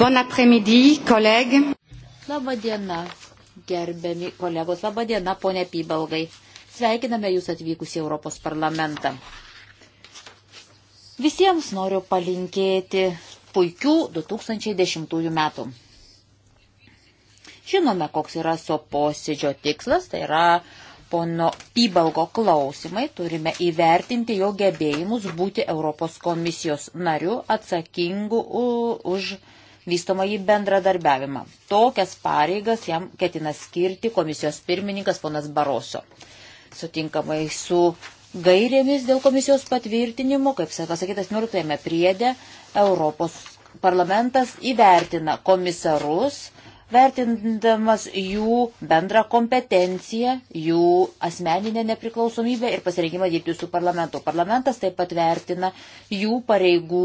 Bon après-midi, collègues. Labą dieną, gerbiami kolegos. Labą dieną, ponė Pybalgai. Sveikiname Jūs atvykus į Europos parlamentą. Visiems noriu palinkėti puikių 2010 metų. Žinome, koks yra šio posėdžio tikslas, tai yra pono Pybalgo klausimai, turime įvertinti jo gebėjimus būti Europos komisijos nariu atsakingu už vystomą į bendradarbiavimą. Tokias pareigas jam ketina skirti komisijos pirmininkas ponas Baroso. Sutinkamai su gairėmis dėl komisijos patvirtinimo, kaip pasakyta 18 priedė, Europos parlamentas įvertina komisarus, vertindamas jų bendrą kompetenciją, jų asmeninę nepriklausomybę ir pasirinkimą dirbti su parlamentu. Parlamentas taip pat vertina jų pareigų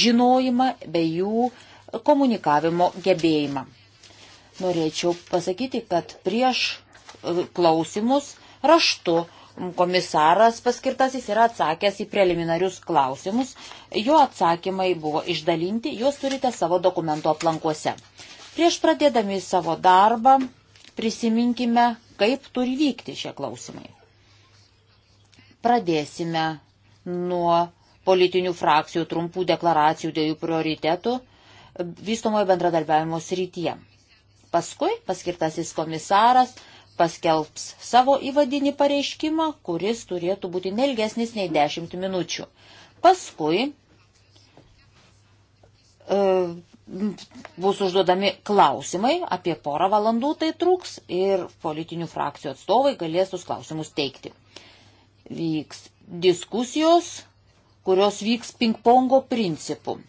žinojimą bei jų komunikavimo gebėjimą. Norėčiau pasakyti, kad prieš e, klausimus raštu komisaras paskirtasis yra atsakęs į preliminarius klausimus. Jo atsakymai buvo išdalinti, juos turite savo dokumento aplankuose. Prieš pradėdami savo darbą prisiminkime, kaip turi vykti šie klausimai. Pradėsime nuo politinių frakcijų trumpų deklaracijų dėl jų prioritetų vystomojo bendradarbiavimo srityje. Paskui paskirtasis komisaras paskelbs savo įvadinį pareiškimą, kuris turėtų būti nelgesnis nei 10 minučių. Paskui e, bus užduodami klausimai, apie porą valandų tai truks ir politinių frakcijų atstovai galės tuos klausimus teikti. Vyks diskusijos, kurios vyks ping-pongo principu.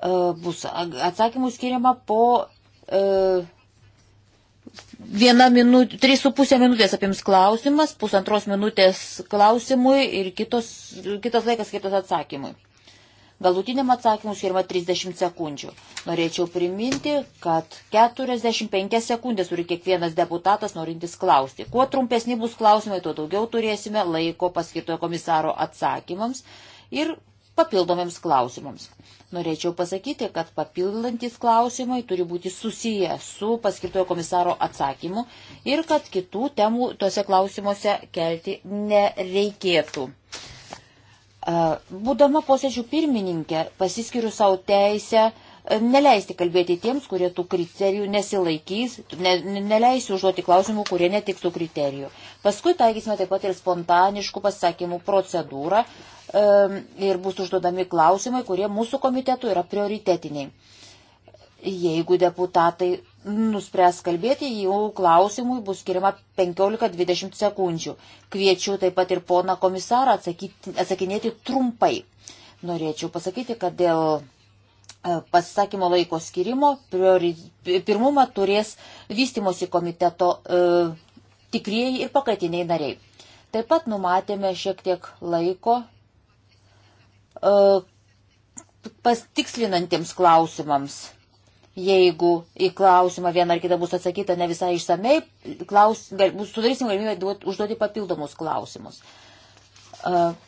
E, bus atsakymų skiriama po e, viena minutė, trys su pusė minutės apims klausimas, pusantros minutės klausimui ir kitos, kitas laikas skirtas atsakymui. Galutiniam atsakymui skirma 30 sekundžių. Norėčiau priminti, kad 45 sekundės turi kiekvienas deputatas norintis klausti. Kuo trumpesni bus klausimai, tuo daugiau turėsime laiko paskirtojo komisaro atsakymams ir papildomiems klausimams. Norėčiau pasakyti, kad papildantis klausimai turi būti susiję su paskirtojo komisaro atsakymu ir kad kitų temų tuose klausimuose kelti nereikėtų. Būdama posėdžių pirmininkė, pasiskiriu savo teisę neleisti kalbėti tiems, kurie tų kriterijų nesilaikys, ne, neleisti užduoti klausimų, kurie netiktų kriterijų. Paskui taikysime taip pat ir spontaniškų pasakymų procedūrą e, ir bus užduodami klausimai, kurie mūsų komitetų yra prioritetiniai. Jeigu deputatai nuspręs kalbėti, jų klausimui bus skiriama 15-20 sekundžių. Kviečiu taip pat ir poną komisarą atsakyti, atsakinėti trumpai. Norėčiau pasakyti, kad dėl E, pasisakymo laiko skirimo priori, pirmumą turės vystimosi komiteto e, tikrieji ir pakaitiniai nariai. Taip pat numatėme šiek tiek laiko e, pastikslinantiems klausimams. Jeigu į klausimą vieną ar kitą bus atsakyta ne visai išsamei, klaus, gal, bus, sudarysim galimybę užduoti papildomus klausimus. E,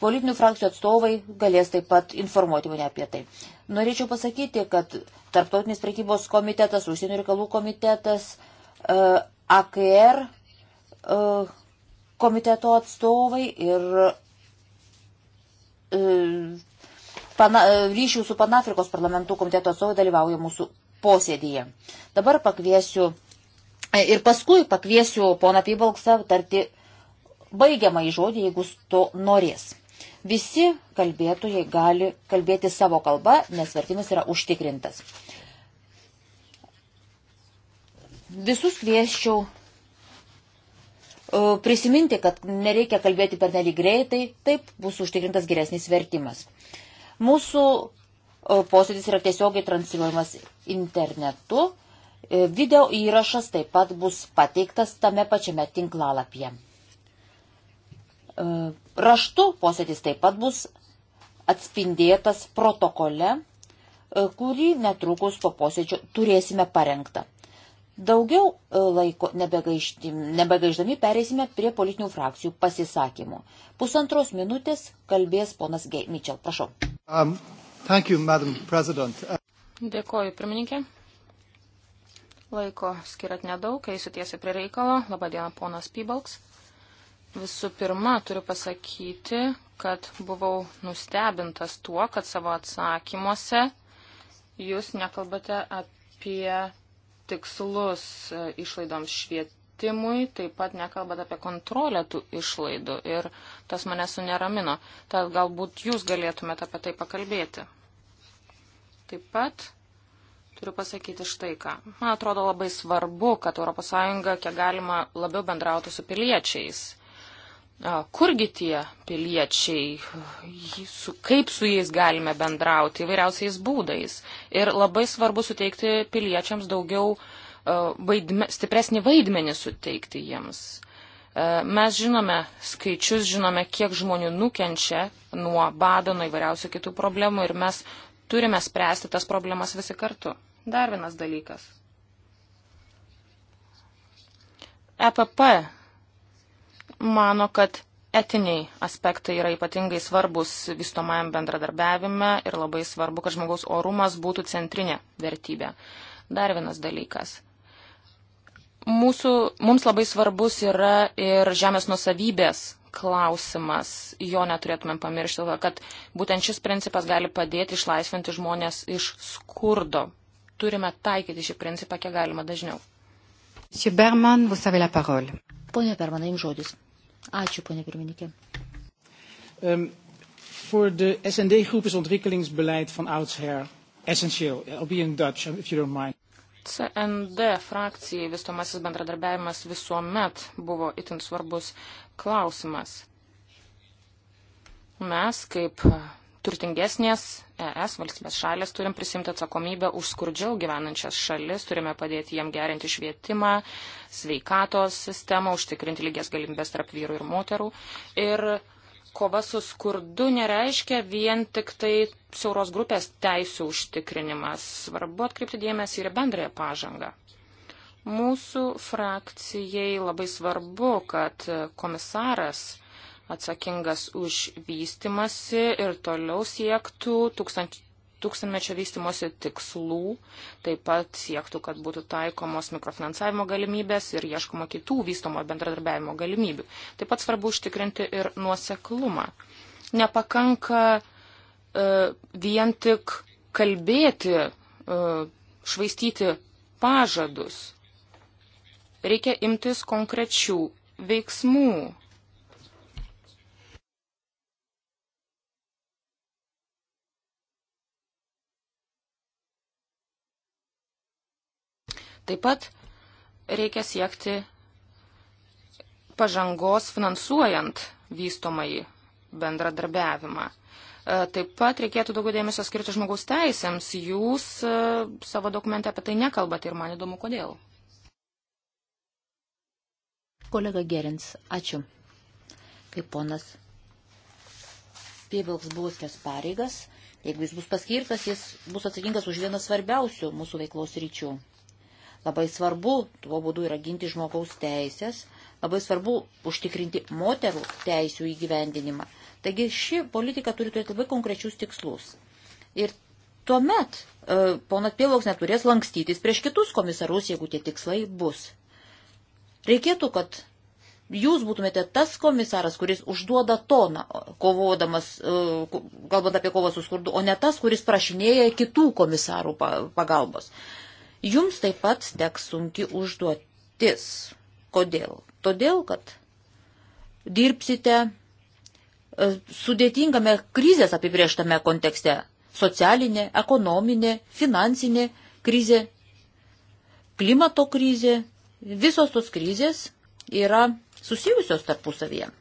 Politinių frakcijų atstovai galės taip pat informuoti mane apie tai. Norėčiau pasakyti, kad Tarptautinis prekybos komitetas, Užsienio reikalų komitetas, AKR komiteto atstovai ir pana, ryšių su Panafrikos parlamentų komiteto atstovai dalyvauja mūsų posėdyje. Dabar pakviesiu ir paskui pakviesiu poną Pybalksą tarti baigiamą į žodį, jeigu to norės. Visi kalbėtojai gali kalbėti savo kalbą, nes vertimas yra užtikrintas. Visus kvieščiau e, prisiminti, kad nereikia kalbėti per nelį greitai, taip bus užtikrintas geresnis vertimas. Mūsų e, posėdis yra tiesiogiai transliuojamas internetu. E, video įrašas taip pat bus pateiktas tame pačiame tinklalapyje. E, raštu posėdis taip pat bus atspindėtas protokole, e, kurį netrukus po posėdžio turėsime parengtą. Daugiau e, laiko nebegaiždami pereisime prie politinių frakcijų pasisakymų. Pusantros minutės kalbės ponas G. Mitchell. Prašau. Um, thank you, Madam President. Dėkoju, pirmininkė. Laiko skirat nedaug, eisiu tiesiai prie reikalo. Labadiena, ponas Pybalks. Visų pirma, turiu pasakyti, kad buvau nustebintas tuo, kad savo atsakymuose jūs nekalbate apie tikslus e, išlaidoms švietimui, taip pat nekalbate apie kontrolę tų išlaidų ir tas mane suneramino. Tad galbūt jūs galėtumėte apie tai pakalbėti. Taip pat turiu pasakyti štai ką. Man atrodo labai svarbu, kad ES kiek galima labiau bendrautų su piliečiais kurgi tie piliečiai, su, kaip su jais galime bendrauti įvairiausiais būdais. Ir labai svarbu suteikti piliečiams daugiau vaidme, stipresnį vaidmenį suteikti jiems. Mes žinome skaičius, žinome, kiek žmonių nukenčia nuo bado, nuo įvairiausių kitų problemų ir mes turime spręsti tas problemas visi kartu. Dar vienas dalykas. EPP mano, kad etiniai aspektai yra ypatingai svarbus vystomajam bendradarbiavime ir labai svarbu, kad žmogaus orumas būtų centrinė vertybė. Dar vienas dalykas. Mūsų, mums labai svarbus yra ir žemės nusavybės klausimas, jo neturėtumėm pamiršti, kad būtent šis principas gali padėti išlaisvinti žmonės iš skurdo. Turime taikyti šį principą kiek galima dažniau. Berman, Pone Bermanai, jums žodis. Ačiū, ponė pirmininkė. Um, voor de SND groep is ontwikkelingsbeleid van oudsher essentieel. I'll eh, be in Dutch, if you don't mind. CND frakcijai vystomasis bendradarbiavimas visuomet buvo itin svarbus klausimas. Mes kaip turtingesnės ES valstybės šalės turim prisimti atsakomybę už skurdžiau gyvenančias šalis, turime padėti jiem gerinti švietimą, sveikatos sistemą, užtikrinti lygias galimybės tarp vyrų ir moterų. Ir kova su skurdu nereiškia vien tik tai siauros grupės teisų užtikrinimas. Svarbu atkreipti dėmesį ir bendrąją pažangą. Mūsų frakcijai labai svarbu, kad komisaras atsakingas už vystimasi ir toliau siektų tūkstančių tūkstantmečio vystimosi tikslų, taip pat siektų, kad būtų taikomos mikrofinansavimo galimybės ir ieškoma kitų vystomo bendradarbiavimo galimybių. Taip pat svarbu užtikrinti ir nuoseklumą. Nepakanka e, vien tik kalbėti, e, švaistyti pažadus. Reikia imtis konkrečių veiksmų. Taip pat reikia siekti pažangos finansuojant vystomąjį bendradarbiavimą. E, taip pat reikėtų daugiau dėmesio skirti žmogaus teisėms. Jūs e, savo dokumente apie tai nekalbate ir man įdomu, kodėl. Kolega Gerins, ačiū. Kaip ponas Pievilks buvusias pareigas, jeigu jis bus paskirtas, jis bus atsakingas už vieną svarbiausių mūsų veiklos ryčių. Labai svarbu tuo būdu yra ginti žmogaus teisės, labai svarbu užtikrinti moterų teisių įgyvendinimą. Taigi ši politika turi turėti labai konkrečius tikslus. Ir tuomet e, ponas Pielauks neturės lankstytis prieš kitus komisarus, jeigu tie tikslai bus. Reikėtų, kad jūs būtumėte tas komisaras, kuris užduoda toną, kovodamas, e, kalbant apie kovą su skurdu, o ne tas, kuris prašinėja kitų komisarų pagalbos. Jums taip pat teks sunki užduotis. Kodėl? Todėl, kad dirbsite e, sudėtingame krizės apibrieštame kontekste - socialinė, ekonominė, finansinė krizė, klimato krizė, visos tos krizės yra susijusios tarpusavyje.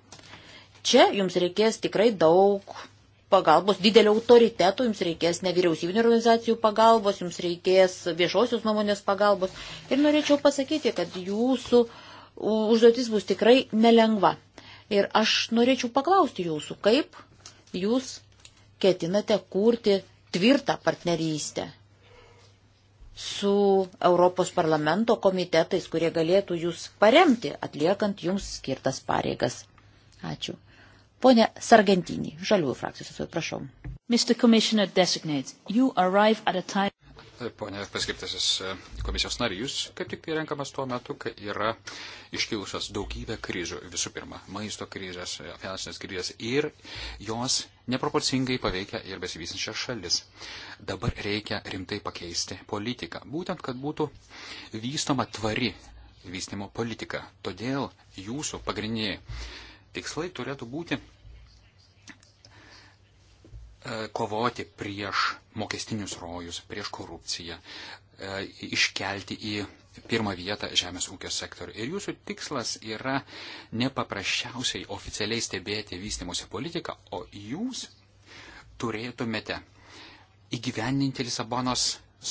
Čia jums reikės tikrai daug pagalbos, didelio autoriteto, jums reikės nevyriausybinio organizacijų pagalbos, jums reikės viešosios nuomonės pagalbos. Ir norėčiau pasakyti, kad jūsų užduotis bus tikrai nelengva. Ir aš norėčiau paklausti jūsų, kaip jūs ketinate kurti tvirtą partnerystę su Europos parlamento komitetais, kurie galėtų jūs paremti, atliekant jums skirtas pareigas. Ačiū. Pone Sargentinį, žaliųjų frakcijos atstovai, prašau. Mr. Commissioner Designate, you arrive at a time. Pone paskirtasis e, komisijos narys, kaip tik tai renkamas tuo metu, kai yra iškilusios daugybė krizių, visų pirma, maisto krizės, e, finansinės krizės ir jos neproporcingai paveikia ir besivysinčias šalis. Dabar reikia rimtai pakeisti politiką, būtent, kad būtų vystoma tvari vystimo politika. Todėl jūsų pagrindiniai tikslai turėtų būti e, kovoti prieš mokestinius rojus, prieš korupciją, e, iškelti į pirmą vietą žemės ūkio sektorių. Ir jūsų tikslas yra nepaprasčiausiai oficialiai stebėti vystimuose politiką, o jūs turėtumėte įgyvendinti Lisabonos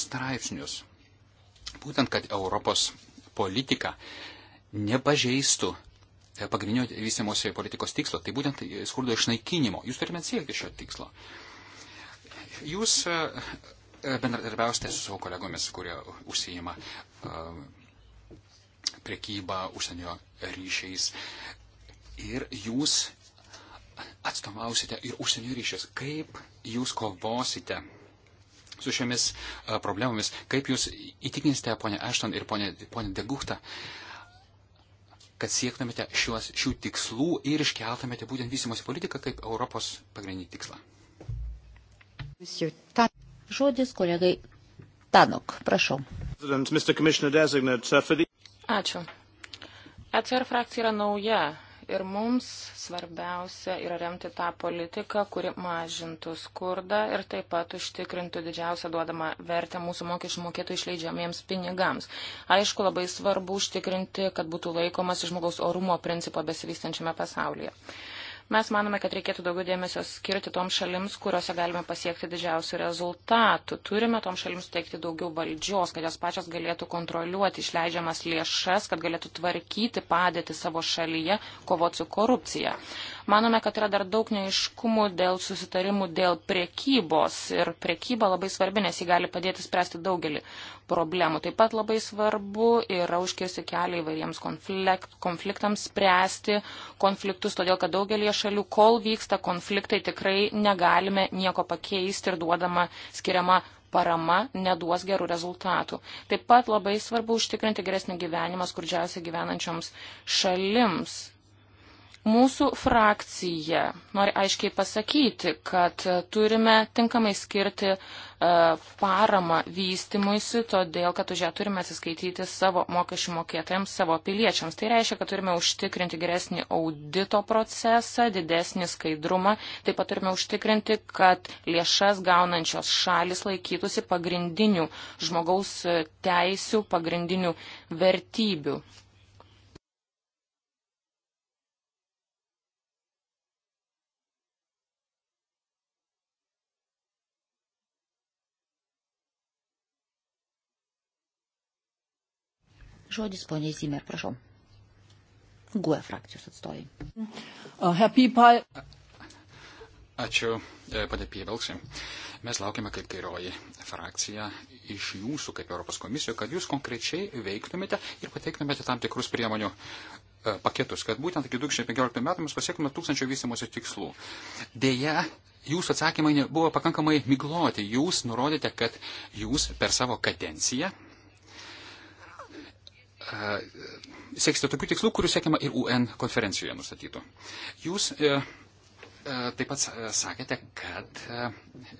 straipsnius. Būtent, kad Europos politika nepažeistų pagrindinio vystimosi politikos tikslo, tai būtent skurdo išnaikinimo. Jūs turime siekti šio tikslo. Jūs e, e, bendradarbiausite su savo kolegomis, kurie užsijima e, priekybą užsienio ryšiais. Ir jūs atstovausite ir užsienio ryšius. Kaip jūs kovosite su šiomis problemomis? Kaip jūs įtikinsite ponę Ešton ir ponę Deguhtą? Uh, kad siektumėte šios, šių tikslų ir iškeltumėte būtent vystimosi politiką kaip Europos pagrindinį tikslą. Žodis kolegai Tanok, prašau. Ačiū. ECR frakcija yra nauja ir mums svarbiausia yra remti tą politiką, kuri mažintų skurdą ir taip pat užtikrintų didžiausią duodamą vertę mūsų mokesčių mokėtų išleidžiamiems pinigams. Aišku, labai svarbu užtikrinti, kad būtų laikomas žmogaus orumo principo besivystančiame pasaulyje. Mes manome, kad reikėtų daugiau dėmesio skirti toms šalims, kuriuose galime pasiekti didžiausių rezultatų. Turime toms šalims teikti daugiau valdžios, kad jos pačios galėtų kontroliuoti išleidžiamas lėšas, kad galėtų tvarkyti padėti savo šalyje, kovoti su korupcija. Manome, kad yra dar daug neiškumų dėl susitarimų dėl priekybos ir priekyba labai svarbi, nes ji gali padėti spręsti daugelį problemų. Taip pat labai svarbu yra užkirsti kelią įvairiems konflikt, konfliktams spręsti konfliktus, todėl kad daugelie šalių, kol vyksta konfliktai, tikrai negalime nieko pakeisti ir duodama skiriama parama neduos gerų rezultatų. Taip pat labai svarbu užtikrinti geresnį gyvenimą skurdžiausiai gyvenančioms šalims. Mūsų frakcija nori aiškiai pasakyti, kad turime tinkamai skirti e, paramą vystimuisi, todėl kad už ją turime atsiskaityti savo mokesčių mokėtojams, savo piliečiams. Tai reiškia, kad turime užtikrinti geresnį audito procesą, didesnį skaidrumą, taip pat turime užtikrinti, kad lėšas gaunančios šalis laikytųsi pagrindinių žmogaus teisių, pagrindinių vertybių. Žodis poniai Zimer, prašau. GUE frakcijos atstovai. Happy Pie. Ačiū, e, padė Pievelksui. Mes laukiame kaip kairoji frakcija iš jūsų, kaip Europos komisijų, kad jūs konkrečiai veiktumėte ir pateiktumėte tam tikrus priemonių e, paketus, kad būtent iki 2015 metų mes pasiektume tūkstančio vystimosi tikslų. Deja, jūsų atsakymai buvo pakankamai migloti. Jūs nurodėte, kad jūs per savo kadenciją sieksite tokių tikslų, kurių siekiama ir UN konferencijoje nustatytų. Jūs e, e, taip pat sakėte, kad e,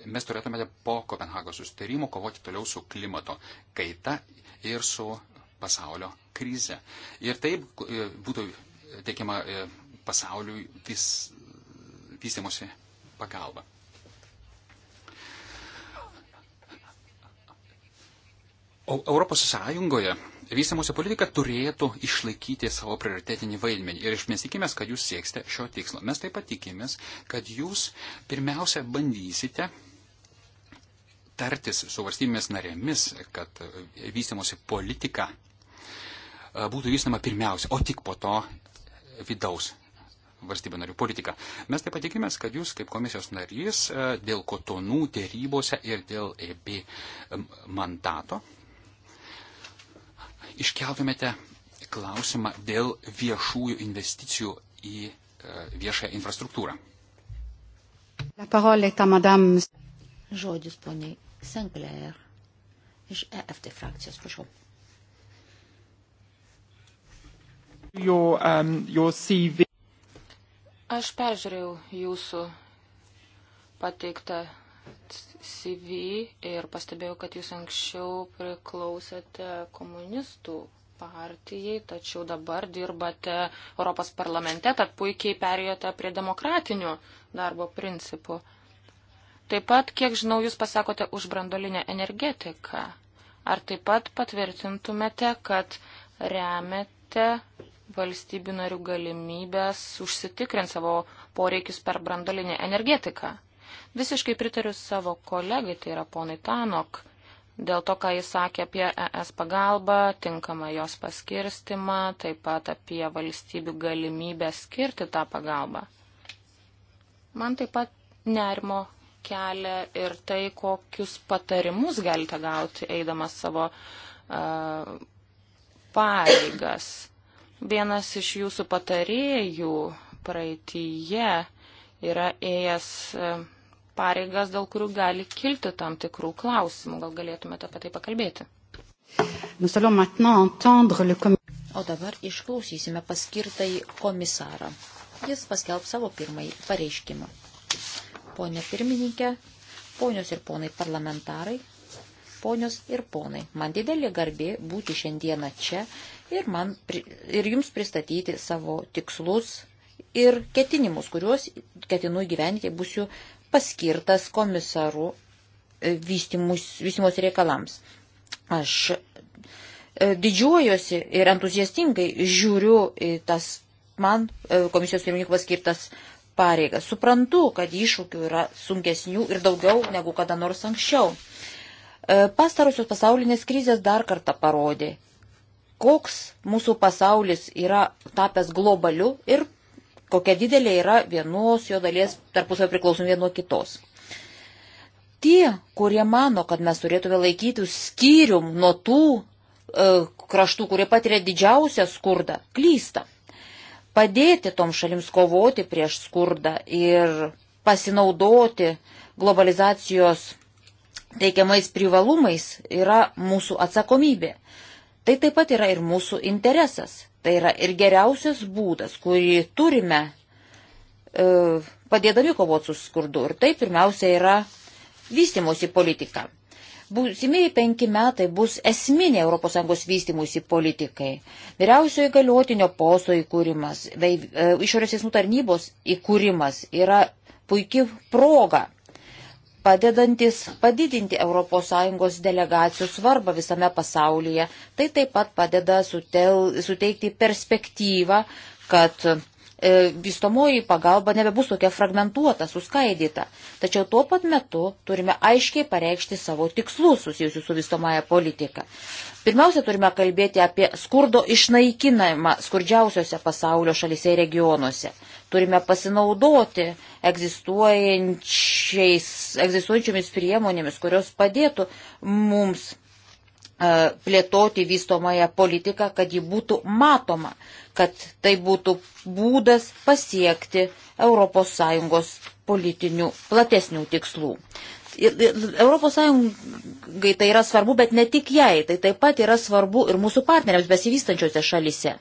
mes turėtumėte po Kopenhagos sustarimo kovoti toliau su klimato kaita ir su pasaulio krize. Ir taip būtų teikiama pasauliui vis vystimosi pagalba. O Europos Sąjungoje vystimusi politika turėtų išlaikyti savo prioritetinį vaidmenį. Ir mes tikimės, kad jūs sieksite šio tikslo. Mes taip pat tikimės, kad jūs pirmiausia bandysite tartis su valstybėmis narėmis, kad vystimusi politika būtų vystama pirmiausia, o tik po to vidaus valstybių narių politiką. Mes taip patikimės, kad jūs kaip komisijos narys dėl kotonų dėrybose ir dėl EB mandato iškeltumėte klausimą dėl viešųjų investicijų į e, viešąją infrastruktūrą. Žodis poniai Sinclair iš EFT frakcijos, prašau. Your, um, your CV. Aš peržiūrėjau jūsų pateiktą CV ir pastebėjau, kad jūs anksčiau priklausėte komunistų partijai, tačiau dabar dirbate Europos parlamente, tad puikiai perėjote prie demokratinių darbo principų. Taip pat, kiek žinau, jūs pasakote už brandolinę energetiką. Ar taip pat patvirtintumėte, kad remiate valstybių narių galimybės užsitikrinti savo poreikius per brandolinę energetiką? Visiškai pritariu savo kolegai, tai yra ponai Tanok, dėl to, ką jis sakė apie ES pagalbą, tinkamą jos paskirstimą, taip pat apie valstybių galimybę skirti tą pagalbą. Man taip pat nerimo kelia ir tai, kokius patarimus galite gauti, eidamas savo uh, pareigas. Vienas iš jūsų patarėjų praeitįje yra ėjęs uh, pareigas, dėl kurių gali kilti tam tikrų klausimų. Gal galėtumėte apie tai pakalbėti? O dabar išklausysime paskirtai komisarą. Jis paskelb savo pirmąjį pareiškimą. Pone pirmininkė, ponios ir ponai parlamentarai, ponios ir ponai, man didelė garbė būti šiandieną čia ir, man, ir jums pristatyti savo tikslus ir ketinimus, kuriuos ketinu gyventi, būsiu paskirtas komisaru e, vystimus reikalams. Aš e, didžiuojosi ir entuziastingai žiūriu į tas man e, komisijos pirmininkas paskirtas pareigas. Suprantu, kad iššūkių yra sunkesnių ir daugiau negu kada nors anksčiau. Pastarusios pasaulinės krizės dar kartą parodė, koks mūsų pasaulis yra tapęs globaliu ir kokia didelė yra vienos jo dalies tarpusavio priklausomybė nuo kitos. Tie, kurie mano, kad mes turėtume laikytis skyrium nuo tų e, kraštų, kurie patiria didžiausią skurdą, klysta. Padėti tom šalims kovoti prieš skurdą ir pasinaudoti globalizacijos teikiamais privalumais yra mūsų atsakomybė. Tai taip pat yra ir mūsų interesas. Tai yra ir geriausias būdas, kurį turime e, padėdami kovoti su skurdu. Ir tai pirmiausia yra vystimosi politika. Būsimieji penki metai bus esminė ES vystimusi politikai. Vyriausiojo įgaliotinio posto įkūrimas, bei e, išorės teismų tarnybos įkūrimas yra puikia proga padedantis padidinti ES delegacijų svarbą visame pasaulyje. Tai taip pat padeda sutel, suteikti perspektyvą, kad E, vystomoji pagalba nebebus tokia fragmentuota, suskaidyta. Tačiau tuo pat metu turime aiškiai pareikšti savo tikslus susijusius su vystomaja politika. Pirmiausia, turime kalbėti apie skurdo išnaikinimą skurdžiausiose pasaulio šalise ir regionuose. Turime pasinaudoti egzistuojančiomis priemonėmis, kurios padėtų mums E, plėtoti vystomąją politiką, kad ji būtų matoma, kad tai būtų būdas pasiekti ES politinių platesnių tikslų. ES tai yra svarbu, bet ne tik jai, tai taip pat yra svarbu ir mūsų partneriams besivystančiose šalise.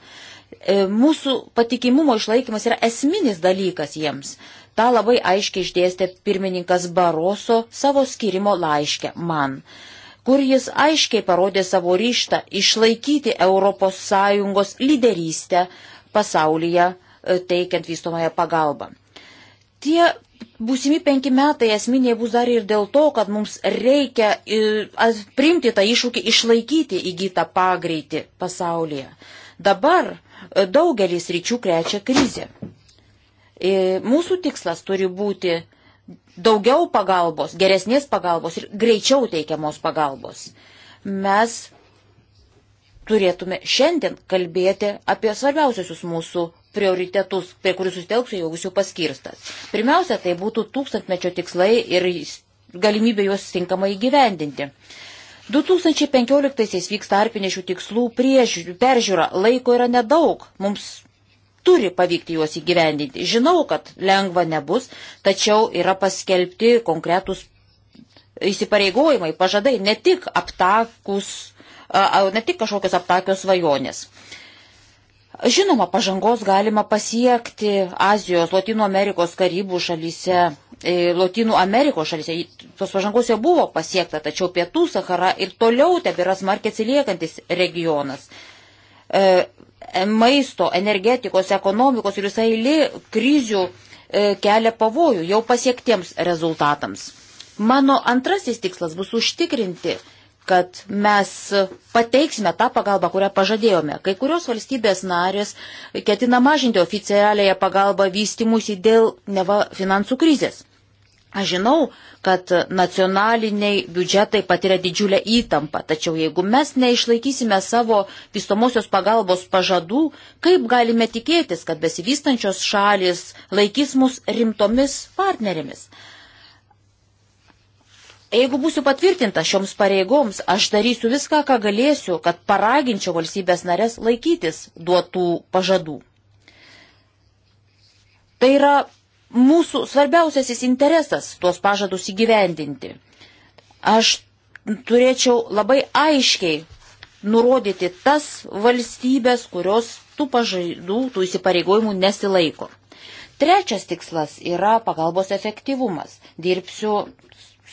E, mūsų patikimumo išlaikymas yra esminis dalykas jiems. Ta labai aiškiai išdėstė pirmininkas Baroso savo skirimo laiške man. Uh, kur jis aiškiai parodė savo ryštą išlaikyti ES lyderystę pasaulyje e, teikiant vystomąją pagalbą. Tie būsimi penki metai esminiai bus dar ir dėl to, kad mums reikia e, priimti tą iššūkį, išlaikyti įgytą pagreitį pasaulyje. Dabar e, daugelis ryčių krečia krizė. Mūsų tikslas turi būti daugiau pagalbos, geresnės pagalbos ir greičiau teikiamos pagalbos. Mes turėtume šiandien kalbėti apie svarbiausius mūsų prioritetus, prie kurių susitelksiu, jau bus jau paskirstas. Pirmiausia, tai būtų tūkstantmečio tikslai ir galimybė juos tinkamai įgyvendinti. 2015-aisiais vyks tarpinė šių tikslų priežiūrų, peržiūra, laiko yra nedaug, mums turi pavykti juos įgyvendinti. Žinau, kad lengva nebus, tačiau yra paskelbti konkretus įsipareigojimai, pažadai, ne tik aptakus, ne tik kažkokios aptakios svajonės. Žinoma, pažangos galima pasiekti Azijos, Latino Amerikos, Karibų šalyse, e, Latino Amerikos šalyse. Tos pažangos jau buvo pasiekta, tačiau Pietų Sahara ir toliau tebėra smarkiai atsiliekantis regionas. E, maisto, energetikos, ekonomikos ir visai lį krizių e, kelia pavojų jau pasiektiems rezultatams. Mano antrasis tikslas bus užtikrinti, kad mes pateiksime tą pagalbą, kurią pažadėjome. Kai kurios valstybės narės ketina mažinti oficialiąją pagalbą vystimusi dėl neva finansų krizės. Aš žinau, kad nacionaliniai biudžetai patiria didžiulę įtampą, tačiau jeigu mes neišlaikysime savo vystomosios pagalbos pažadų, kaip galime tikėtis, kad besivystančios šalis laikys mus rimtomis partnerėmis? Jeigu būsiu patvirtinta šioms pareigoms, aš darysiu viską, ką galėsiu, kad paraginčiau valstybės narės laikytis duotų pažadų. Tai yra mūsų svarbiausiasis interesas tuos pažadus įgyvendinti. Aš turėčiau labai aiškiai nurodyti tas valstybės, kurios tų pažaidų, tų įsipareigojimų nesilaiko. Trečias tikslas yra pagalbos efektyvumas. Dirbsiu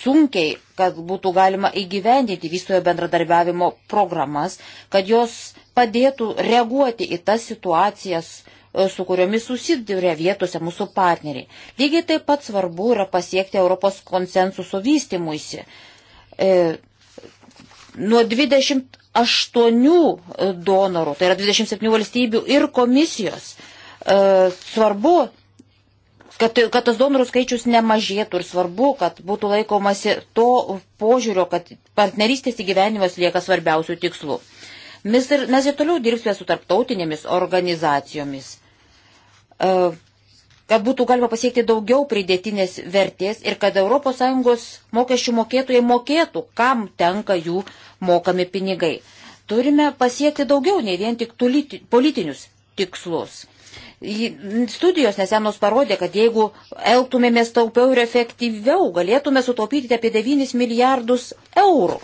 sunkiai, kad būtų galima įgyvendinti visojo bendradarbiavimo programas, kad jos padėtų reaguoti į tas situacijas, E, su kuriomis susiduria vietose mūsų partneriai. Lygiai taip pat svarbu yra pasiekti Europos konsensuso vystimuisi. E, nuo 28 e, donorų, tai yra 27 valstybių ir komisijos, e, svarbu, kad, kad tas donorų skaičius nemažėtų ir svarbu, kad būtų laikomasi to požiūrio, kad partnerystės įgyvenimas lieka svarbiausių tikslų. Mes ir, mes ir toliau dirbsime su tarptautinėmis organizacijomis, e, kad būtų galima pasiekti daugiau pridėtinės vertės ir kad ES mokesčių mokėtojai mokėtų, kam tenka jų mokami pinigai. Turime pasiekti daugiau, ne vien tik politinius tikslus. Studijos nesenos parodė, kad jeigu elgtumėmės taupiau ir efektyviau, galėtume sutaupyti apie 9 milijardus eurų.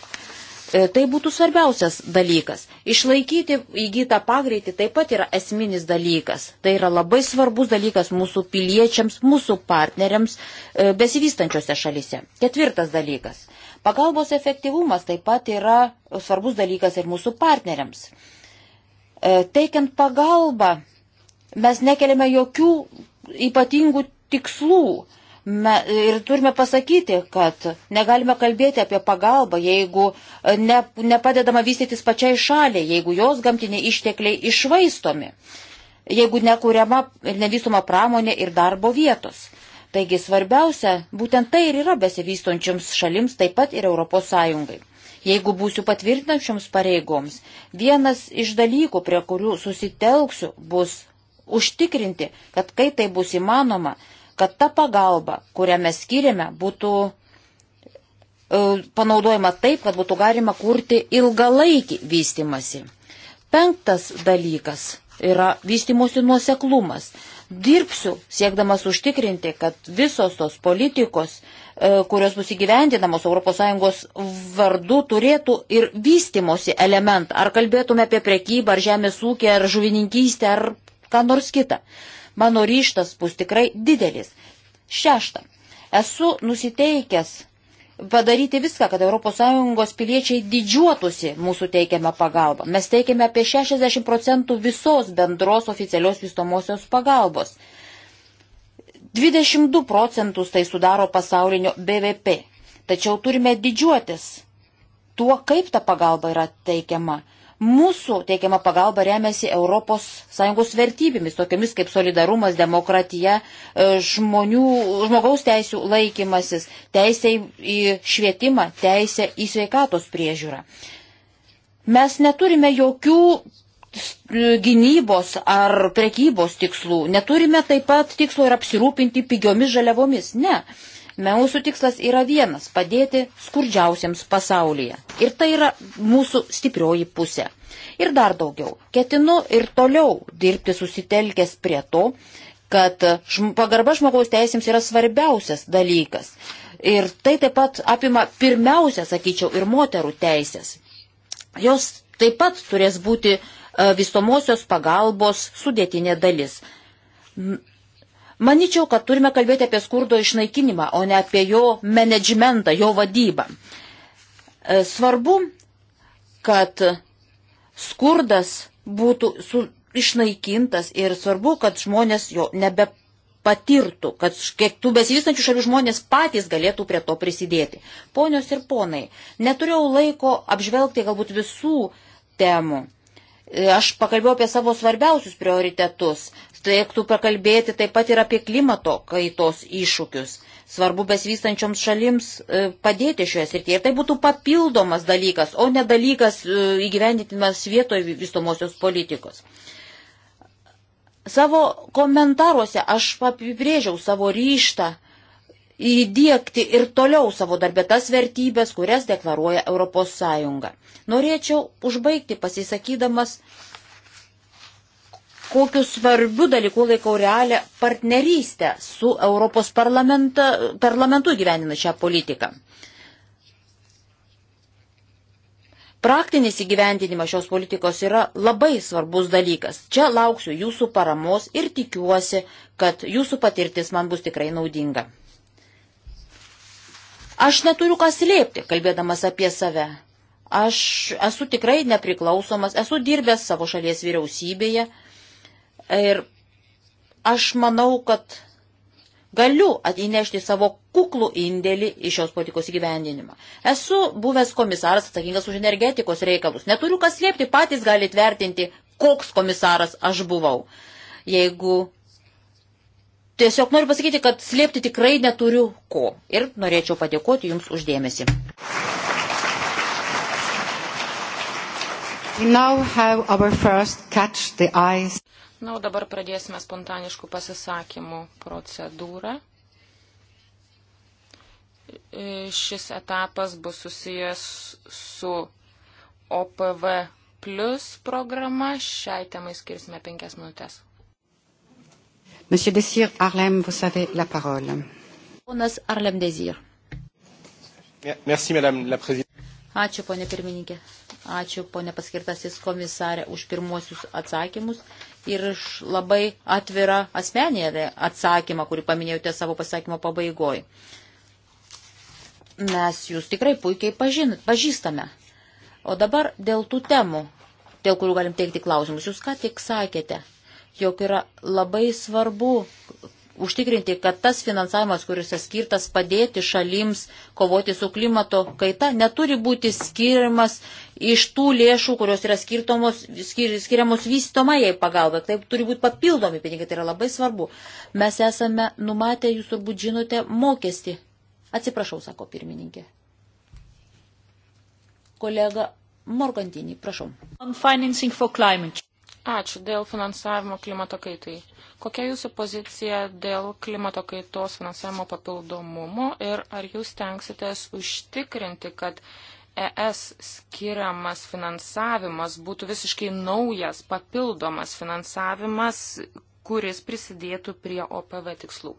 E, tai būtų svarbiausias dalykas. Išlaikyti įgytą pagreitį taip pat yra esminis dalykas. Tai yra labai svarbus dalykas mūsų piliečiams, mūsų partneriams e, besivystančiose šalise. Ketvirtas dalykas. Pagalbos efektyvumas taip pat yra svarbus dalykas ir mūsų partneriams. E, teikiant pagalbą, mes nekeliame jokių ypatingų tikslų Me, ir turime pasakyti, kad negalime kalbėti apie pagalbą, jeigu e, ne, nepadedama vystytis pačiai šaliai, jeigu jos gamtiniai ištekliai išvaistomi, jeigu nekūriama ir nevystoma pramonė ir darbo vietos. Taigi svarbiausia, būtent tai ir yra besivystončioms šalims, taip pat ir Europos Sąjungai. Jeigu būsiu patvirtinančioms pareigoms, vienas iš dalykų, prie kurių susitelksiu, bus užtikrinti, kad kai tai bus įmanoma, kad ta pagalba, kurią mes skiriame, būtų e, panaudojama taip, kad būtų galima kurti ilgalaikį vystimasi. Penktas dalykas yra vystimosi nuoseklumas. Dirbsiu siekdamas užtikrinti, kad visos tos politikos, e, kurios bus įgyvendinamos ES vardu, turėtų ir vystimosi elementą. Ar kalbėtume apie prekybą, ar žemės ūkį, ar žuvininkystę, ar ką nors kitą. Mano ryštas bus tikrai didelis. Šešta. Esu nusiteikęs padaryti viską, kad ES piliečiai didžiuotųsi mūsų teikiamą pagalbą. Mes teikiame apie 60 procentų visos bendros oficialios vystomosios pagalbos. 22 procentus tai sudaro pasaulinio BVP. Tačiau turime didžiuotis tuo, kaip ta pagalba yra teikiama. Mūsų teikiama pagalba remiasi ES vertybėmis, tokiamis kaip solidarumas, demokratija, e, žmonių, žmogaus teisų laikymasis, teisė į švietimą, teisė į sveikatos priežiūrą. Mes neturime jokių gynybos ar prekybos tikslų, neturime taip pat tikslo ir apsirūpinti pigiomis žaliavomis. Ne. Mūsų tikslas yra vienas - padėti skurdžiausiems pasaulyje. Ir tai yra mūsų stiprioji pusė. Ir dar daugiau. Ketinu ir toliau dirbti susitelkęs prie to, kad pagarba žmogaus teisėms yra svarbiausias dalykas. Ir tai taip pat apima pirmiausia, sakyčiau, ir moterų teisės. Jos taip pat turės būti e, vystomosios pagalbos sudėtinė dalis. Maničiau, kad turime kalbėti apie skurdo išnaikinimą, o ne apie jo menedžmentą, jo vadybą. E, svarbu, kad skurdas būtų su, išnaikintas ir svarbu, kad žmonės jo nebepatirtų, kad kiek tų besivystančių šalių žmonės patys galėtų prie to prisidėti. Ponios ir ponai, neturėjau laiko apžvelgti galbūt visų temų. Aš pakalbėjau apie savo svarbiausius prioritetus. Tai Turėtų pakalbėti taip pat ir apie klimato kaitos iššūkius. Svarbu besvystančioms šalims e, padėti šioje srityje. Ir tai būtų papildomas dalykas, o ne dalykas e, įgyvendintinas vietoje vystomosios politikos. Savo komentaruose aš apibrėžiau savo ryštą įdėkti ir toliau savo darbę tas vertybės, kurias deklaruoja Europos Sąjunga. Norėčiau užbaigti pasisakydamas, kokiu svarbiu dalyku laikau realią partnerystę su Europos parlamentu gyvenina šią politiką. Praktinis įgyvendinimas šios politikos yra labai svarbus dalykas. Čia lauksiu jūsų paramos ir tikiuosi, kad jūsų patirtis man bus tikrai naudinga. Aš neturiu ką slėpti, kalbėdamas apie save. Aš esu tikrai nepriklausomas, esu dirbęs savo šalies vyriausybėje ir aš manau, kad galiu atnešti savo kuklų indėlį į šios politikos įgyvendinimą. Esu buvęs komisaras atsakingas už energetikos reikalus. Neturiu kas slėpti, patys gali tvertinti, koks komisaras aš buvau. Jeigu Tiesiog noriu pasakyti, kad slėpti tikrai neturiu ko. Ir norėčiau padėkoti Jums uždėmesi. Na, o dabar pradėsime spontaniškų pasisakymų procedūrą. E, šis etapas bus susijęs su OPV plus programa. Šiai temai skirsime penkias minutės. Monsieur Desir Harlem, vous avez la parole. Ponas Arlem Desir. Merci, madame la présidente. Ačiū, ponė pirmininkė. Ačiū, ponė paskirtasis komisarė, už pirmuosius atsakymus ir už labai atvirą asmenį atsakymą, kurį paminėjote savo pasakymo pabaigoj. Mes jūs tikrai puikiai pažin, pažįstame. O dabar dėl tų temų, dėl kurių galim teikti klausimus. Jūs ką tik sakėte, jog yra labai svarbu užtikrinti, kad tas finansavimas, kuris yra skirtas padėti šalims kovoti su klimato kaita, neturi būti skiriamas iš tų lėšų, kurios yra skirtomos, skir, skiriamos vystomajai pagalbai. Tai turi būti papildomi pinigai, tai yra labai svarbu. Mes esame numatę, jūs turbūt žinote, mokestį. Atsiprašau, sako pirmininkė. Kolega Morgantinį, prašau. On financing for climate. Ačiū dėl finansavimo klimato kaitai. Kokia jūsų pozicija dėl klimato kaitos finansavimo papildomumo ir ar jūs tenksitės užtikrinti, kad ES skiriamas finansavimas būtų visiškai naujas, papildomas finansavimas, kuris prisidėtų prie OPV tikslų?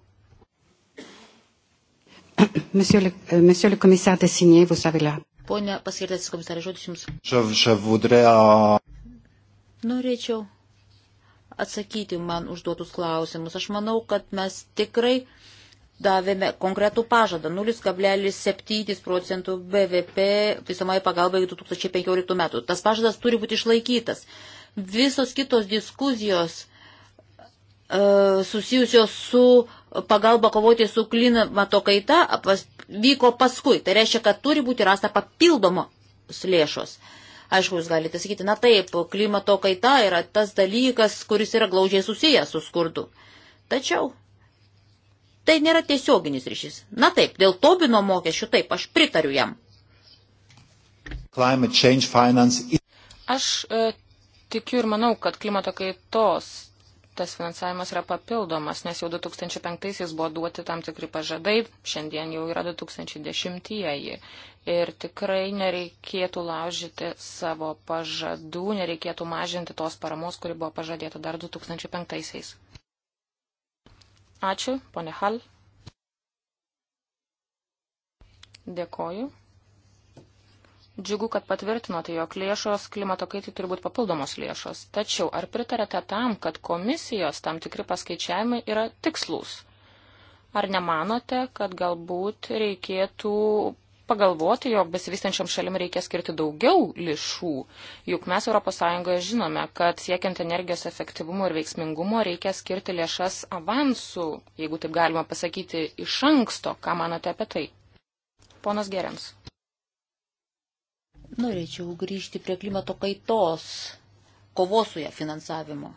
Monsieur le euh, commissaire Designé, vous avez la. Pone paskirtasis komisarė, žodis jums. Je, je voudrais, uh... Norėčiau atsakyti man užduotus klausimus. Aš manau, kad mes tikrai davėme konkretų pažadą 0,7 procentų BVP visamai pagalbai 2015 metų. Tas pažadas turi būti išlaikytas. Visos kitos diskusijos e, susijusios su pagalba kovoti su klimato kaita pas, vyko paskui. Tai reiškia, kad turi būti rasta papildomos lėšos. E, Aišku, jūs galite sakyti, na taip, klimato kaita yra tas dalykas, kuris yra glaužiai susijęs su skurdu. Tačiau tai nėra tiesioginis ryšys. Na taip, dėl Tobino mokesčių taip, aš pritariu jam. Aš e, tikiu ir manau, kad klimato kaitos tas finansavimas yra papildomas, nes jau 2005-aisiais buvo duoti tam tikri pažadai, šiandien jau yra 2010-ieji ir tikrai nereikėtų laužyti savo pažadų, nereikėtų mažinti tos paramos, kuri buvo pažadėta dar 2005-aisiais. Ačiū, ponė Hal. Dėkoju. Džiugu, kad patvirtinote, jog lėšos klimato kaitai turi būti papildomos lėšos. Tačiau ar pritarėte tam, kad komisijos tam tikri paskaičiavimai yra tikslus? Ar nemanote, kad galbūt reikėtų pagalvoti, jog besivystančiam šalim reikia skirti daugiau lišų. Juk mes ES žinome, kad siekiant energijos efektyvumo ir veiksmingumo reikia skirti lėšas avansų, jeigu taip galima pasakyti, iš anksto. Ką manote apie tai? Ponas Gerens. Norėčiau grįžti prie klimato kaitos, kovos su ją finansavimo.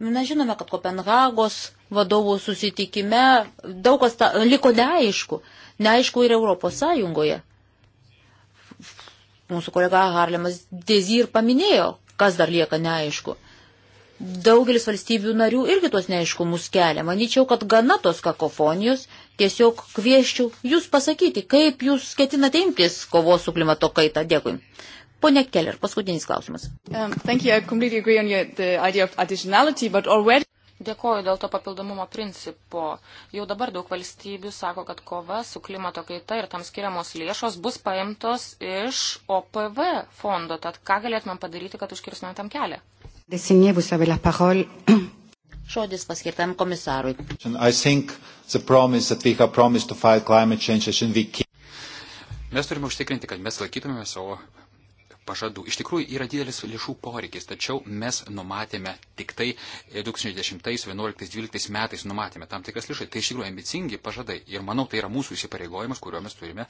Mes žinome, kad Kopenhagos vadovų susitikime daug kas ta, liko neaišku. Neaišku ir Europos Sąjungoje. Mūsų kolega Harlemas Dezir paminėjo, kas dar lieka neaišku. Daugelis valstybių narių irgi tuos neaiškumus kelia. Manyčiau, kad gana tos kakofonijos tiesiog kvieščiau jūs pasakyti, kaip jūs ketinate imtis kovos su klimato kaita. Dėkui. Pone Keller, paskutinis klausimas. Um, already... Dėkoju dėl to papildomumo principo. Jau dabar daug valstybių sako, kad kova su klimato kaita ir tam skiriamos lėšos bus paimtos iš OPV fondo. Tad ką galėtumėm padaryti, kad užkirstumėm tam kelią? Žodis paskirtam komisarui. Mes turime užtikrinti, kad mes laikytumėme savo pažadų. Iš tikrųjų yra didelis lėšų poreikis, tačiau mes numatėme tik tai 2010, 2011, 2012 metais numatėme tam tikras lėšas. Tai iš tikrųjų ambicingi pažadai ir manau tai yra mūsų įsipareigojimas, kuriuo mes turime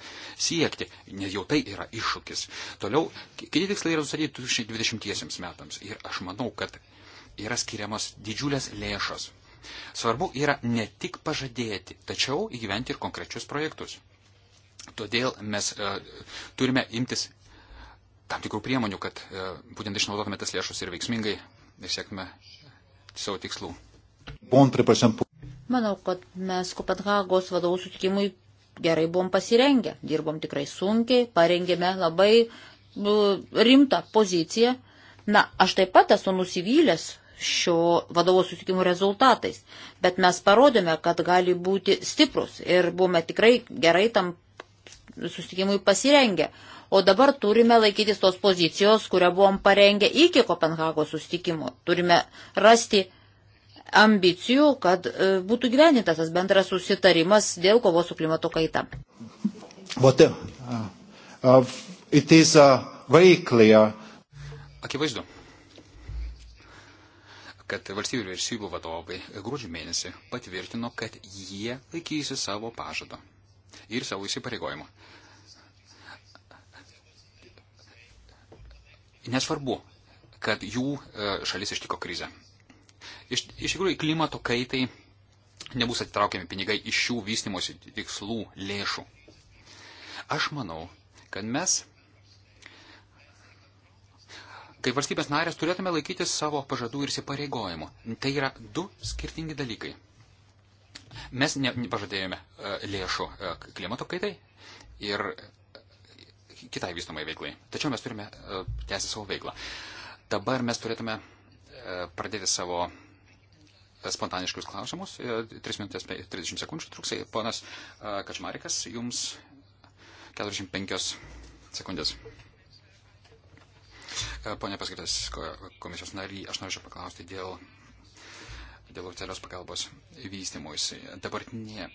siekti, nes jau tai yra iššūkis. Toliau, kiti tikslai yra nustatyti 2020 metams ir aš manau, kad yra skiriamos didžiulės lėšos. Svarbu yra ne tik pažadėti, tačiau įgyventi ir konkrečius projektus. Todėl mes e, turime imtis tam tikrų priemonių, kad e, būtent išnaudotume tas lėšus ir veiksmingai ir siektume savo tikslų. Manau, kad mes Kopenhagos vadovų sutikimui gerai buvom pasirengę, dirbom tikrai sunkiai, parengėme labai nu, rimtą poziciją. Na, aš taip pat esu nusivylęs šio vadovo susitikimų rezultatais. Bet mes parodėme, kad gali būti stiprus ir buvome tikrai gerai tam susitikimui pasirengę. O dabar turime laikytis tos pozicijos, kurią buvom parengę iki Kopenhagos sustikimo. Turime rasti ambicijų, kad e, būtų gyvenintas tas bendras susitarimas dėl kovos su klimato kaita. But, uh, uh, it is, uh, very clear. Akivaizdu, kad valstybių ir vyriausybių vadovai gruodžio mėnesį patvirtino, kad jie laikysi savo pažado ir savo įsipareigojimo. Nesvarbu, kad jų e, šalis ištiko krizę. Iš, iš tikrųjų, klimato kaitai nebus atitraukiami pinigai iš šių vystimosi tikslų lėšų. Aš manau, kad mes, kaip valstybės narės, turėtume laikytis savo pažadų ir įsipareigojimų. Tai yra du skirtingi dalykai. Mes nepažadėjome e, lėšų e, klimato kaitai ir kitai vystomai veiklai. Tačiau mes turime e, tęsti savo veiklą. Dabar mes turėtume e, pradėti savo e, spontaniškus klausimus. 3 minutės 30 sekundžių truksai. Ponas Kačmarikas, jums 45 sekundės. Pone paskirtas komisijos nariai, aš norėčiau paklausti dėl dėl oficialios pagalbos vystimuisi. Dabartinė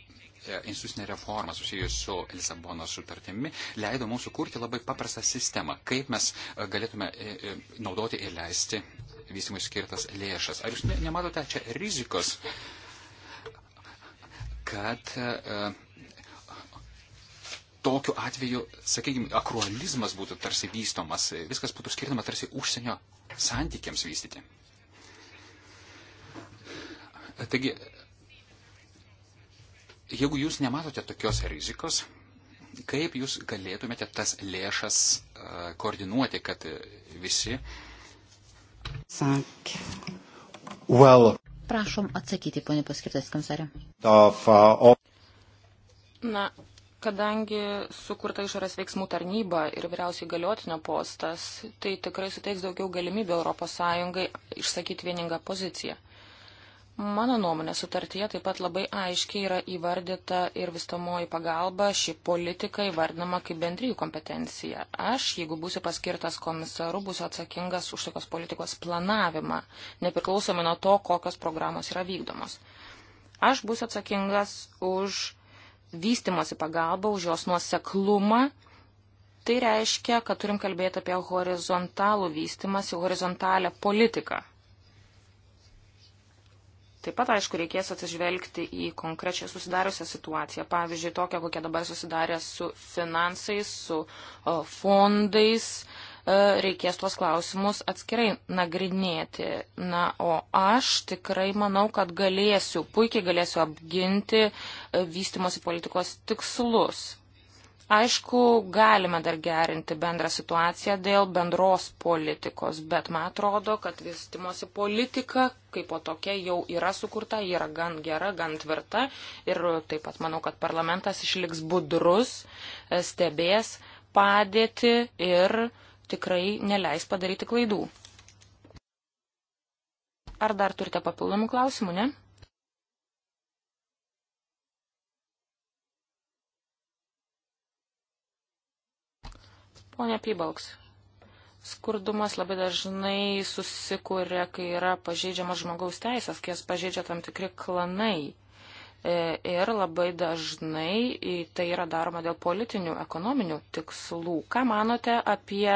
E, institucinė reforma susijusi su Lisabono sutartimi leido mums sukurti labai paprastą sistemą, kaip mes e, galėtume e, naudoti ir leisti vystimui skirtas lėšas. Ar jūs nematote čia rizikos, kad tokiu atveju, sakykime, akrualizmas būtų tarsi vystomas, viskas būtų skirtama tarsi užsienio santykiams vystyti. Taigi, jeigu jūs nematote tokios rizikos, kaip jūs galėtumėte tas lėšas e, koordinuoti, kad e, visi. Sank. Well. Prašom atsakyti, ponė paskirtas komisarė. Na, kadangi sukurta išorės veiksmų tarnyba ir vyriausiai galiotinio postas, tai tikrai suteiks daugiau galimybių ES išsakyti vieningą poziciją. Mano nuomonė sutartyje taip pat labai aiškiai yra įvardyta ir vistamoji pagalba, ši politika įvardinama kaip bendryjų kompetencija. Aš, jeigu būsiu paskirtas komisaru, būsiu atsakingas už tokios politikos planavimą, nepriklausomai nuo to, kokios programos yra vykdomos. Aš būsiu atsakingas už vystimosi pagalbą, už jos nuoseklumą Tai reiškia, kad turim kalbėti apie horizontalų vystimąsi, horizontalią politiką. Taip pat, aišku, reikės atsižvelgti į konkrečią susidariusią situaciją. Pavyzdžiui, tokią, kokią dabar susidarė su finansais, su fondais. E, reikės tuos klausimus atskirai nagrinėti. Na, o aš tikrai manau, kad galėsiu, puikiai galėsiu apginti e, vystimosi politikos tikslus. Aišku, galime dar gerinti bendrą situaciją dėl bendros politikos, bet man atrodo, kad vystimosi politika kaip po tokia jau yra sukurta, yra gan gera, gan tvirta ir taip pat manau, kad parlamentas išliks budrus, e, stebės padėti ir tikrai neleis padaryti klaidų. Ar dar turite papildomų klausimų, ne? Pone Pybalks, skurdumas labai dažnai susikūrė, kai yra pažeidžiamas žmogaus teisės, kai jas pažeidžia tam tikri klanai. E, ir labai dažnai tai yra daroma dėl politinių, ekonominių tikslų. Ką manote apie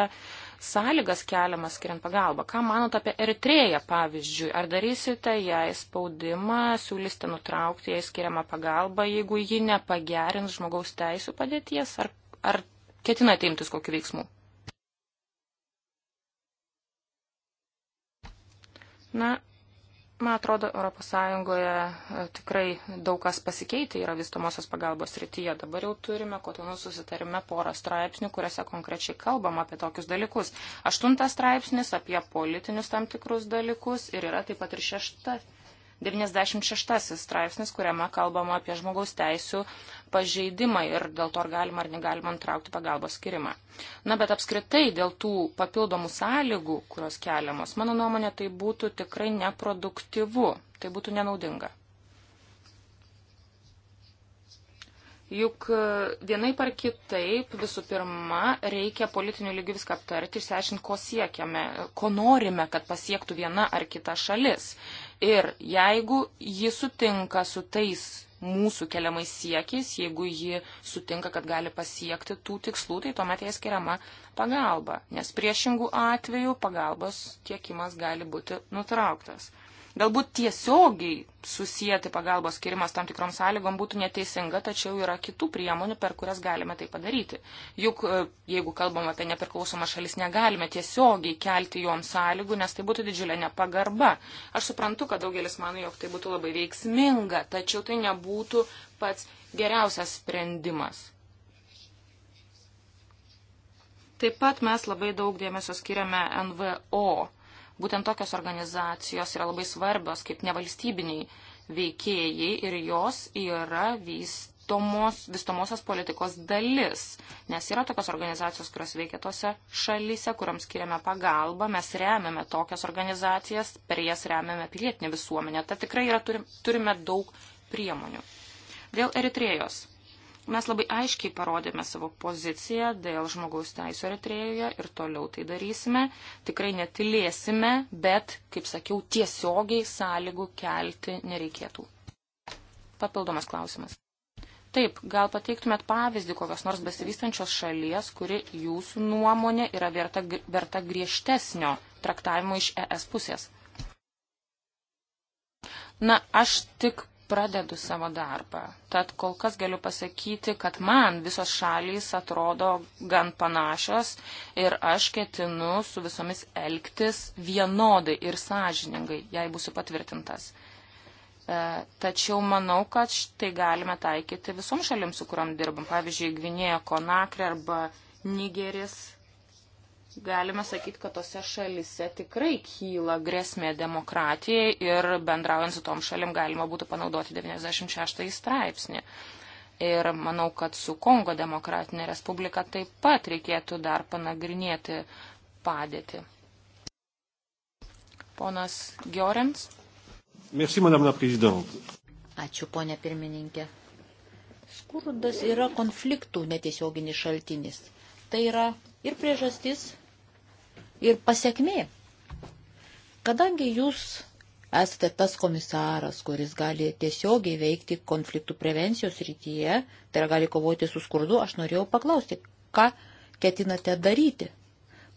sąlygas keliamas skiriant pagalbą? Ką manote apie Eritreją, pavyzdžiui? Ar darysite jai spaudimą, siūlysite nutraukti jai skiriamą pagalbą, jeigu ji nepagerins žmogaus teisų padėties? Ar, ar ketinate imtis kokiu veiksmu? Na, man atrodo, Europos Sąjungoje e, tikrai daug kas pasikeitė yra vystomosios pagalbos rytyje. Dabar jau turime kotonų susitarime porą straipsnių, kuriuose konkrečiai kalbam apie tokius dalykus. Aštuntas straipsnis apie politinius tam tikrus dalykus ir yra taip pat ir šeštas 96 straipsnis, kuriame kalbama apie žmogaus teisų pažeidimą ir dėl to ar galima ar negalima nutraukti pagalbos skirimą. Na, bet apskritai dėl tų papildomų sąlygų, kurios keliamos, mano nuomonė, tai būtų tikrai neproduktyvu, tai būtų nenaudinga. Juk e, vienai par kitaip visų pirma reikia politinių lygių viską aptarti, išsiaiškinti, ko siekiame, ko norime, kad pasiektų viena ar kita šalis. Ir jeigu ji sutinka su tais mūsų keliamais siekiais, jeigu ji sutinka, kad gali pasiekti tų tikslų, tai tuomet jai skiriama pagalba, nes priešingų atvejų pagalbos tiekimas gali būti nutrauktas. Galbūt tiesiogiai susijęti pagalbos skirimas tam tikrom sąlygom būtų neteisinga, tačiau yra kitų priemonių, per kurias galime tai padaryti. Juk, e, jeigu kalbam apie nepriklausomą šalis, negalime tiesiogiai kelti joms sąlygų, nes tai būtų didžiulė nepagarba. Aš suprantu, kad daugelis mano, jog tai būtų labai veiksminga, tačiau tai nebūtų pats geriausias sprendimas. Taip pat mes labai daug dėmesio skiriame NVO Būtent tokios organizacijos yra labai svarbios kaip nevalstybiniai veikėjai ir jos yra vystomos, vystomosios politikos dalis. Nes yra tokios organizacijos, kurios veikia tose šalyse, kuriams skiriame pagalbą, mes remiame tokias organizacijas, per jas remiame pilietinę visuomenę. Ta tikrai yra, turime daug priemonių. Dėl Eritrėjos. Mes labai aiškiai parodėme savo poziciją dėl žmogaus teisų Eritrejoje ir toliau tai darysime. Tikrai netilėsime, bet, kaip sakiau, tiesiogiai sąlygų kelti nereikėtų. Papildomas klausimas. Taip, gal pateiktumėt pavyzdį kokios nors besivystančios šalies, kuri jūsų nuomonė yra verta, verta griežtesnio traktavimo iš ES pusės. Na, aš tik pradedu savo darbą. Tad kol kas galiu pasakyti, kad man visos šalys atrodo gan panašios ir aš ketinu su visomis elgtis vienodai ir sąžiningai, jei būsiu patvirtintas. E, tačiau manau, kad tai galime taikyti visom šalim, su kuriam dirbam. Pavyzdžiui, Gvinėja, Konakrė arba Nigeris galime sakyti, kad tose šalise tikrai kyla grėsmė demokratijai ir bendraujant su tom šalim galima būtų panaudoti 96 straipsnį. Ir manau, kad su Kongo demokratinė respublika taip pat reikėtų dar panagrinėti padėtį. Ponas Giorens. Merci, madame la présidente. Ačiū, ponė pirmininkė. Skurdas yra konfliktų netiesioginis šaltinis. Tai yra ir priežastis, ir pasiekmė. Kadangi jūs esate tas komisaras, kuris gali tiesiogiai veikti konfliktų prevencijos rytyje, tai yra gali kovoti su skurdu, aš norėjau paklausti, ką ketinate daryti,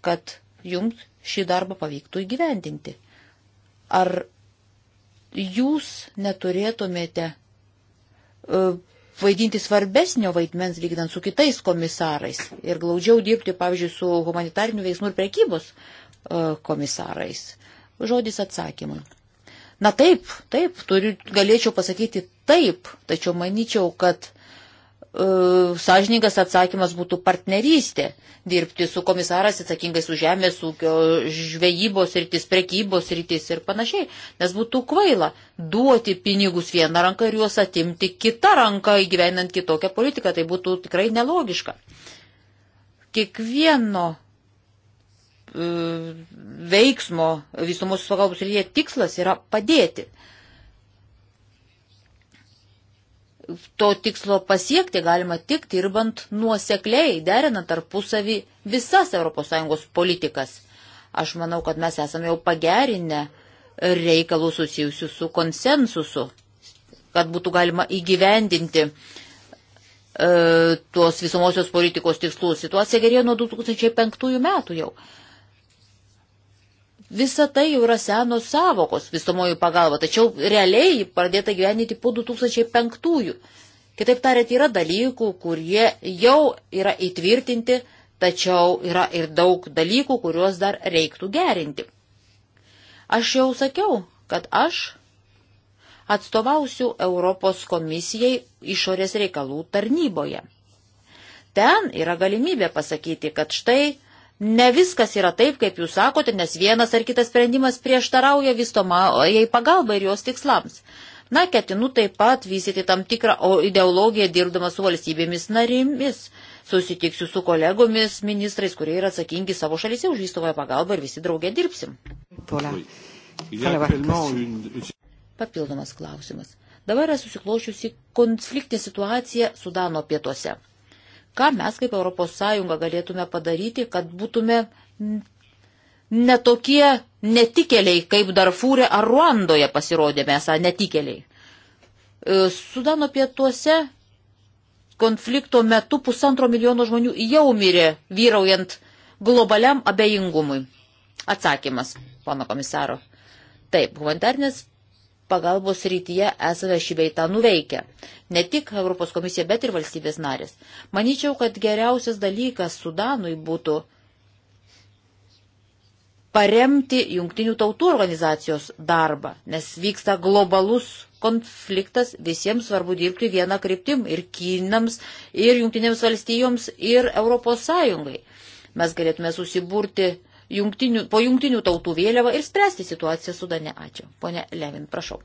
kad jums šį darbą pavyktų įgyvendinti. Ar jūs neturėtumėte e, vaidinti svarbesnio vaidmens lygdant su kitais komisarais ir glaudžiau dirbti, pavyzdžiui, su humanitarinių veiksmų ir prekybos e, komisarais. Žodis atsakymui. Na taip, taip, turiu, galėčiau pasakyti taip, tačiau manyčiau, kad E, sąžininkas atsakymas būtų partnerystė. Dirbti su komisaras atsakingais už žemės ūkio, žvejybos rytis, prekybos rytis ir panašiai. Nes būtų kvaila duoti pinigus vieną ranką ir juos atimti kitą ranką įgyvenant kitokią politiką. Tai būtų tikrai nelogiška. Kiekvieno e, veiksmo visumos pagalbos ir jie tikslas yra padėti. Uh, to tikslo pasiekti galima tik dirbant nuosekliai, derinant tarpusavį visas ES politikas. Aš manau, kad mes esame jau pagerinę reikalų susijusių su konsensusu, kad būtų galima įgyvendinti e, tuos visomosios politikos tikslus. Situacija gerėjo nuo 2005 metų jau. Visa tai jau yra senos savokos visumojų pagalba, tačiau realiai pradėta gyveninti po 2005-ųjų. Kitaip tariant, yra dalykų, kurie jau yra įtvirtinti, tačiau yra ir daug dalykų, kuriuos dar reiktų gerinti. Aš jau sakiau, kad aš atstovausiu Europos komisijai išorės reikalų tarnyboje. Ten yra galimybė pasakyti, kad štai Ne viskas yra taip, kaip jūs sakote, nes vienas ar kitas sprendimas prieštarauja vystomai pagalbai ir jos tikslams. Na, ketinu taip pat vystyti tam tikrą ideologiją dirbdama su valstybėmis narimis. Susitiksiu su kolegomis, ministrais, kurie yra atsakingi savo šalyse už vystomąją pagalbą ir visi draugė dirbsim. Papildomas klausimas. Dabar yra susiklošiusi konfliktinė situacija Sudano pietuose. Ką mes kaip ES galėtume padaryti, kad būtume netokie netikėliai, kaip Darfūrė ar Ruandoje pasirodėme esą netikėliai. E, Sudano pietuose konflikto metu pusantro milijono žmonių jau mirė vyraujant globaliam abejingumui. Atsakymas, pono komisaro. Taip, humanitarnės pagalbos rytyje esame šį beitą nuveikę. Ne tik Europos komisija, bet ir valstybės narės. Maničiau, kad geriausias dalykas Sudanui būtų paremti jungtinių tautų organizacijos darbą, nes vyksta globalus konfliktas, visiems svarbu dirbti vieną kryptim ir Kinams, ir jungtinėms valstijoms, ir Europos Sąjungai. Mes galėtume susiburti jungtinių, po jungtinių tautų vėliavą ir spręsti situaciją Sudane. Ačiū. Pone Levin, prašau.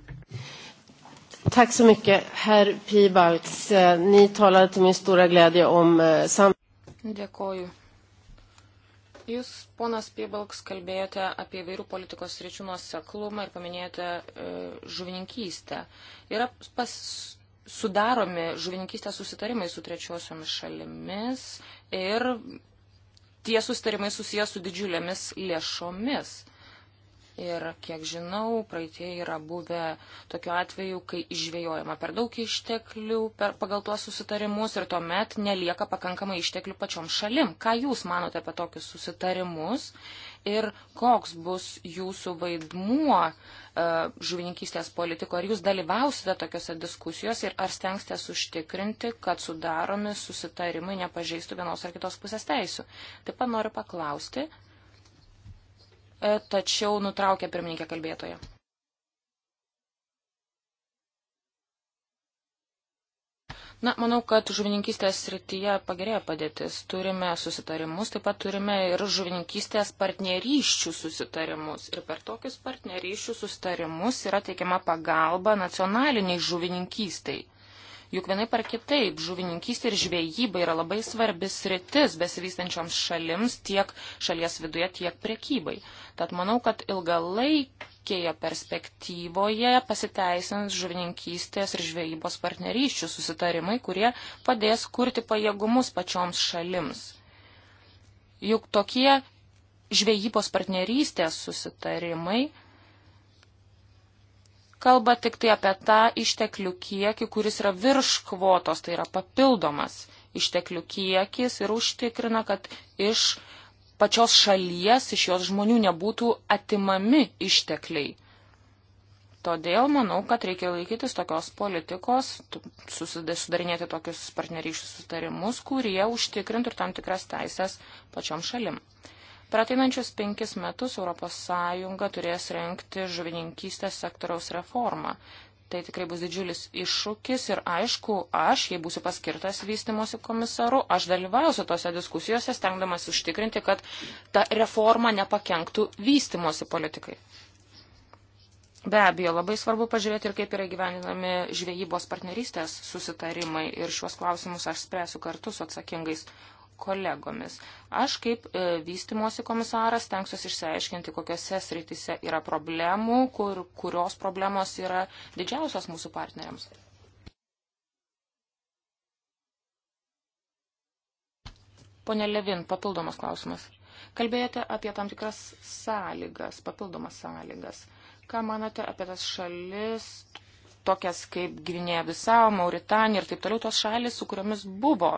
Tack så mycket, herr Pibalks. Eh, ni talade till min stora glädje om eh, sam... Dėkoju. Jūs, ponas Pibalks, kalbėjote apie vairių politikos ryčių nuoseklumą ir paminėjote e, žuvininkystę. Yra pas, sudaromi žuvininkystės susitarimai su trečiosiomis šalimis ir tie sustarimai susijęs su didžiulėmis lėšomis. Ir kiek žinau, praeitie yra buvę tokiu atveju, kai išvėjojama per daug išteklių per, pagal tuos susitarimus ir tuomet nelieka pakankamai išteklių pačiom šalim. Ką Jūs manote apie tokius susitarimus ir koks bus jūsų vaidmuo e, žuvininkystės politiko. Ar jūs dalyvausite tokiuose diskusijose ir ar stengsite užtikrinti, kad sudaromi susitarimai nepažeistų vienos ar kitos pusės teisų. Taip pat noriu paklausti, e, tačiau nutraukė pirmininkė kalbėtoje. Na, manau, kad žuvininkystės srityje pagerėjo padėtis. Turime susitarimus, taip pat turime ir žuvininkystės partnerysčių susitarimus. Ir per tokius partnerysčių susitarimus yra teikiama pagalba nacionaliniai žuvininkystiai. Juk vienai par kitaip žuvininkystė ir žvejyba yra labai svarbis rytis besivystančioms šalims tiek šalies viduje, tiek priekybai. Tad manau, kad ilgalaikėje perspektyvoje pasiteisins žuvininkystės ir žvejybos partnerysčių susitarimai, kurie padės kurti pajėgumus pačioms šalims. Juk tokie žvejybos partnerystės susitarimai kalba tik tai apie tą išteklių kiekį, kuris yra virš kvotos, tai yra papildomas išteklių kiekis ir užtikrina, kad iš pačios šalies, iš jos žmonių nebūtų atimami ištekliai. Todėl manau, kad reikia laikytis tokios politikos, susidarinėti tokius partnerysčių sutarimus, kurie užtikrintų ir tam tikras teisės pačiom šalim. Per ateinančius penkis metus ES turės renkti žuvininkystės sektoriaus reformą. Tai tikrai bus didžiulis iššūkis ir aišku, aš, jei būsiu paskirtas vystimosi komisaru, aš dalyvausiu tose diskusijose, stengdamas užtikrinti, kad ta reforma nepakenktų vystimosi politikai. Be abejo, labai svarbu pažiūrėti ir kaip yra gyveninami žvejybos partnerystės susitarimai ir šiuos klausimus aš spręsiu kartu su atsakingais kolegomis. Aš kaip e, vystimosi komisaras tenksiuosi išsiaiškinti, kokiuose srityse yra problemų, kur, kurios problemos yra didžiausios mūsų partneriams. Pone Levin, papildomas klausimas. Kalbėjote apie tam tikras sąlygas, papildomas sąlygas. Ką manote apie tas šalis, tokias kaip Gvinėja Visau, Mauritanija ir taip toliau, tos šalis, su kuriomis buvo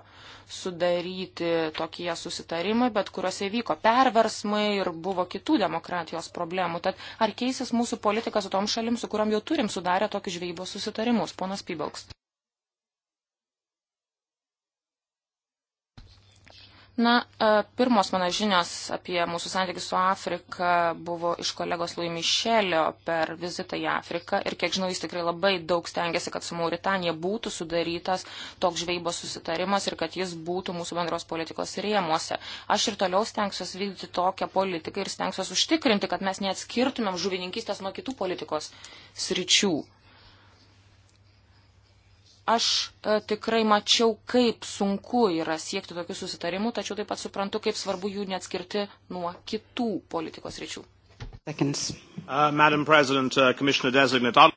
sudaryti tokie susitarimai, bet kuriuose vyko perversmai ir buvo kitų demokratijos problemų. Tad ar keisis mūsų politika su tom šalim, su kuriuom jau turim sudarę tokius žvejybos susitarimus, ponas Pybalks? Na, e, pirmos mano žinios apie mūsų santykius su Afrika buvo iš kolegos Louis Michelio per vizitą į Afriką ir kiek žinau, jis tikrai labai daug stengiasi, kad su Mauritanija būtų sudarytas toks žvejybos susitarimas ir kad jis būtų mūsų bendros politikos rėmuose. Aš ir toliau stengsiuosi vykdyti tokią politiką ir stengsiuosi užtikrinti, kad mes neatskirtumėm žuvininkystės nuo kitų politikos sričių. Aš e, tikrai mačiau, kaip sunku yra siekti tokių susitarimų, tačiau taip pat suprantu, kaip svarbu jų neatskirti nuo kitų politikos ryčių. Uh, uh,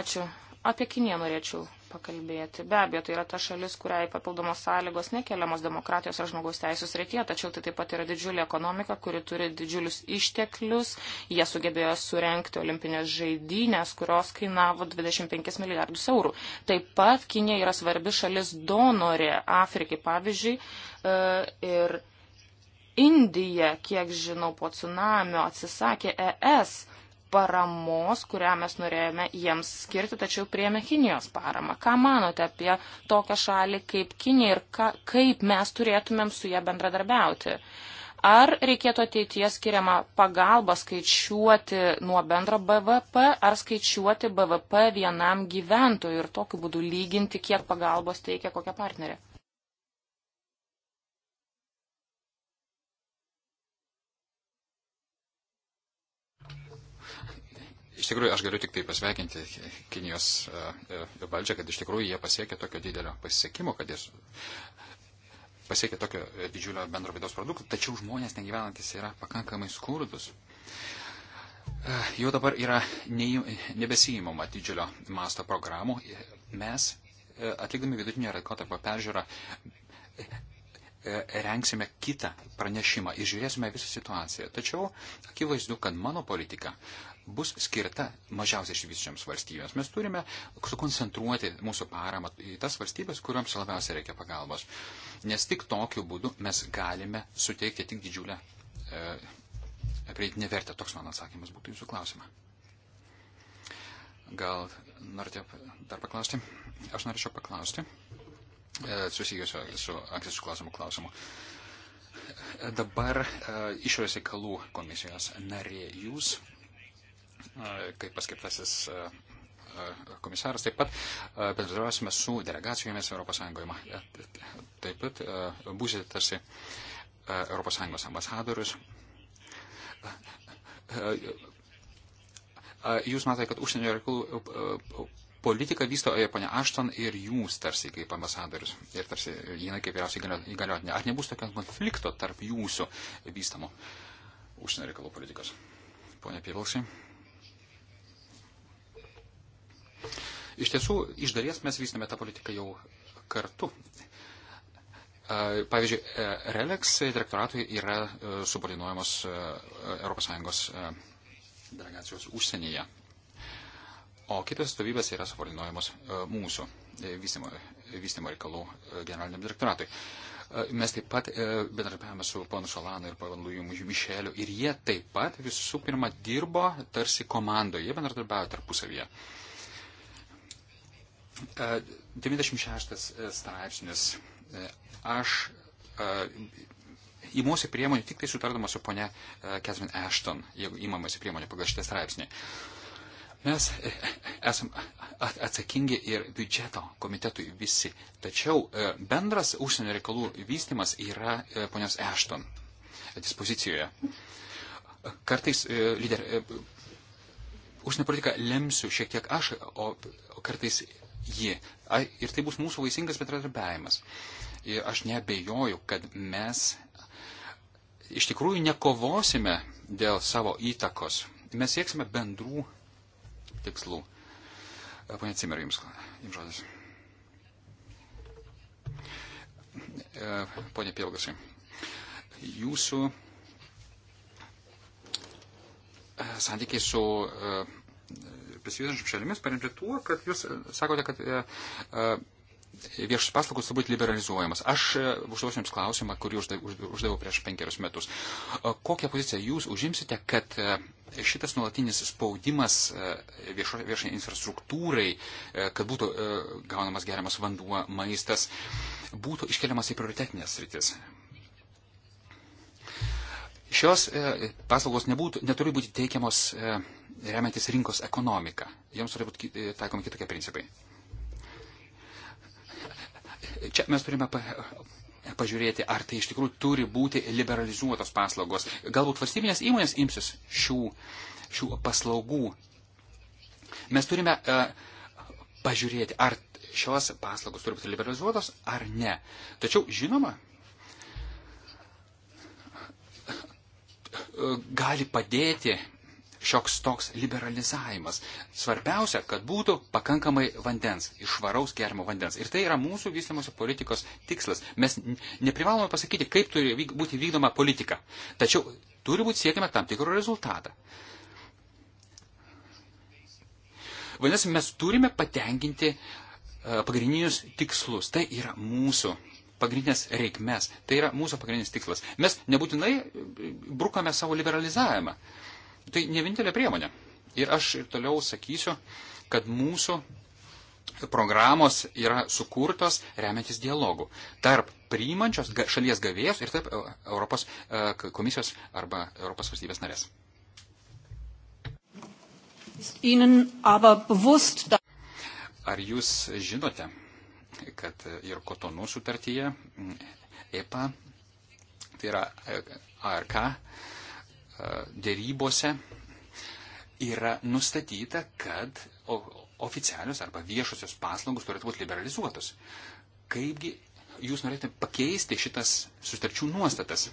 Ačiū. Apie Kiniją norėčiau pakalbėti. Be abejo, tai yra ta šalis, kuriai papildomos sąlygos nekeliamos demokratijos ar žmogaus teisų srityje, tačiau tai taip pat yra didžiulė ekonomika, kuri turi didžiulius išteklius. Jie sugebėjo surenkti olimpinės žaidynės, kurios kainavo 25 milijardus eurų. Taip pat Kinė yra svarbi šalis donorė Afrikai, pavyzdžiui. E, ir Indija, kiek žinau, po tsunamio atsisakė ES paramos, kurią mes norėjome jiems skirti, tačiau priėmė Kinijos paramą. Ką manote apie tokią šalį kaip Kinija ir ka, kaip mes turėtumėm su ją bendradarbiauti? Ar reikėtų ateityje skiriamą pagalbą skaičiuoti nuo bendro BVP, ar skaičiuoti BVP vienam gyventojui ir tokiu būdu lyginti, kiek pagalbos teikia kokia partnerė? iš tikrųjų aš galiu tik tai pasveikinti Kinijos e, e, valdžią, kad iš tikrųjų jie pasiekė tokio didelio pasisekimo, kad jis pasiekė tokio e, didžiulio bendro vidaus produktų, tačiau žmonės negyvenantis yra pakankamai skurdus. Jau dabar yra nebesijimama didžiulio masto programų. Mes atlikdami vidutinio laikotarpio peržiūrą E, renksime kitą pranešimą ir žiūrėsime visą situaciją. Tačiau akivaizdu, kad mano politika bus skirta mažiausiai išvystyčiams valstybėms. Mes turime sukoncentruoti mūsų paramą į tas valstybės, kuriuoms labiausiai reikia pagalbos. Nes tik tokiu būdu mes galime suteikti tik didžiulę e, pridėtinę vertę. Toks mano atsakymas būtų jūsų klausimą. Gal norite dar paklausti? Aš norėčiau paklausti. E, susijusio su ankstesniu klausimu klausimu. E, dabar e, išorės reikalų komisijos narė jūs, kaip paskirtasis komisaras, taip pat bendradarbiausime su delegacijomis ES. Taip pat būsite tarsi ES ambasadorius. Jūs matote, kad užsienio reikalų politiką vysto ponia Ašton ir jūs tarsi kaip ambasadorius ir tarsi jinai kaip vyriausiai įgaliotinė. Ar nebus tokio konflikto tarp jūsų vystamo užsienio reikalų politikos? Pone Pievilksai. Iš tiesų, iš dalies mes vystame tą politiką jau kartu. Pavyzdžiui, e, RELEX direktoratui yra e, subordinuojamos ES e, delegacijos užsienyje o kitos atstovybės yra suvaldinuojamos e, mūsų e, vystimo, e, vystimo reikalų generaliniam direktoratui. Mes taip pat bendradarbiavame su ponu Šalanu ir ponu Lujimu Mišeliu ir jie taip pat visų pirma dirbo tarsi komandoje, jie bendradarbiavo tarpusavyje. 96 straipsnis. Aš įmuosi priemonę tik tai sutardama su ponia Catherine Ashton, jeigu įmamasi priemonė pagal šitą straipsnį. Uh, Mes e, e, esam atsakingi ir biudžeto komitetui visi. Tačiau e, bendras užsienio reikalų vystimas yra ponios Ešton dispozicijoje. Kartais lyder, užsienio politiką lemsiu šiek tiek aš, o, o kartais ji. Ir tai bus mūsų vaisingas bendradarbiavimas. Ir aš nebejoju, kad mes iš tikrųjų nekovosime dėl savo įtakos. Mes sieksime bendrų tikslų. Pane Cimer, jums, jums žodis. E, Pone Pielgasai, jūsų e, santykiai su besivydančiam šalimis paremti tuo, kad jūs sakote, kad e, viešas paslaugos turi būti liberalizuojamas. Aš e, užduosiu Jums klausimą, kurį uždaviau prieš penkerius metus. E, kokią poziciją Jūs užimsite, kad e, šitas nuolatinis spaudimas viešo, viešai infrastruktūrai, kad būtų gaunamas geriamas vanduo, maistas, būtų iškeliamas į prioritetinės rytis? Šios paslaugos nebūtų, neturi būti teikiamos remiantis rinkos ekonomiką. Joms turi būti taikomi kitokie principai. Čia mes turime pažiūrėti, ar tai iš tikrųjų turi būti liberalizuotos paslaugos. Galbūt valstybinės įmonės imsis šių, šių paslaugų. Mes turime e, pažiūrėti, ar šios paslaugos turi būti liberalizuotos ar ne. Tačiau, žinoma, e, gali padėti šioks toks liberalizavimas. Svarbiausia, kad būtų pakankamai vandens, išvaraus gerimo vandens. Ir tai yra mūsų vystamosios politikos tikslas. Mes neprivalome pasakyti, kaip turi būti vykdoma politika. Tačiau turi būti siekiama tam tikro rezultatą. Vadinasi, mes turime patenkinti e, pagrindinius tikslus. Tai yra mūsų pagrindinės reikmes. Tai yra mūsų pagrindinis tikslas. Mes nebūtinai e, brukame savo liberalizavimą. Tai ne vienintelė priemonė. Ir aš ir toliau sakysiu, kad mūsų programos yra sukurtos remiantis dialogų tarp priimančios šalies gavėjos ir tarp Europos e, komisijos arba Europos valstybės narės. Ar jūs žinote, kad ir kotonų sutartyje EPA, tai yra e, ARK, dėrybose yra nustatyta, kad oficialios arba viešosios paslaugos turėtų būti liberalizuotos. Kaipgi jūs norėtumėte pakeisti šitas sutarčių nuostatas?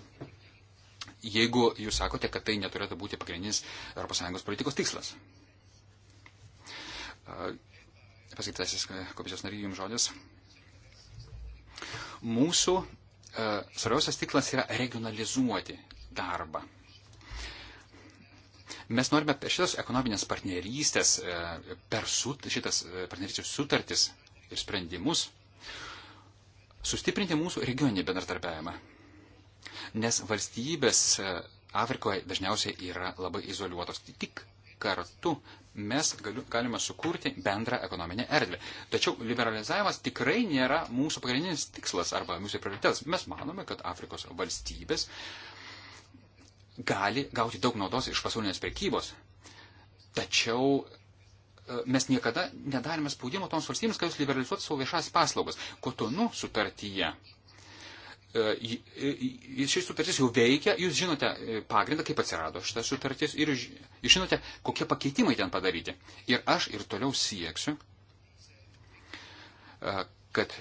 Jeigu jūs sakote, kad tai neturėtų būti pagrindinis ES politikos tikslas. Pasakytasis komisijos nariai, jums žodis. Mūsų svarbiausias tikslas yra regionalizuoti darbą Mes norime šitas ekonominės partnerystės, e, per sut, šitas e, partnerystės sutartis ir sprendimus sustiprinti mūsų regioninį bendradarbiavimą. Nes valstybės e, Afrikoje dažniausiai yra labai izoliuotos. Tik kartu mes galiu, galime sukurti bendrą ekonominę erdvę. Tačiau liberalizavimas tikrai nėra mūsų pagrindinis tikslas arba mūsų prioritetas. Mes manome, kad Afrikos valstybės uh, gali gauti daug naudos iš pasaulinės prekybos. Tačiau e, mes niekada nedarėme spaudimo toms valstybėms, kad jos liberalizuotų savo viešas paslaugas. Kotonu sutartyje. E, e, šis sutartis jau veikia, jūs žinote pagrindą, kaip atsirado šitas sutartis ir jūs žinote, kokie pakeitimai ten padaryti. Ir aš ir toliau sieksiu, kad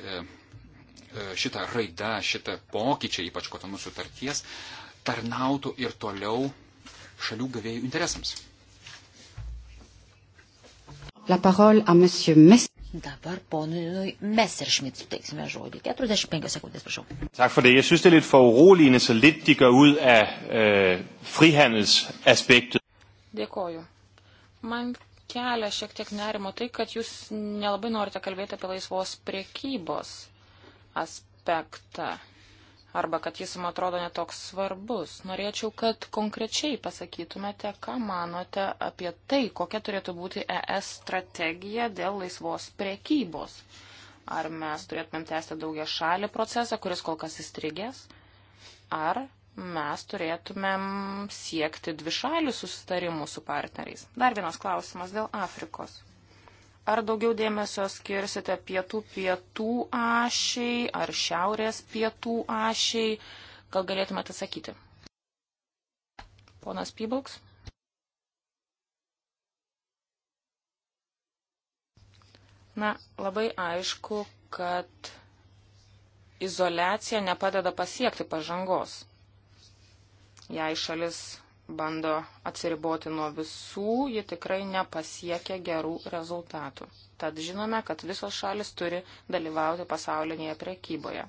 šita raida, šita pokyčia, ypač kotonų sutarties, uh, tarnautų ir toliau šalių gavėjų interesams. Dabar ponui Messerschmidt suteiksime žodį. 45 sekundės, prašau. Tak for det. Jeg synes, det er lidt for uroligende, så lidt de går ud af øh, frihandelsaspektet. Dėkoju. Man kelia šiek tiek nerimo tai, kad jūs nelabai norite kalbėti apie laisvos priekybos aspektą arba kad jis man atrodo netoks svarbus. Norėčiau, kad konkrečiai pasakytumėte, ką manote apie tai, kokia turėtų būti ES strategija dėl laisvos priekybos. Ar mes turėtumėm tęsti daugia šalį procesą, kuris kol kas įstrigęs, ar mes turėtumėm siekti dvišalių susitarimų su partneriais. Dar vienas klausimas dėl Afrikos. Ar daugiau dėmesio skirsite pietų pietų ašiai ar šiaurės pietų ašiai? Gal galėtumėte atsakyti? Ponas Pybalks. Na, labai aišku, kad izolacija nepadeda pasiekti pažangos. Jei šalis bando atsiriboti nuo visų, ji tikrai nepasiekia gerų rezultatų. Tad žinome, kad visos šalis turi dalyvauti pasaulinėje prekyboje.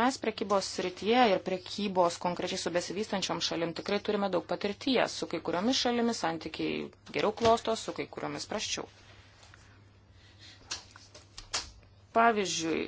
Mes prekybos srityje ir prekybos konkrečiai su besivystančiom šalim tikrai turime daug patirties. Su kai kuriomis šalimis santykiai geriau klostos, su kai kuriomis praščiau. Pavyzdžiui,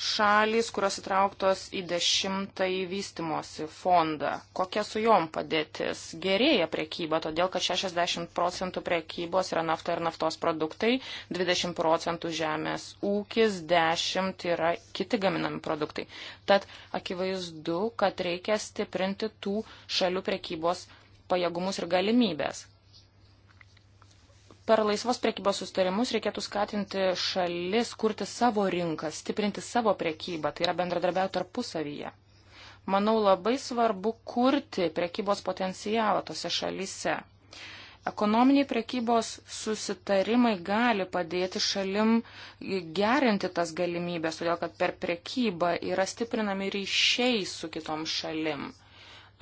šalys, kurios įtrauktos į dešimtąjį vystimosi fondą. Kokia su jom padėtis? Gerėja priekyba, todėl kad 60 procentų priekybos yra nafta ir naftos produktai, 20 procentų žemės ūkis, 10 yra kiti gaminami produktai. Tad akivaizdu, kad reikia stiprinti tų šalių priekybos pajėgumus ir galimybės per laisvos prekybos sustarimus reikėtų skatinti šalis kurti savo rinką, stiprinti savo prekybą, tai yra bendradarbiauti tarpusavyje. Manau, labai svarbu kurti prekybos potencialą tose šalyse. Ekonominiai prekybos susitarimai gali padėti šalim gerinti tas galimybės, todėl kad per prekybą yra stiprinami ryšiai su kitom šalim.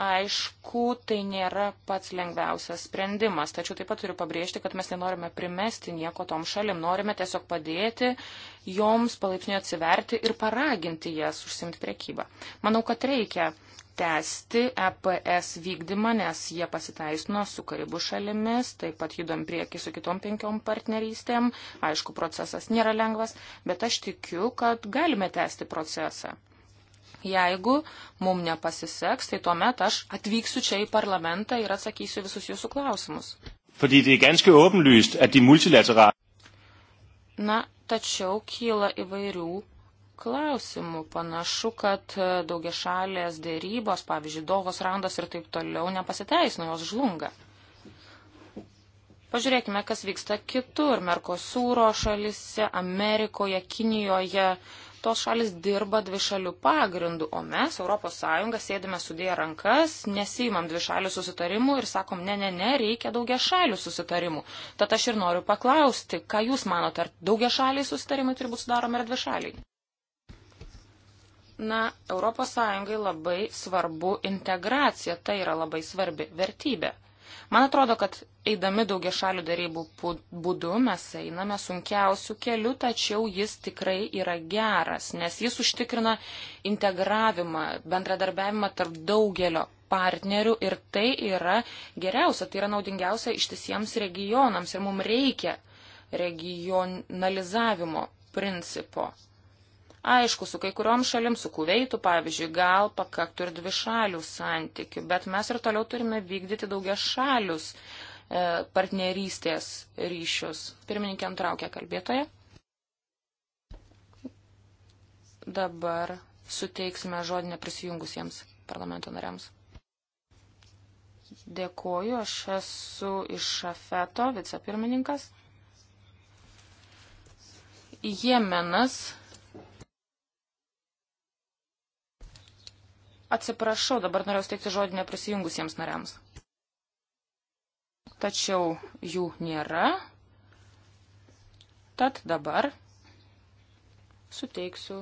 Aišku, tai nėra pats lengviausias sprendimas, tačiau taip pat turiu pabrėžti, kad mes nenorime primesti nieko tom šalim, norime tiesiog padėti joms palaipsniui atsiverti ir paraginti jas užsimti priekybą. Manau, kad reikia tęsti EPS vykdymą, nes jie pasiteisino su Karibų šalimis, taip pat judom prieki su kitom penkiom partnerystėm. Aišku, procesas nėra lengvas, bet aš tikiu, kad galime tęsti procesą. Jeigu mum nepasiseks, tai tuomet aš atvyksiu čia į parlamentą ir atsakysiu visus jūsų klausimus. Er Na, tačiau kyla įvairių klausimų. Panašu, kad e, daugia šalės dėrybos, pavyzdžiui, Dovos randas ir taip toliau nepasiteisino, jos žlunga. Pažiūrėkime, kas vyksta kitur, Merkosūro šalise, Amerikoje, Kinijoje, tos šalis dirba dvišalių pagrindų, o mes, ES, sėdime sudėję rankas, nesimam dvišalių susitarimų ir sakom, ne, ne, ne, reikia daugia šalių susitarimų. Tad aš ir noriu paklausti, ką Jūs manote, ar daugia šaliai susitarimai turi būti sudaromi ar dvišaliai? Na, ES labai svarbu integracija, tai yra labai svarbi vertybė. Man atrodo, kad eidami daugia šalių darybų būdu mes einame sunkiausių kelių, tačiau jis tikrai yra geras, nes jis užtikrina integravimą, bendradarbiavimą tarp daugelio partnerių ir tai yra geriausia, tai yra naudingiausia ištisiems regionams ir mums reikia regionalizavimo principo. Aišku, su kai kuriuom šalim, su kuveitu, pavyzdžiui, gal pakaktų ir dvi šalių santykių, bet mes ir toliau turime vykdyti daugia šalius E, partnerystės ryšius. Pirmininkė antraukė kalbėtoje. Dabar suteiksime žodinę prisijungusiems parlamento nariams. Dėkuoju, aš esu iš Šafeto vicepirmininkas. Jemenas. Atsiprašau, dabar norėjau steigti žodinę prisijungusiems nariams tačiau jų nėra. Tad dabar suteiksiu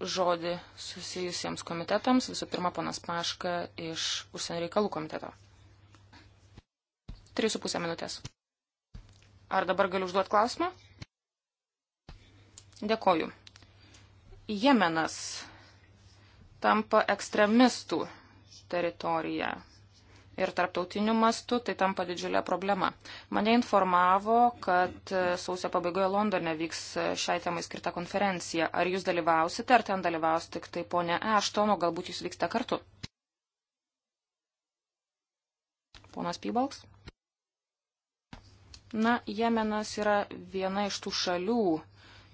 žodį susijusiems komitetams. Visų pirma, panas Paška iš užsienio reikalų komiteto. 3,5 minutės. Ar dabar galiu užduoti klausimą? Dėkoju. Jemenas tampa ekstremistų teritorija ir tarptautiniu mastu, tai tampa didžiulė problema. Mane informavo, kad e, sausio pabaigoje Londone vyks e, šiai temai skirta konferencija. Ar jūs dalyvausite, ar ten dalyvaus tik tai ponė Ešton, o galbūt jūs vyksite kartu? Ponas Pybalks. Na, Jemenas yra viena iš tų šalių,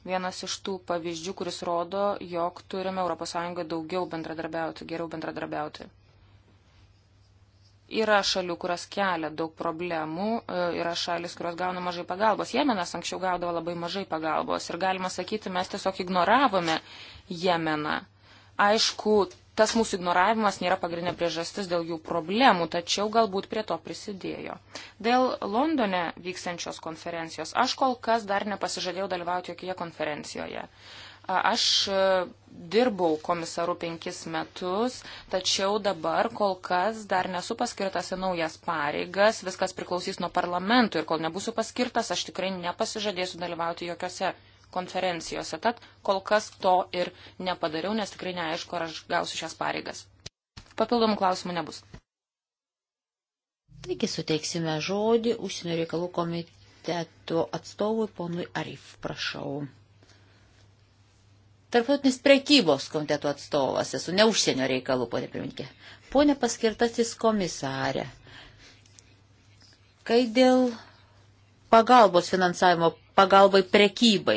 vienas iš tų pavyzdžių, kuris rodo, jog turime ES daugiau bendradarbiauti, geriau bendradarbiauti. Yra šalių, kurios kelia daug problemų, e, yra šalis, kurios gauna mažai pagalbos. Jemenas anksčiau gaudavo labai mažai pagalbos ir galima sakyti, mes tiesiog ignoravome Jemeną. Aišku, tas mūsų ignoravimas nėra pagrindinė priežastis dėl jų problemų, tačiau galbūt prie to prisidėjo. Dėl Londone vyksančios konferencijos aš kol kas dar nepasižadėjau dalyvauti jokioje konferencijoje. Uh, Aš e, dirbau komisaru penkis metus, tačiau dabar kol kas dar nesu paskirtas į naujas pareigas, viskas priklausys nuo parlamentų ir kol nebusiu paskirtas, aš tikrai nepasižadėsiu dalyvauti jokiose konferencijose. Tad kol kas to ir nepadariau, nes tikrai neaišku, ar aš gausiu šias pareigas. Papildomų klausimų nebus. Taigi suteiksime žodį užsienio reikalų komiteto atstovui ponui Arif, prašau. Tarptautinis prekybos komiteto atstovas, esu ne užsienio reikalų, ponė pirmininkė. Pone paskirtasis komisarė, kai dėl pagalbos finansavimo, pagalbai prekybai,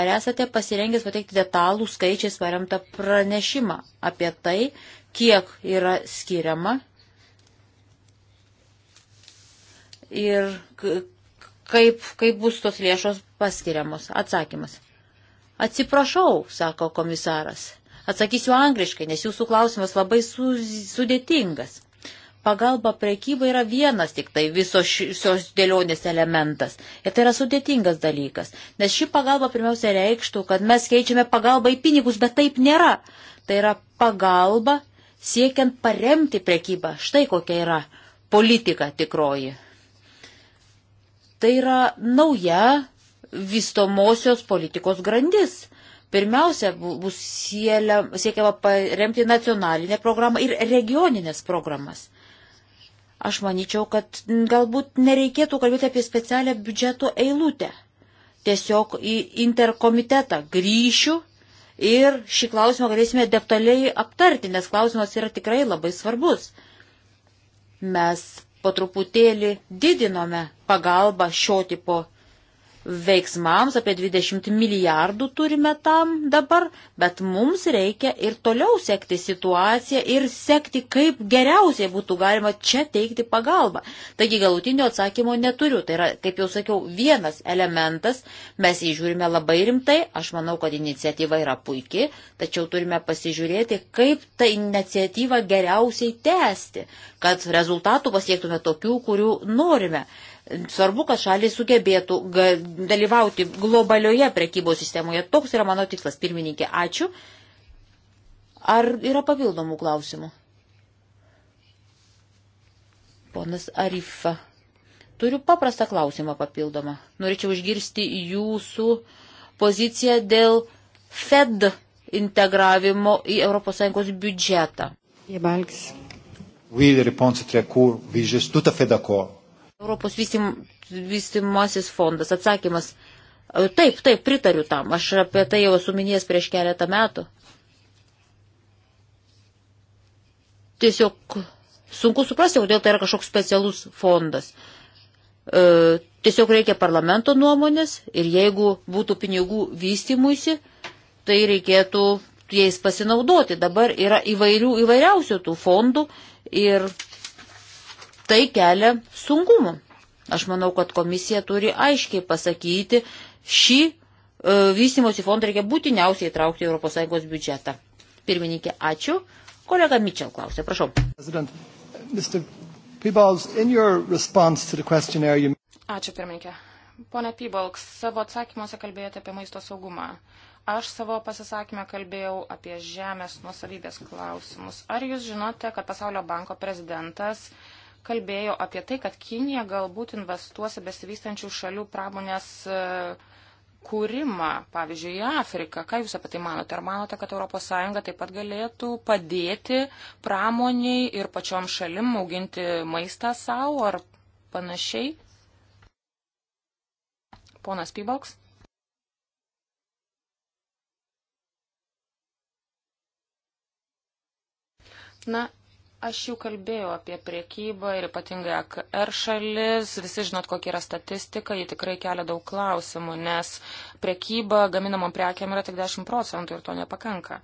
ar esate pasirengęs pateikti detalų skaičiais paremtą pranešimą apie tai, kiek yra skiriama ir kaip, kaip bus tos lėšos paskiriamos? Atsakymas. Atsiprašau, sako komisaras. Atsakysiu angliškai, nes jūsų klausimas labai su, sudėtingas. Pagalba prekyba yra vienas tik tai visos šios dėlionės elementas. Ir tai yra sudėtingas dalykas. Nes ši pagalba pirmiausia reikštų, kad mes keičiame pagalbą į pinigus, bet taip nėra. Tai yra pagalba siekiant paremti prekybą. Štai kokia yra politika tikroji. Tai yra nauja vystomosios politikos grandis. Pirmiausia, bus sielia, siekiama paremti nacionalinę programą ir regioninės programas. Aš manyčiau, kad galbūt nereikėtų kalbėti apie specialią biudžeto eilutę. Tiesiog į interkomitetą grįšiu ir šį klausimą galėsime detaliai aptarti, nes klausimas yra tikrai labai svarbus. Mes po truputėlį didinome pagalbą šio tipo veiksmams, apie 20 milijardų turime tam dabar, bet mums reikia ir toliau sekti situaciją ir sekti, kaip geriausiai būtų galima čia teikti pagalbą. Taigi galutinio atsakymo neturiu. Tai yra, kaip jau sakiau, vienas elementas, mes jį žiūrime labai rimtai, aš manau, kad iniciatyva yra puikiai, tačiau turime pasižiūrėti, kaip tą iniciatyvą geriausiai tęsti, kad rezultatų pasiektume tokių, kurių norime. Svarbu, kad šalis sugebėtų dalyvauti globalioje prekybos sistemoje. Toks yra mano tikslas, pirmininkė. Ačiū. Ar yra papildomų klausimų? Ponas Arifa. Turiu paprastą klausimą papildomą. Norėčiau išgirsti jūsų poziciją dėl Fed integravimo į ES biudžetą. Iebalgs. Oui, les réponses très courtes. Oui, je suis tout à fait d'accord. Europos vystimosis fondas. Atsakymas. E, taip, taip, pritariu tam. Aš apie tai jau esu minėjęs prieš keletą metų. Tiesiog sunku suprasti, kodėl tai yra kažkoks specialus fondas. E, tiesiog reikia parlamento nuomonės ir jeigu būtų pinigų vystimuisi, tai reikėtų jais pasinaudoti. Dabar yra įvairių, įvairiausių tų fondų ir tai kelia sunkumų. Aš manau, kad komisija turi aiškiai pasakyti, šį e, vystimosi fondą reikia būtiniausiai įtraukti į ES biudžetą. Pirmininkė, ačiū. Kolega Mitchell klausė, prašau. Peebles, you... Ačiū, pirmininkė. Pone Pybalks, savo atsakymuose kalbėjote apie maisto saugumą. Aš savo pasisakymę kalbėjau apie žemės nuosavybės klausimus. Ar jūs žinote, kad Pasaulio banko prezidentas uh, kalbėjo apie tai, kad Kinija galbūt investuosi besivystančių šalių pramonės e, kūrimą, pavyzdžiui, į Afriką. Ką Jūs apie tai manote? Ar manote, kad ES taip pat galėtų padėti pramoniai ir pačiom šalim auginti maistą savo ar panašiai? Ponas Pybalks. Na, Aš jau kalbėjau apie priekybą ir ypatingai AKR šalis. Visi žinot, kokia yra statistika, ji tikrai kelia daug klausimų, nes priekyba gaminamom prekiam yra tik 10 procentų ir to nepakanka.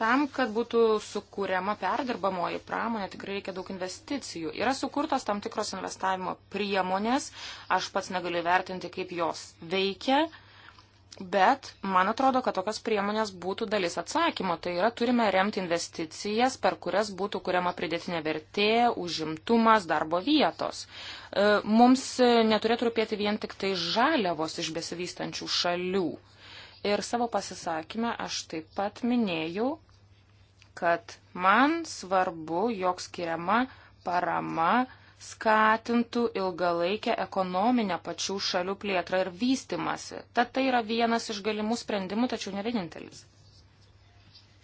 Tam, kad būtų sukūriama perdirbamoji pramonė, tikrai reikia daug investicijų. Yra sukurtos tam tikros investavimo priemonės, aš pats negaliu vertinti, kaip jos veikia Bet man atrodo, kad tokios priemonės būtų dalis atsakymo. Tai yra, turime remti investicijas, per kurias būtų kuriama pridėtinė vertė, užimtumas, darbo vietos. E, mums neturėtų rūpėti vien tik tai žaliavos iš besivystančių šalių. Ir savo pasisakymę aš taip pat minėjau, kad man svarbu, jog skiriama parama skatintų ilgalaikę ekonominę pačių šalių plėtrą ir vystimasi. Tad tai yra vienas iš galimų sprendimų, tačiau ne vienintelis.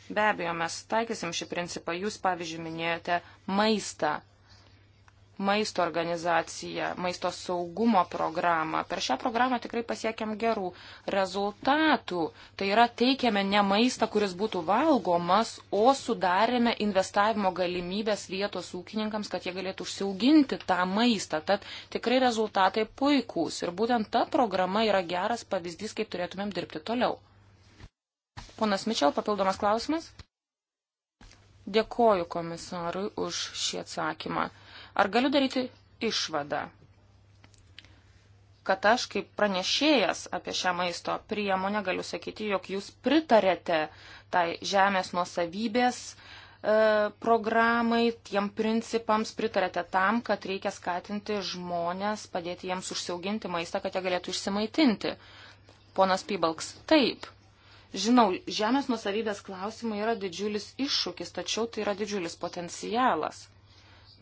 Be abejo, mes taikysim šį principą. Jūs, pavyzdžiui, minėjote maistą maisto organizaciją, maisto saugumo programą. Per šią programą tikrai pasiekėm gerų rezultatų. Tai yra teikėme ne maistą, kuris būtų valgomas, o sudarėme investavimo galimybės vietos ūkininkams, kad jie galėtų užsiauginti tą maistą. Tad tikrai rezultatai puikūs. Ir būtent ta programa yra geras pavyzdys, kaip turėtumėm dirbti toliau. Ponas Mičel, papildomas klausimas. Dėkoju komisarui už šį atsakymą. Ar galiu daryti išvadą, kad aš kaip pranešėjas apie šią maisto priemonę galiu sakyti, jog jūs pritarėte tai žemės nuosavybės e, programai, tiem principams pritarėte tam, kad reikia skatinti žmonės, padėti jiems užsiauginti maistą, kad jie galėtų išsimaitinti. Ponas Pybalks, taip. Žinau, žemės nusavybės klausimai yra didžiulis iššūkis, tačiau tai yra didžiulis potencialas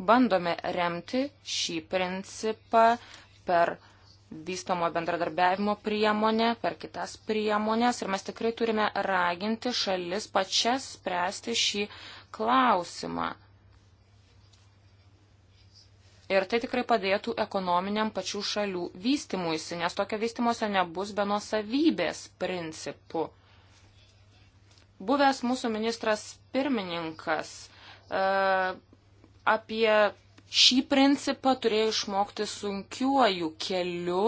bandome remti šį principą per vystomo bendradarbiavimo priemonę, per kitas priemonės ir mes tikrai turime raginti šalis pačias spręsti šį klausimą. Ir tai tikrai padėtų ekonominiam pačių šalių vystimuisi, nes tokio vystimuose nebus be nuosavybės principų. Buvęs mūsų ministras pirmininkas e, apie šį principą turėjo išmokti sunkiuoju keliu.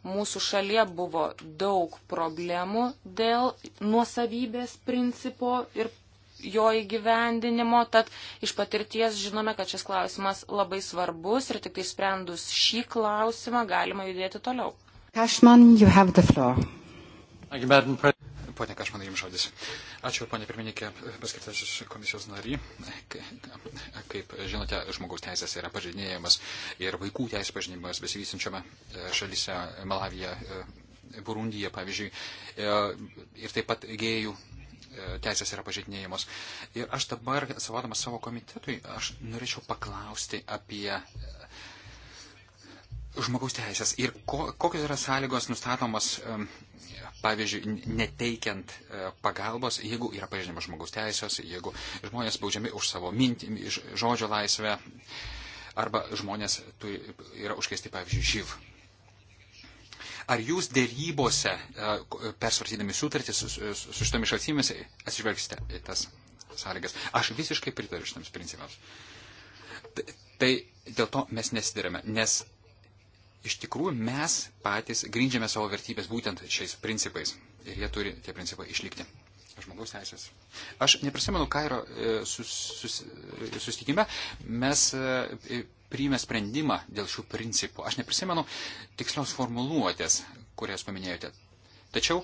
Mūsų šalyje buvo daug problemų dėl nuosavybės principo ir jo įgyvendinimo, tad iš patirties žinome, kad šis klausimas labai svarbus ir tik tai sprendus šį klausimą galima judėti toliau. Cashman, you have the floor. Thank you, Madam President. Pone Kašmanai, jums žodis. Ačiū, ponė pirmininkė, paskirtas komisijos nary. Kaip žinote, žmogaus teisės yra pažinėjimas ir vaikų teisės pažinimas besivysinčiame šalyse Malavija, Burundija, pavyzdžiui, ir taip pat gėjų teisės yra pažeidinėjimos. Ir aš dabar, savodamas savo komitetui, aš norėčiau paklausti apie žmogaus teisės ir ko, kokios yra sąlygos nustatomas pavyzdžiui, neteikiant e, pagalbos, jeigu yra pažinimas žmogaus teisės, jeigu žmonės spaudžiami už savo mintį, žodžio laisvę, arba žmonės turi, yra užkesti, pavyzdžiui, živ. Ar jūs dėrybose, e, persvarstydami sutartis su, su, su šitomis šaltimis, atsižvelgsite į tas sąlygas? Aš visiškai pritariu šitams principams. Tai dėl to mes nesidarėme, nes iš tikrųjų mes patys grindžiame savo vertybės būtent šiais principais. Ir jie turi tie principai išlikti. Žmogaus teisės. Aš neprisimenu Kairo e, sus, sus, e, susitikime, mes e, priėmė sprendimą dėl šių principų. Aš neprisimenu tikslios formuluotės, kurias paminėjote. Tačiau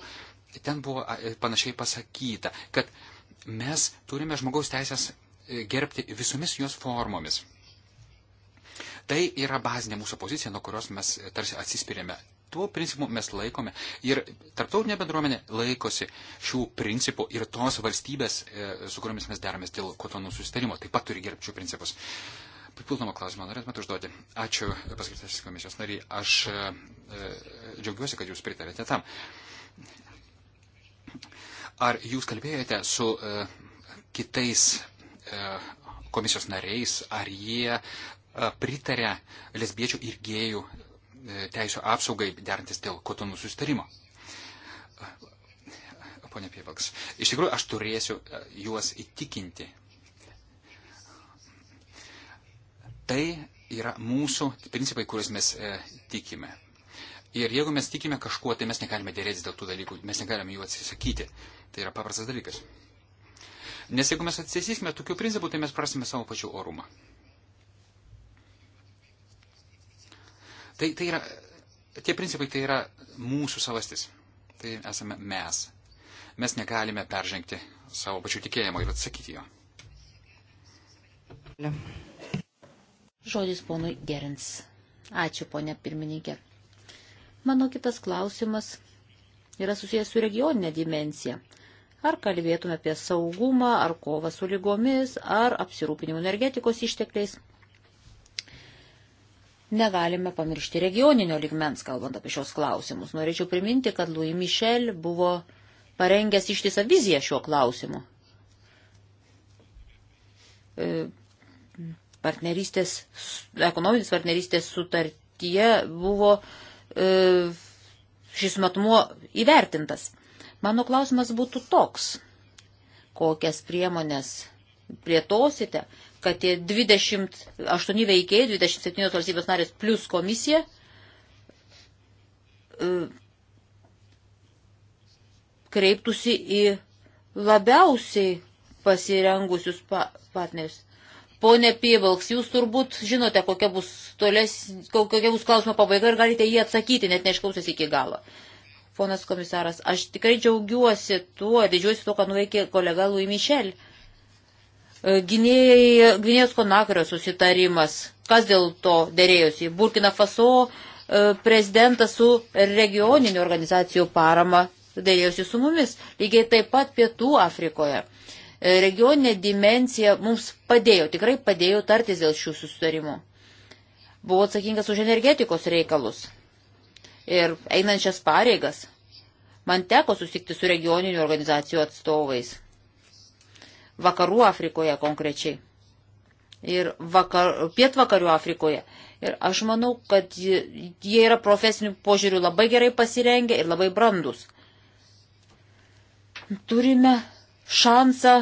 ten buvo panašiai pasakyta, kad mes turime žmogaus teisės gerbti visomis jos formomis. Tai yra bazinė mūsų pozicija, nuo kurios mes e, tarsi atsispirėme. Tuo principu mes laikome. Ir tarptautinė bendruomenė laikosi šių principų ir tos valstybės, e, su kuriomis mes deramės dėl kotonų susitarimo, taip pat turi gerbti šių principus. Papildomą klausimą norėtumėte užduoti. Ačiū, paskirtasis komisijos nariai. Aš e, e, džiaugiuosi, kad jūs pritarėte tam. Ar jūs kalbėjote su e, kitais e, komisijos nariais, ar jie pritarė lesbiečių ir gėjų e, teisų apsaugai derantis dėl kotonų sustarimo. Pone Pievalks, iš tikrųjų aš turėsiu e, juos įtikinti. Tai yra mūsų principai, kuriuos mes e, tikime. Ir jeigu mes tikime kažkuo, tai mes negalime dėrėtis dėl tų dalykų, mes negalime jų atsisakyti. Tai yra paprastas dalykas. Nes jeigu mes atsisakysime tokių principų, tai mes prasime savo pačių orumą. Tai, tai yra, tie principai tai yra mūsų savastis. Tai esame mes. Mes negalime peržengti savo pačių tikėjimo ir atsakyti jo. Žodis ponui Gerins. Ačiū, ponė pirmininkė. Mano kitas klausimas yra susijęs su regioninė dimencija. Ar kalbėtume apie saugumą, ar kovą su lygomis, ar apsirūpinimu energetikos ištekliais negalime pamiršti regioninio ligmens, kalbant apie šios klausimus. Norėčiau priminti, kad Louis Michel buvo parengęs ištisą viziją šiuo klausimu. E, partnerystės, ekonominis partnerystės sutartyje buvo e, šis matmuo įvertintas. Mano klausimas būtų toks, kokias priemonės plėtosite, kad tie 28 veikėjai, 27 valstybės narės plus komisija e, kreiptųsi į labiausiai pasirengusius pa partnerius. Pone Piebalks, jūs turbūt žinote, kokia bus, tolės, kokia bus klausimo pabaiga ir galite jį atsakyti, net neišklausęs iki galo. Ponas komisaras, aš tikrai džiaugiuosi tuo, didžiuosi tuo, ką nuveikė kolega Louis Michel. Uh, E, gynėjai, gynėjos konakrio susitarimas, kas dėl to dėrėjosi, Burkina Faso e, prezidentas su regioninių organizacijų parama dėrėjosi su mumis, lygiai taip pat Pietų Afrikoje. E, regioninė dimencija mums padėjo, tikrai padėjo tartis dėl šių susitarimų. Buvo atsakingas už energetikos reikalus ir einančias pareigas. Man teko susikti su regioninių organizacijų atstovais vakarų Afrikoje konkrečiai ir vakar, pietvakarių Afrikoje. Ir aš manau, kad jie yra profesinių požiūrių labai gerai pasirengę ir labai brandus. Turime šansą,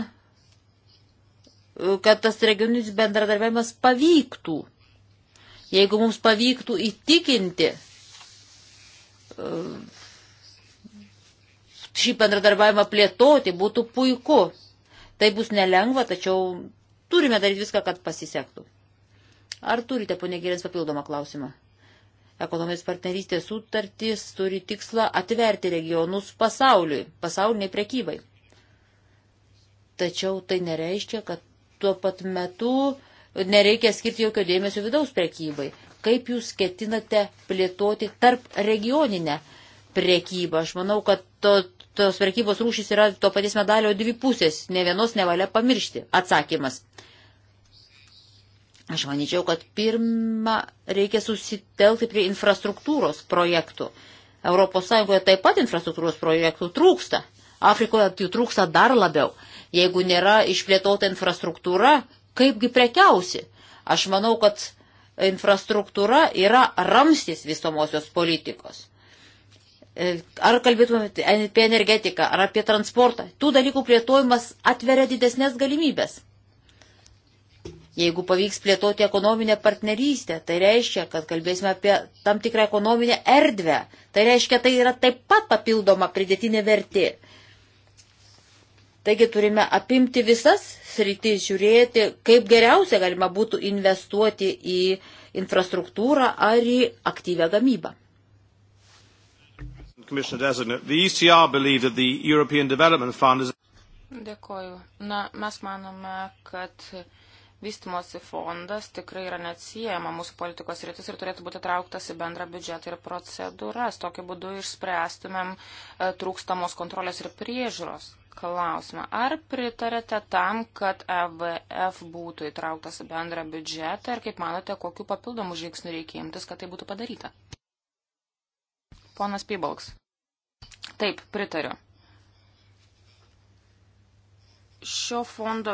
kad tas regioninis bendradarbiavimas pavyktų. Jeigu mums pavyktų įtikinti uh, šį bendradarbiavimą plėtoti, būtų puiku. Tai bus nelengva, tačiau turime daryti viską, kad pasisektų. Ar turite, ponė Gerins, papildomą klausimą? Ekonomijos partnerystės sutartys turi tikslą atverti regionus pasauliui, pasauliniai prekybai. Tačiau tai nereiškia, kad tuo pat metu nereikia skirti jokio dėmesio vidaus prekybai. Kaip jūs ketinate plėtoti tarp regioninę prekybą? Aš manau, kad to, tos prekybos rūšys yra to paties medalio dvi pusės, ne vienos nevalia pamiršti. Atsakymas. Aš manyčiau, kad pirmą reikia susitelkti prie infrastruktūros projektų. ES taip pat infrastruktūros projektų trūksta. Afrikoje jų trūksta dar labiau. Jeigu nėra išplėtota infrastruktūra, kaipgi prekiausi? Aš manau, kad infrastruktūra yra ramstis visomosios politikos. E, ar kalbėtume apie energetiką, ar apie transportą. Tų dalykų plėtojimas atveria didesnės galimybės. Jeigu pavyks plėtoti ekonominę partnerystę, tai reiškia, kad kalbėsime apie tam tikrą ekonominę erdvę. Tai reiškia, tai yra taip pat papildoma pridėtinė vertė. Taigi turime apimti visas sritis, žiūrėti, kaip geriausia galima būtų investuoti į infrastruktūrą ar į aktyvę gamybą. Commissioner Designate. The ECR believe that the European Development Fund is. Dėkoju. Na, mes manome, kad vystimosi fondas tikrai yra neatsijama mūsų politikos rytis ir turėtų būti trauktas į bendrą biudžetą ir procedūras. Tokiu būdu išspręstumėm e, trūkstamos kontrolės ir priežiūros klausimą. Ar pritarėte tam, kad EVF būtų įtrauktas į bendrą biudžetą ir kaip manote, kokiu papildomu žingsniu reikia imtis, kad tai būtų padaryta? Ponas Pybalks. Taip, pritariu. Šio fondo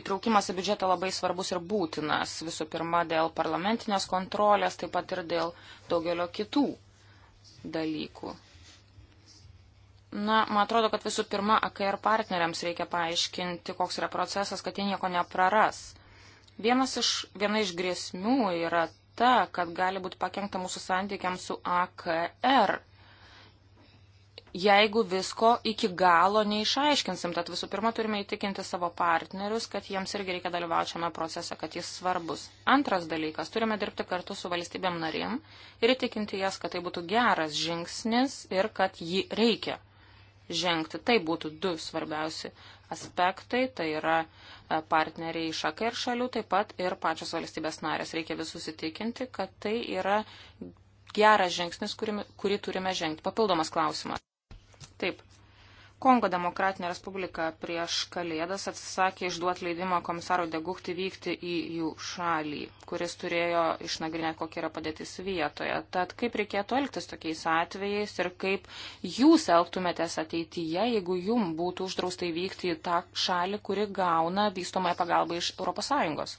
įtraukimas į biudžetą labai svarbus ir būtinas. Visų pirma, dėl parlamentinės kontrolės, taip pat ir dėl daugelio kitų dalykų. Na, man atrodo, kad visų pirma, AKR partneriams reikia paaiškinti, koks yra procesas, kad jie nieko nepraras. Vienas iš, viena iš grėsmių yra ta, kad gali būti pakengta mūsų santykiams su AKR, jeigu visko iki galo neišaiškinsim. Tad visų pirma turime įtikinti savo partnerius, kad jiems irgi reikia dalyvauti šiame procese, kad jis svarbus. Antras dalykas, turime dirbti kartu su valstybėm narim ir įtikinti jas, kad tai būtų geras žingsnis ir kad jį reikia žengti. Tai būtų du svarbiausi aspektai, tai yra e, partneriai šakai ir šalių, taip pat ir pačios valstybės narės. Reikia visus įtikinti, kad tai yra geras žingsnis, kurį, kurį turime žengti. Papildomas klausimas. Taip, Kongo Demokratinė Respublika prieš Kalėdas atsisakė išduoti leidimą komisaro Degukti vykti į jų šalį, kuris turėjo išnagrinėti, kokia yra padėtis vietoje. Tad kaip reikėtų elgtis tokiais atvejais ir kaip jūs elgtumėtės ateityje, jeigu jum būtų uždraustai vykti į tą šalį, kuri gauna vystomąją pagalbą iš ES?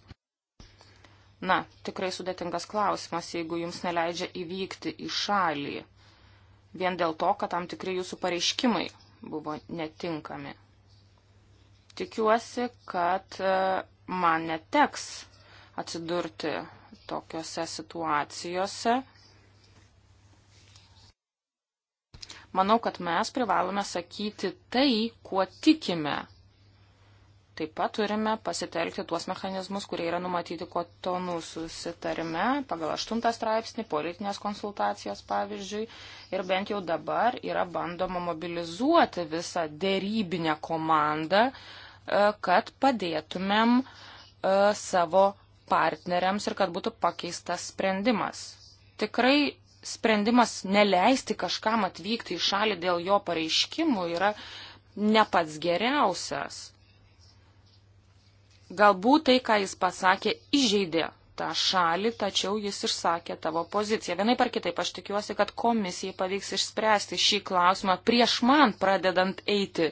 Na, tikrai sudėtingas klausimas, jeigu jums neleidžia įvykti į šalį. Vien dėl to, kad tam tikri jūsų pareiškimai buvo netinkami. Tikiuosi, kad e, man neteks atsidurti tokiuose situacijose. Manau, kad mes privalome sakyti tai, kuo tikime Taip pat turime pasitelkti tuos mechanizmus, kurie yra numatyti kotonų susitarime pagal 8 straipsnį, politinės konsultacijos pavyzdžiui. Ir bent jau dabar yra bandoma mobilizuoti visą dėrybinę komandą, e, kad padėtumėm e, savo partneriams ir kad būtų pakeistas sprendimas. Tikrai sprendimas neleisti kažkam atvykti į šalį dėl jo pareiškimų yra ne pats geriausias Galbūt tai, ką jis pasakė, įžeidė tą šalį, tačiau jis išsakė tavo poziciją. Vienai par kitaip, aš tikiuosi, kad komisijai pavyks išspręsti šį klausimą prieš man pradedant eiti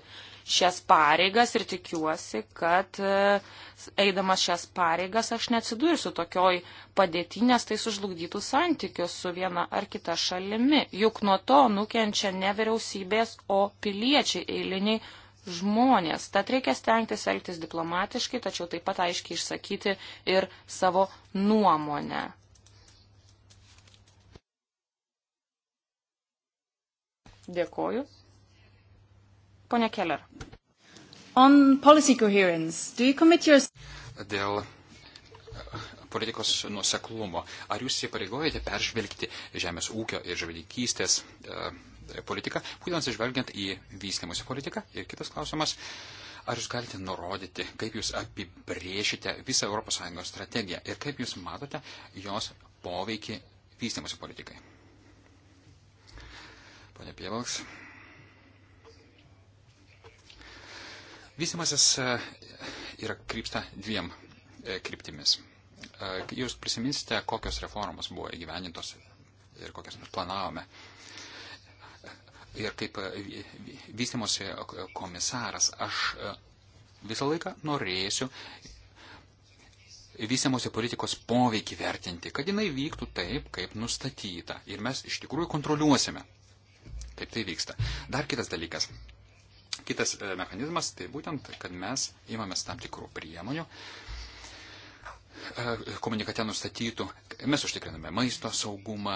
šias pareigas ir tikiuosi, kad e, eidamas šias pareigas aš neatsidursiu tokioj padėti, nes tai sužlugdytų santykius su viena ar kita šalimi. Juk nuo to nukenčia ne vyriausybės, o piliečiai eiliniai žmonės. Tad reikia stengtis elgtis diplomatiškai, tačiau taip pat aiškiai išsakyti ir savo nuomonę. Dėkoju. Pone Keller. On policy coherence, do you commit your... Dėl politikos nuseklumo. Ar jūs įpareigojate peržvelgti žemės ūkio ir žvėdykystės uh, e, politiką, būtent atsižvelgiant į vystimusi politiką. Ir kitas klausimas, ar jūs galite nurodyti, kaip jūs apibrėšite visą ES strategiją ir kaip jūs matote jos poveikį vystimusi politikai. Pane Pievalks. Vystimasis e, yra krypsta dviem e, kryptimis. E, jūs prisiminsite, kokios reformos buvo įgyvenintos ir kokias mes planavome ir kaip e, vystimosi komisaras aš e, visą laiką norėsiu vystimosi politikos poveikį vertinti, kad jinai vyktų taip, kaip nustatyta. Ir mes iš tikrųjų kontroliuosime, kaip tai vyksta. Dar kitas dalykas. Kitas e, mechanizmas, tai būtent, kad mes imamės tam tikrų priemonių, komunikate nustatytų, mes užtikriname maisto saugumą,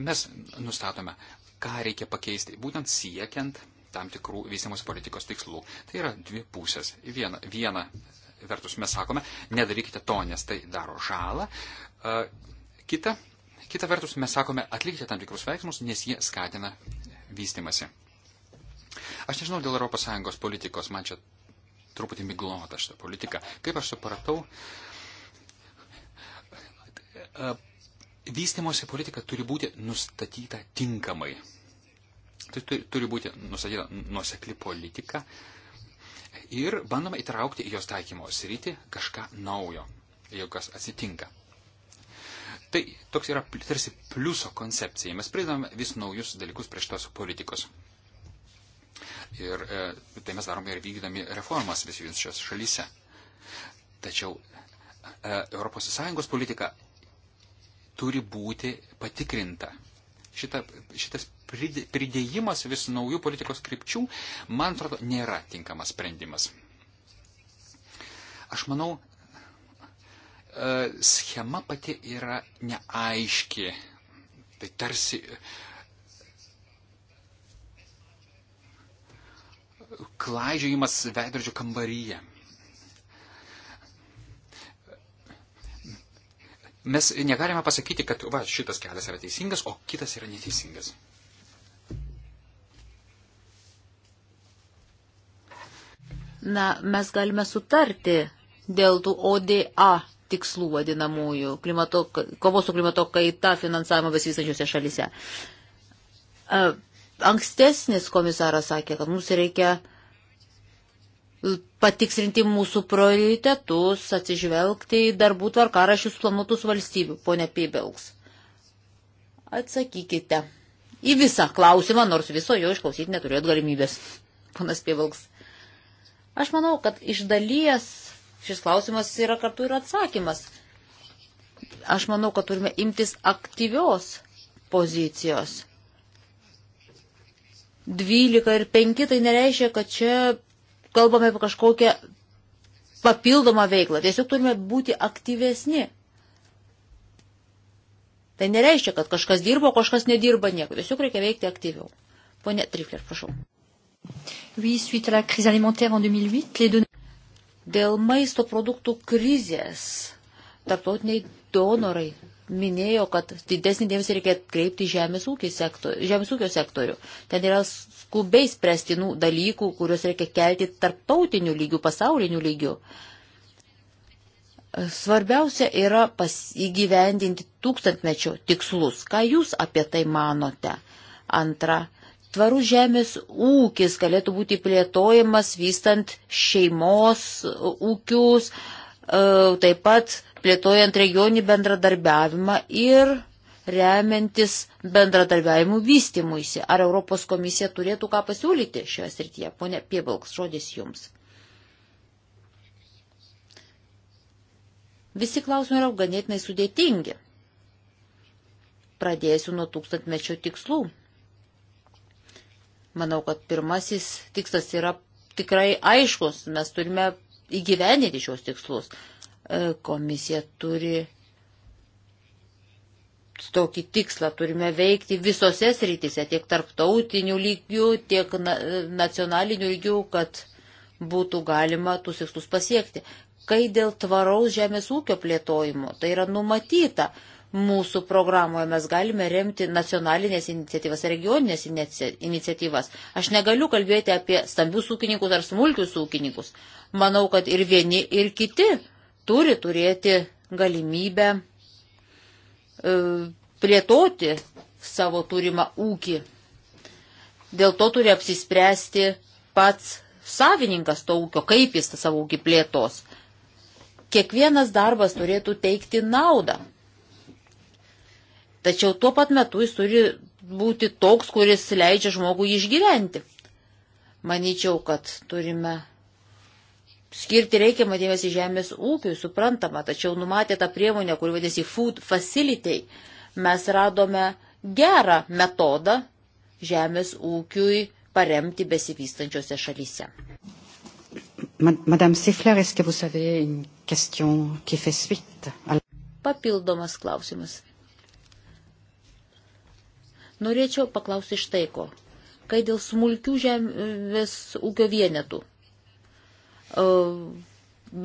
mes nustatome ką reikia pakeisti, būtent siekiant tam tikrų vystimosi politikos tikslų. Tai yra dvi pusės. Viena, viena vertus mes sakome, nedarykite to, nes tai daro žalą. Kita, kita vertus mes sakome, atlikite tam tikrus veiksmus, nes jie skatina vystimasi. Aš nežinau dėl ES politikos, man čia truputį miglota šitą politiką. Kaip aš supratau, vystimosi politika turi būti nustatyta tinkamai. Tai turi būti nustatyta nuosekli politika ir bandoma įtraukti į jos taikymo sritį kažką naujo, jeigu kas atsitinka. Tai toks yra tarsi pliuso koncepcija. Mes pridame vis naujus dalykus prie šitos politikos. Ir e, tai mes darome ir vykdami reformas vis šios šalyse. Tačiau e, ES politika turi būti patikrinta. Šita, šitas pridėjimas vis naujų politikos krypčių, man atrodo, nėra tinkamas sprendimas. Aš manau, e, schema pati yra neaiški. Tai tarsi e, klaidžiojimas veidrodžio kambaryje. mes negalime pasakyti, kad va, šitas kelias yra teisingas, o kitas yra neteisingas. Na, mes galime sutarti dėl tų ODA tikslų vadinamųjų, klimato, kovos su klimato kaita finansavimo besivystančiose šalise. Ankstesnis komisaras sakė, kad mums reikia patiksrinti mūsų prioritetus, atsižvelgti į darbų tvarkarašius planuotus valstybių, ponė Pibelks. Atsakykite į visą klausimą, nors viso jo išklausyti neturėjot galimybės, ponas Pibelks. Aš manau, kad iš dalies šis klausimas yra kartu ir atsakymas. Aš manau, kad turime imtis aktyvios pozicijos. 12 ir 5 tai nereiškia, kad čia kalbame apie kažkokią papildomą veiklą. Tiesiog turime būti aktyvesni. Tai nereiškia, kad kažkas dirbo, kažkas nedirba nieko. Tiesiog reikia veikti aktyviau. Pone Trifler, prašau. Oui, suite à la crise alimentaire en 2008, les données. Dėl maisto produktų krizės tarptautiniai donorai minėjo, kad didesnį dėmesį reikia kreipti žemės, sektor, žemės ūkio sektorių. Ten yra skubiai spręstinų dalykų, kuriuos reikia kelti tarptautinių lygių, pasaulinių lygių. Svarbiausia yra įgyvendinti tūkstantmečio tikslus. Ką jūs apie tai manote? Antra, tvarus žemės ūkis galėtų būti plėtojamas vystant šeimos ūkius, e, taip pat plėtojant regionį bendradarbiavimą ir remiantis bendradarbiavimų vystimuisi. Ar Europos komisija turėtų ką pasiūlyti šioje srityje? Pone Piebalks, žodis jums. Visi klausimai yra ganėtinai sudėtingi. Pradėsiu nuo tūkstantmečio tikslų. Manau, kad pirmasis tikslas yra tikrai aiškus. Mes turime įgyvendinti šios tikslus. E, komisija turi tokį tikslą, turime veikti visose srityse, tiek tarptautinių lygių, tiek nacionalinių lygių, kad būtų galima tūs tikslus pasiekti. Kai dėl tvaraus žemės ūkio plėtojimo, tai yra numatyta, mūsų programoje mes galime remti nacionalinės iniciatyvas, regioninės iniciatyvas. Aš negaliu kalbėti apie stambius ūkininkus ar smulkius ūkininkus. Manau, kad ir vieni, ir kiti turi turėti galimybę e, plėtoti savo turimą ūkį. Dėl to turi apsispręsti pats savininkas to ūkio, kaip jis tą savo ūkį plėtos. Kiekvienas darbas turėtų teikti naudą. Tačiau tuo pat metu jis turi būti toks, kuris leidžia žmogui išgyventi. Manyčiau, kad turime skirti reikiamą dėmesį žemės ūkiui, suprantama, tačiau numatė tą priemonę, kur vadėsi Food Facility, mes radome gerą metodą žemės ūkiui paremti besivystančiose šalyse. Madame Sifler, est-ce que vous avez une question qui fait suite? Papildomas klausimas. Norėčiau paklausti štai ko. Kai dėl smulkių žemės ūkio vienetų E,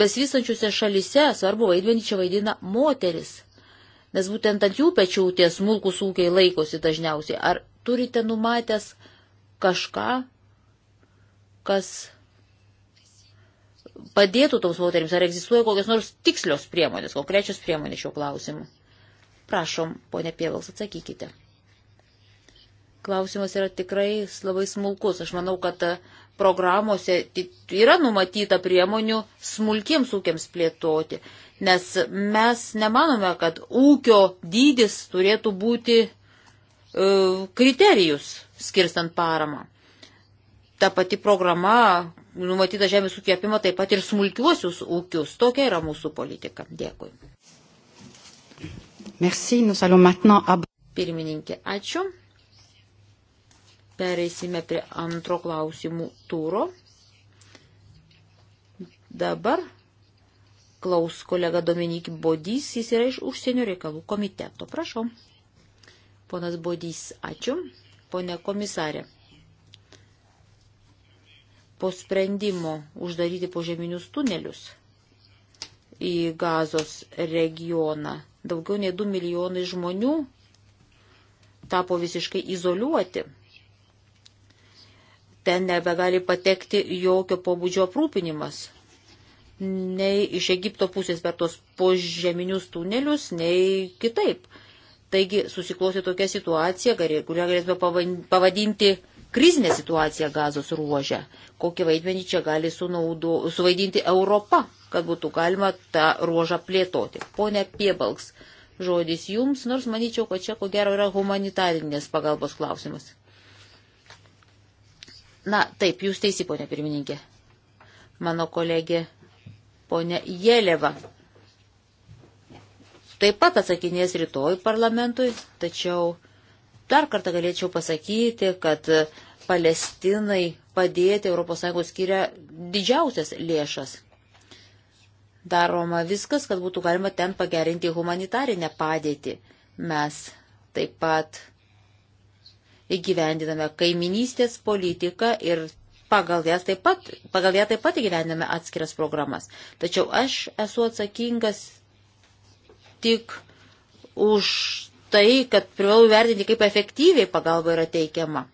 besvystančiuose šalise svarbu vaidmenį čia vaidina moteris, nes būtent ant jų pečių tie smulkus ūkiai laikosi dažniausiai. Ar turite numatęs kažką, kas padėtų toms moteriams, ar egzistuoja kokios nors tikslios priemonės, konkrečios priemonės šio klausimu? Prašom, ponė Pievals, atsakykite. Klausimas yra tikrai labai smulkus. Aš manau, kad programuose yra numatyta priemonių smulkiems ūkiams plėtoti, nes mes nemanome, kad ūkio dydis turėtų būti e, kriterijus skirstant paramą. Ta pati programa numatyta žemės ūkio apima taip pat ir smulkiuosius ūkius. Tokia yra mūsų politika. Dėkui. Merci, Pirmininkė, ačiū. Pereisime prie antro klausimų tūro. Dabar klaus kolega Dominik Bodys, jis yra iš užsienio reikalų komiteto. Prašau. Ponas Bodys, ačiū. Pone komisarė. Po sprendimo uždaryti požeminius tunelius į gazos regioną daugiau nei 2 milijonai žmonių tapo visiškai izoliuoti ten nebegali patekti jokio pobūdžio aprūpinimas. Nei iš Egipto pusės per tos požeminius tunelius, nei kitaip. Taigi susiklosi tokia situacija, kurią galėtume pavadinti krizinė situacija gazos ruožė. Kokį vaidmenį čia gali sunaudu, suvaidinti Europa, kad būtų galima tą ruožą plėtoti. Pone Piebalks, žodis jums, nors manyčiau, kad čia ko gero yra humanitarinės pagalbos klausimas. Na, taip, jūs teisi, ponė pirmininkė. Mano kolegė ponė Jėleva taip pat atsakinės rytoj parlamentui, tačiau dar kartą galėčiau pasakyti, kad Palestinai padėti ES skiria didžiausias lėšas. Daroma viskas, kad būtų galima ten pagerinti humanitarinę padėtį. Mes taip pat įgyvendiname kaiminystės politiką ir pagal, taip pat, pagal ją taip pat įgyvendiname atskiras programas. Tačiau aš esu atsakingas tik už tai, kad privalau vertinti, kaip efektyviai pagalba yra teikiama.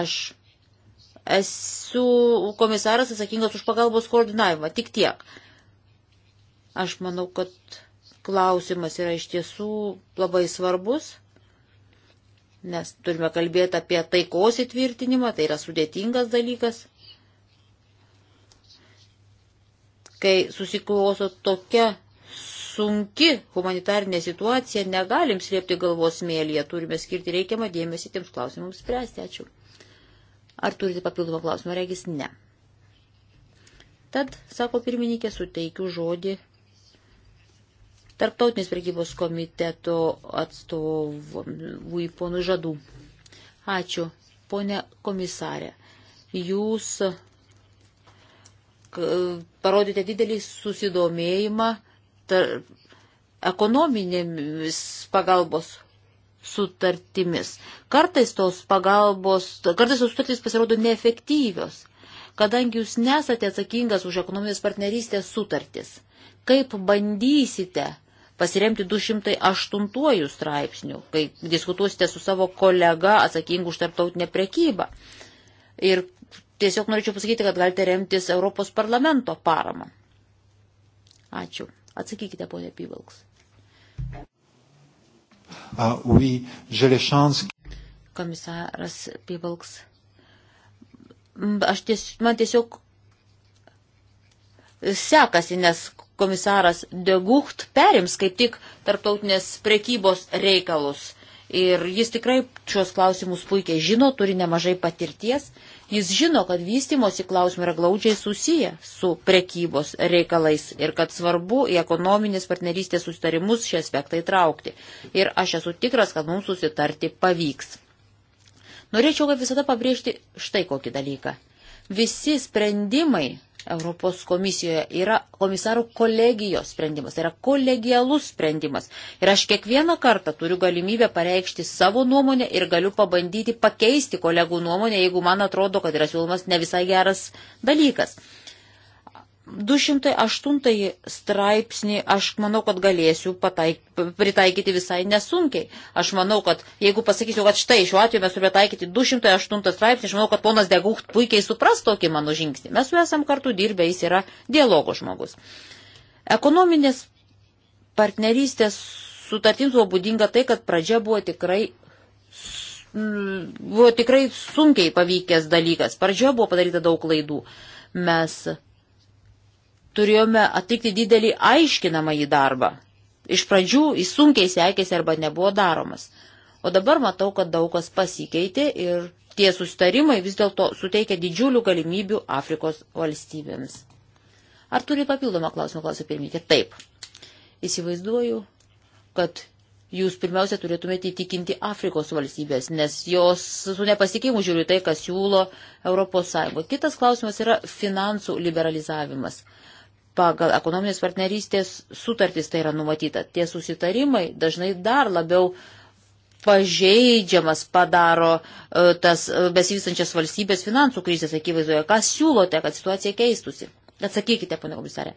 Aš esu komisaras atsakingas už pagalbos koordinavimą, tik tiek. Aš manau, kad klausimas yra iš tiesų labai svarbus, nes turime kalbėti apie taikos įtvirtinimą, tai yra sudėtingas dalykas. Kai susikloso tokia sunki humanitarinė situacija, negalim slėpti galvos mėlyje, turime skirti reikiamą dėmesį tiems klausimams spręsti. Ačiū. Ar turite papildomą klausimą? Regis ne. Tad, sako pirmininkė, suteikiu žodį tarptautinės prekybos komiteto atstovui ponui Žadu. Ačiū, ponė komisarė. Jūs parodėte didelį susidomėjimą ekonominėmis pagalbos sutartimis. Kartais tos pagalbos, kartais tos sutartys pasirodo neefektyvios, kadangi jūs nesate atsakingas už ekonominės partnerystės sutartis. Kaip bandysite pasiremti 208 straipsnių, kai diskutuosite su savo kolega atsakingu už tarptautinę prekybą. Ir tiesiog norėčiau pasakyti, kad galite remtis Europos parlamento paramą. Ačiū. Atsakykite, ponė Pyvalks. Uh, oui, Komisaras Pyvalks. Aš ties, man tiesiog sekasi, nes komisaras Degucht perims kaip tik tarptautinės prekybos reikalus. Ir jis tikrai šios klausimus puikiai žino, turi nemažai patirties. Jis žino, kad vystimosi klausimai yra glaudžiai susiję su prekybos reikalais ir kad svarbu į ekonominės partnerystės sustarimus šį aspektą įtraukti. Ir aš esu tikras, kad mums susitarti pavyks. Norėčiau, kad visada pabrėžti štai kokį dalyką. Visi sprendimai Europos komisijoje yra komisarų kolegijos sprendimas, tai yra kolegialus sprendimas. Ir aš kiekvieną kartą turiu galimybę pareikšti savo nuomonę ir galiu pabandyti pakeisti kolegų nuomonę, jeigu man atrodo, kad yra siūlomas ne visai geras dalykas. 208 straipsnį aš manau, kad galėsiu pataik, pritaikyti visai nesunkiai. Aš manau, kad jeigu pasakysiu, kad štai šiuo atveju mes turime taikyti 208 straipsnį, aš manau, kad ponas Degucht puikiai supras tokį mano žingsnį. Mes su esam kartu dirbę, jis yra dialogo žmogus. Ekonominės partnerystės sutartims buvo būdinga tai, kad pradžia buvo tikrai buvo tikrai sunkiai pavykęs dalykas. Pradžioje buvo padaryta daug klaidų. Mes turėjome atlikti didelį aiškinamąjį darbą. Iš pradžių jis sunkiai sekėsi arba nebuvo daromas. O dabar matau, kad daug kas pasikeitė ir tie sustarimai vis dėlto suteikia didžiulių galimybių Afrikos valstybėms. Ar turi papildomą klausimą, klausia pirmininkė? Taip. Įsivaizduoju, kad jūs pirmiausia turėtumėte įtikinti Afrikos valstybės, nes jos su nepasitikėjimu žiūri tai, kas siūlo ES. Kitas klausimas yra finansų liberalizavimas pagal ekonominės partnerystės sutartys tai yra numatyta. Tie susitarimai dažnai dar labiau pažeidžiamas padaro e, tas e, besivystančias valstybės finansų krizės akivaizdoje. Kas siūlote, kad situacija keistusi? Atsakykite, pane komisarė.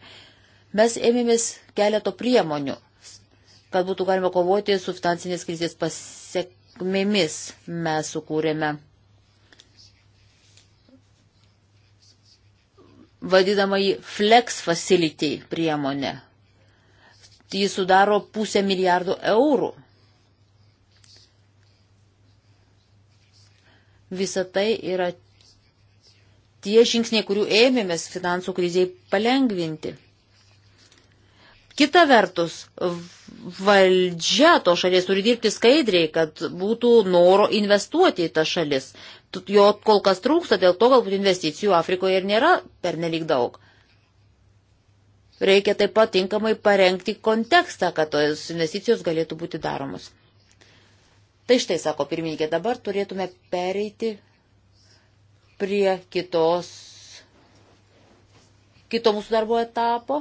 Mes ėmėmės keleto priemonių, kad būtų galima kovoti su finansinės krizės pasiekmėmis. Mes sukūrėme vadinamąjį flex facility priemonę. Jis sudaro pusę milijardo eurų. Visa tai yra tie žingsniai, kurių ėmėmės finansų kriziai palengvinti. Kita vertus, valdžia to šalies turi dirbti skaidriai, kad būtų noro investuoti į tą šalis jo kol kas trūksta, dėl to galbūt investicijų Afrikoje ir nėra pernelyg daug. Reikia taip pat tinkamai parengti kontekstą, kad tos investicijos galėtų būti daromos. Tai štai, sako pirmininkė, dabar turėtume pereiti prie kitos, kito mūsų darbo etapo.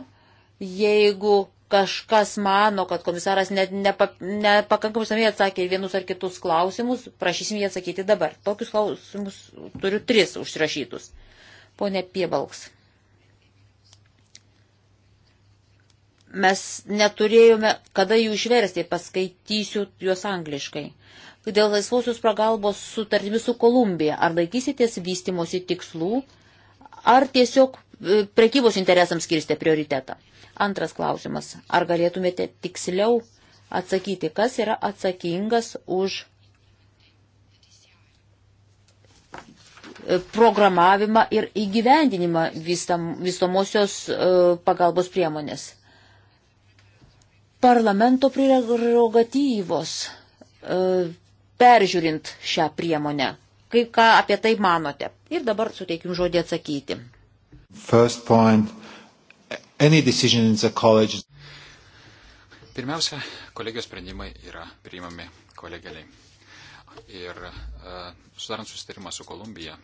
Jeigu kažkas mano, kad komisaras net nepa, nepakankamai samiai atsakė vienus ar kitus klausimus, prašysim jį atsakyti dabar. Tokius klausimus turiu tris užsirašytus. Pone Piebalks. Mes neturėjome, kada jų išversti, paskaitysiu juos angliškai. Dėl laisvosios pagalbos sutartimi su Kolumbija, ar laikysitės vystimosi tikslų, ar tiesiog prekybos interesams skirstė prioritetą. Antras klausimas. Ar galėtumėte tiksliau atsakyti, kas yra atsakingas už e, programavimą ir įgyvendinimą vystam, vystomosios e, pagalbos priemonės? Parlamento prerogatyvos e, peržiūrint šią priemonę. Kai ką apie tai manote? Ir dabar suteikim žodį atsakyti. First point, any decision in the college. Pirmiausia, kolegijos sprendimai yra priimami kolegialiai. Ir uh, sudarant susitarimą su Kolumbija,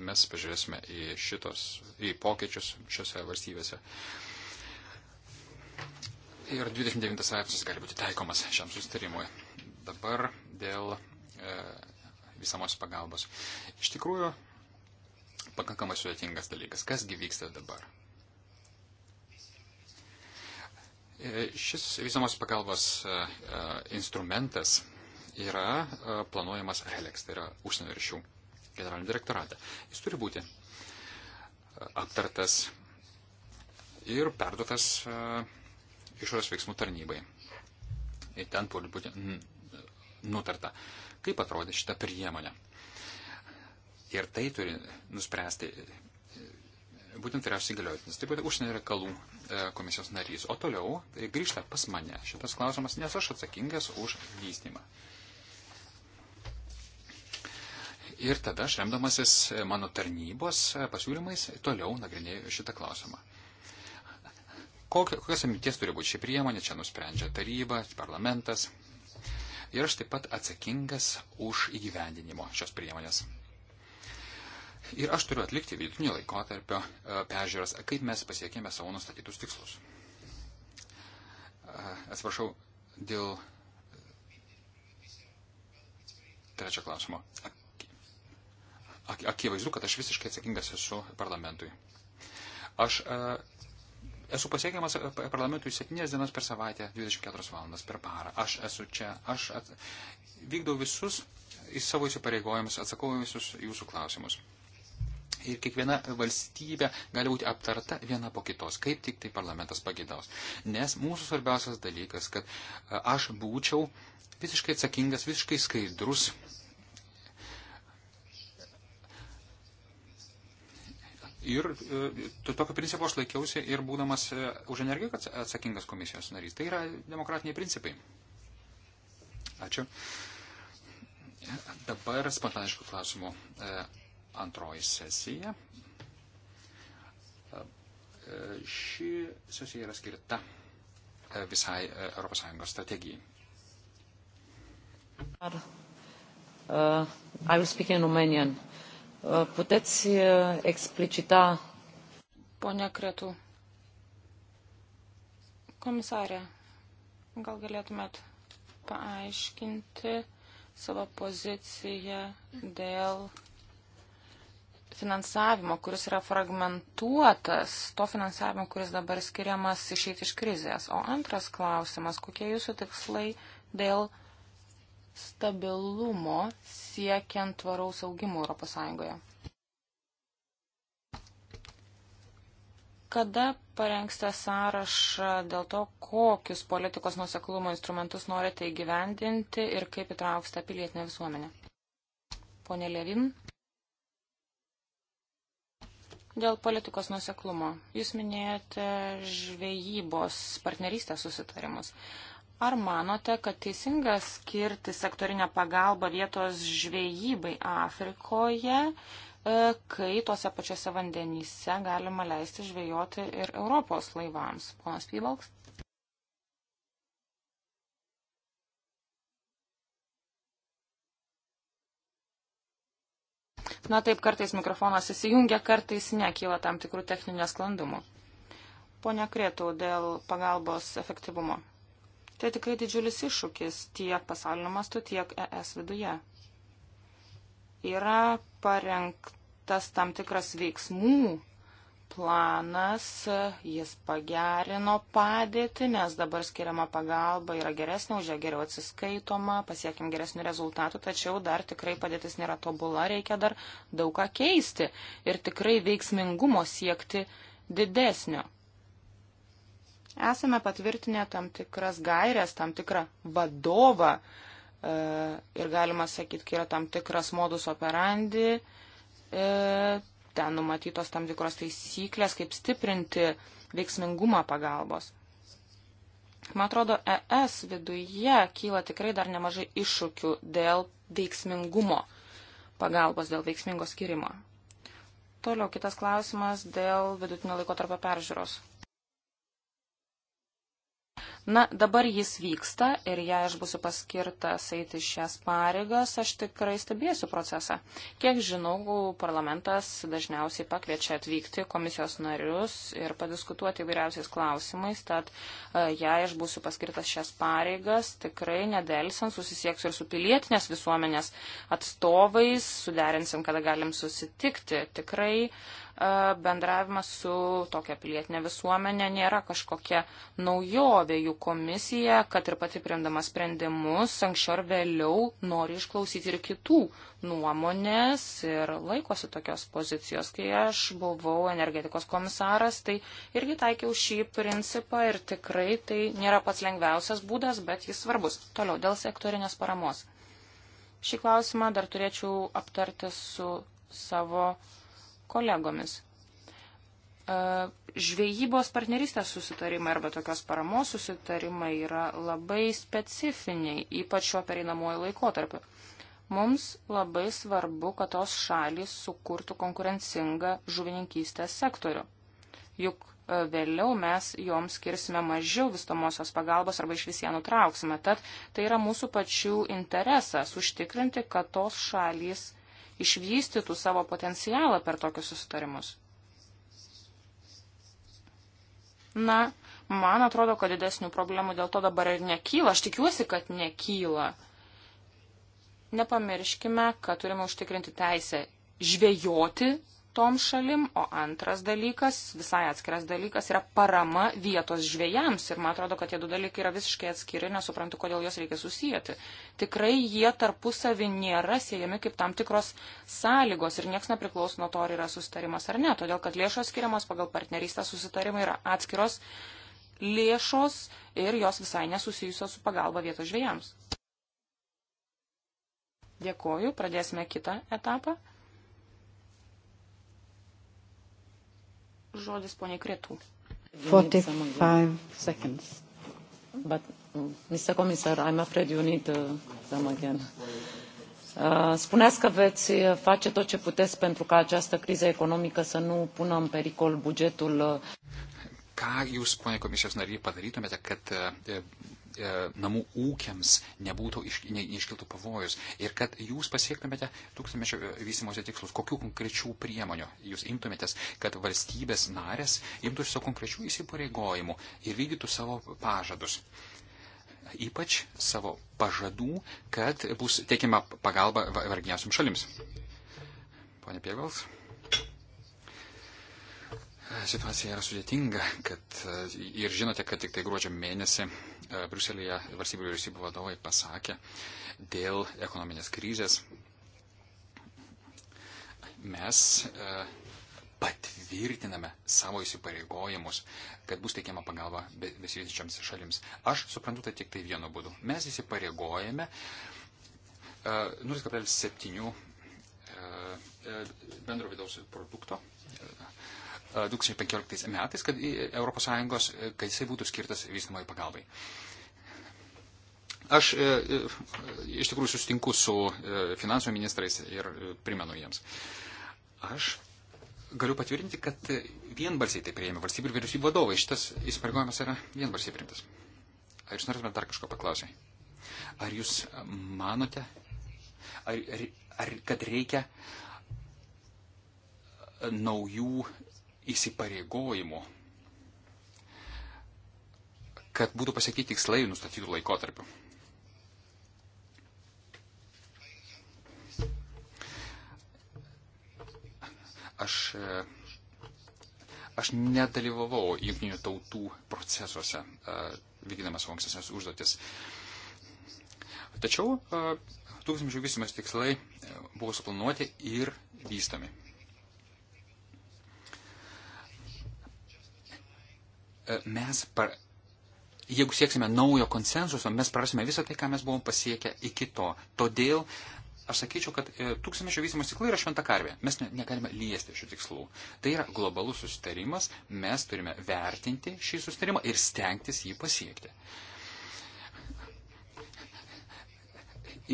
mes pažiūrėsime į šitos, į pokyčius šiose valstybėse. Ir 29 straipsnis gali būti taikomas šiam susitarimui. Dabar dėl uh, visamos pagalbos. Iš tikrųjų, pakankamai sudėtingas dalykas. Kasgi vyksta dabar? E, šis visamos pagalbos e, e, instrumentas yra planuojamas RELEX, tai yra užsienio ryšių generalinio direktorate. Jis turi būti aptartas ir perduotas išorės veiksmų tarnybai. Ir ten turi būti nutarta, kaip atrodė šita priemonė. Ir tai turi nuspręsti būtent vyriausiai galiotinis. Taip pat užsienio reikalų e, komisijos narys. O toliau tai grįžta pas mane šitas klausimas, nes aš atsakingas už vystymą. Ir tada aš remdamasis e, mano tarnybos e, pasiūlymais toliau nagrinėjau šitą klausimą. Kokios minties turi būti ši priemonė, čia nusprendžia taryba, parlamentas. Ir aš taip pat atsakingas už įgyvendinimo šios priemonės Ir aš turiu atlikti vidutinio laikotarpio e, peržiūras, kaip mes pasiekėme savo nustatytus tikslus. E, atsiprašau, dėl e, trečio klausimo. Akivaizdu, kad aš visiškai atsakingas esu parlamentui. Aš esu pasiekiamas parlamentui 7 dienas per savaitę, 24 valandas per parą. Aš esu čia, aš at... vykdau visus į savo įsipareigojimus, atsakau visus jūsų klausimus ir kiekviena valstybė gali būti aptarta viena po kitos, kaip tik tai parlamentas pagėdaus. Nes mūsų svarbiausias dalykas, kad e, aš būčiau visiškai atsakingas, visiškai skaidrus. Ir e, tokio principo aš laikiausi ir būdamas e, už energiją atsakingas komisijos narys. Tai yra demokratiniai principai. Ačiū. Dabar spontaniškų klausimų antroji sesija. Ši sesija yra skirta e, visai ES strategijai. Ar, uh, I will speak in Romanian. Uh, puteți uh, explicita... Pone Kretu, komisarė, gal galėtumėt paaiškinti savo poziciją dėl uh, finansavimo, kuris yra fragmentuotas, to finansavimo, kuris dabar skiriamas išeiti iš krizės. O antras klausimas, kokie jūsų tikslai dėl stabilumo siekiant tvaraus augimo Europos Sąjungoje? Kada parengsite sąrašą dėl to, kokius politikos nuseklumo instrumentus norite įgyvendinti ir kaip įtrauksite pilietinę visuomenę? Pone Levin. Dėl politikos nuseklumo. Jūs minėjote žvejybos partnerystės susitarimus. Ar manote, kad teisinga skirti sektorinę pagalbą vietos žvejybai Afrikoje, e, kai tuose pačiuose vandenyse galima leisti žvejoti ir Europos laivams? Ponas Pybalks? Na taip, kartais mikrofonas įsijungia, kartais nekyla tam tikrų techninės sklandumų. Pone Krėtų, dėl pagalbos efektyvumo. Tai tikrai didžiulis iššūkis tiek pasaulio mastu, tiek ES viduje. Yra parengtas tam tikras veiksmų planas, jis pagerino padėtį, nes dabar skiriama pagalba yra geresnė, už ją geriau atsiskaitoma, pasiekim geresnių rezultatų, tačiau dar tikrai padėtis nėra tobula, reikia dar daug ką keisti ir tikrai veiksmingumo siekti didesnio. Esame patvirtinę tam tikras gairias, tam tikrą vadovą e, ir galima sakyti, kai yra tam tikras modus operandi. E, ten numatytos tam tikros taisyklės, kaip stiprinti veiksmingumą pagalbos. Man atrodo, ES viduje kyla tikrai dar nemažai iššūkių dėl veiksmingumo pagalbos, dėl veiksmingo skirimo. Toliau kitas klausimas dėl vidutinio laiko tarp peržiūros. Na, dabar jis vyksta ir jei aš būsiu paskirtas eiti šias pareigas, aš tikrai stebėsiu procesą. Kiek žinau, parlamentas dažniausiai pakviečia atvykti komisijos narius ir padiskutuoti įvairiausiais klausimais, tad e, jei aš būsiu paskirtas šias pareigas, tikrai nedelsant susisieksiu ir su pilietinės visuomenės atstovais, suderinsim, kada galim susitikti. Tikrai uh, E, bendravimas su tokia pilietinė visuomenė nėra kažkokia naujovė. Jų komisija, kad ir pati priimdama sprendimus, anksčiau ar vėliau nori išklausyti ir kitų nuomonės ir laikosi tokios pozicijos. Kai aš buvau energetikos komisaras, tai irgi taikiau šį principą ir tikrai tai nėra pats lengviausias būdas, bet jis svarbus. Toliau dėl sektorinės paramos. Šį klausimą dar turėčiau aptarti su savo kolegomis. E, žvejybos partnerystės susitarimai arba tokios paramos susitarimai yra labai specifiniai, ypač šiuo pereinamuoju laikotarpiu. Mums labai svarbu, kad tos šalys sukurtų konkurencingą žuvininkystės sektorių. Juk e, vėliau mes joms skirsime mažiau vystomosios pagalbos arba iš vis ją nutrauksime. Tad tai yra mūsų pačių interesas užtikrinti, kad tos šalys išvystytų savo potencialą per tokius susitarimus. Na, man atrodo, kad didesnių problemų dėl to dabar ir nekyla. Aš tikiuosi, kad nekyla. Nepamirškime, kad turime užtikrinti teisę žvejoti tom šalim, o antras dalykas, visai atskiras dalykas, yra parama vietos žvėjams. Ir man atrodo, kad tie du dalykai yra visiškai atskiri, nesuprantu, kodėl juos reikia susijęti. Tikrai jie tarpusavį nėra siejami kaip tam tikros sąlygos ir nieks nepriklauso nuo to, ar yra susitarimas ar ne, todėl kad lėšos skiriamos pagal partnerystę susitarimai yra atskiros lėšos ir jos visai nesusijusios su pagalba vietos žvėjams. Dėkoju, pradėsime kitą etapą. žodis poniai Kretų. 45 seconds. But, Mr. Mm, comisar, I'm afraid you need uh, them again. Uh, Spuneați că veți uh, face tot ce puteți pentru ca această criză economică să nu pună în pericol bugetul. Ką jūs, ponia komisijos nariai, padarytumėte, kad e, namų ūkiams nebūtų iš, ne, neiškiltų pavojus ir kad jūs pasiektumėte tūkstantmečio e, vystimosi tikslus, kokių konkrečių priemonių jūs imtumėtės, kad valstybės narės imtųsi savo konkrečių įsipareigojimų ir vykdytų savo pažadus. Ypač savo pažadų, kad bus teikiama pagalba vargiausiam šalims. Pone Pievals. Situacija yra sudėtinga, kad e, ir žinote, kad tik tai gruodžio mėnesį E, Bruselėje valstybių vyriausybių vadovai pasakė dėl ekonominės krizės. Mes e, patvirtiname savo įsipareigojimus, kad bus teikiama pagalba besivystančiams šalims. Aš suprantu tai tik tai vienu būdu. Mes įsipareigojame 0,7 e, bendro vidaus produkto 2015 metais, kad ES, e, kad jisai būtų skirtas vystamoji pagalbai. Aš e, e iš tikrųjų sustinku su e, finansų ministrais ir e, primenu jiems. Aš galiu patvirtinti, kad vienbalsiai tai prieėmė valstybių ir vyriausybių vadovai. Šitas įsipareigojimas yra vienbalsiai priimtas. Ar jūs norėtumėte dar kažko paklausyti? Ar jūs manote, ar, ar, ar kad reikia naujų įsipareigojimų, kad būtų pasakyti tikslai nustatytų laikotarpių. Aš, aš nedalyvavau jungtinių tautų procesuose, vykdamas savo ankstesnės užduotis. Tačiau tūkstančių vystimas tikslai buvo suplanuoti ir vystami. E, mes, par, jeigu sieksime naujo konsensuso, mes prarasime visą tai, ką mes buvom pasiekę iki to. Todėl aš sakyčiau, kad e, tūkstančio vystymo ciklai yra šventa karvė. Mes ne, negalime liesti šių tikslų. Tai yra globalus susitarimas, mes turime vertinti šį susitarimą ir stengtis jį pasiekti.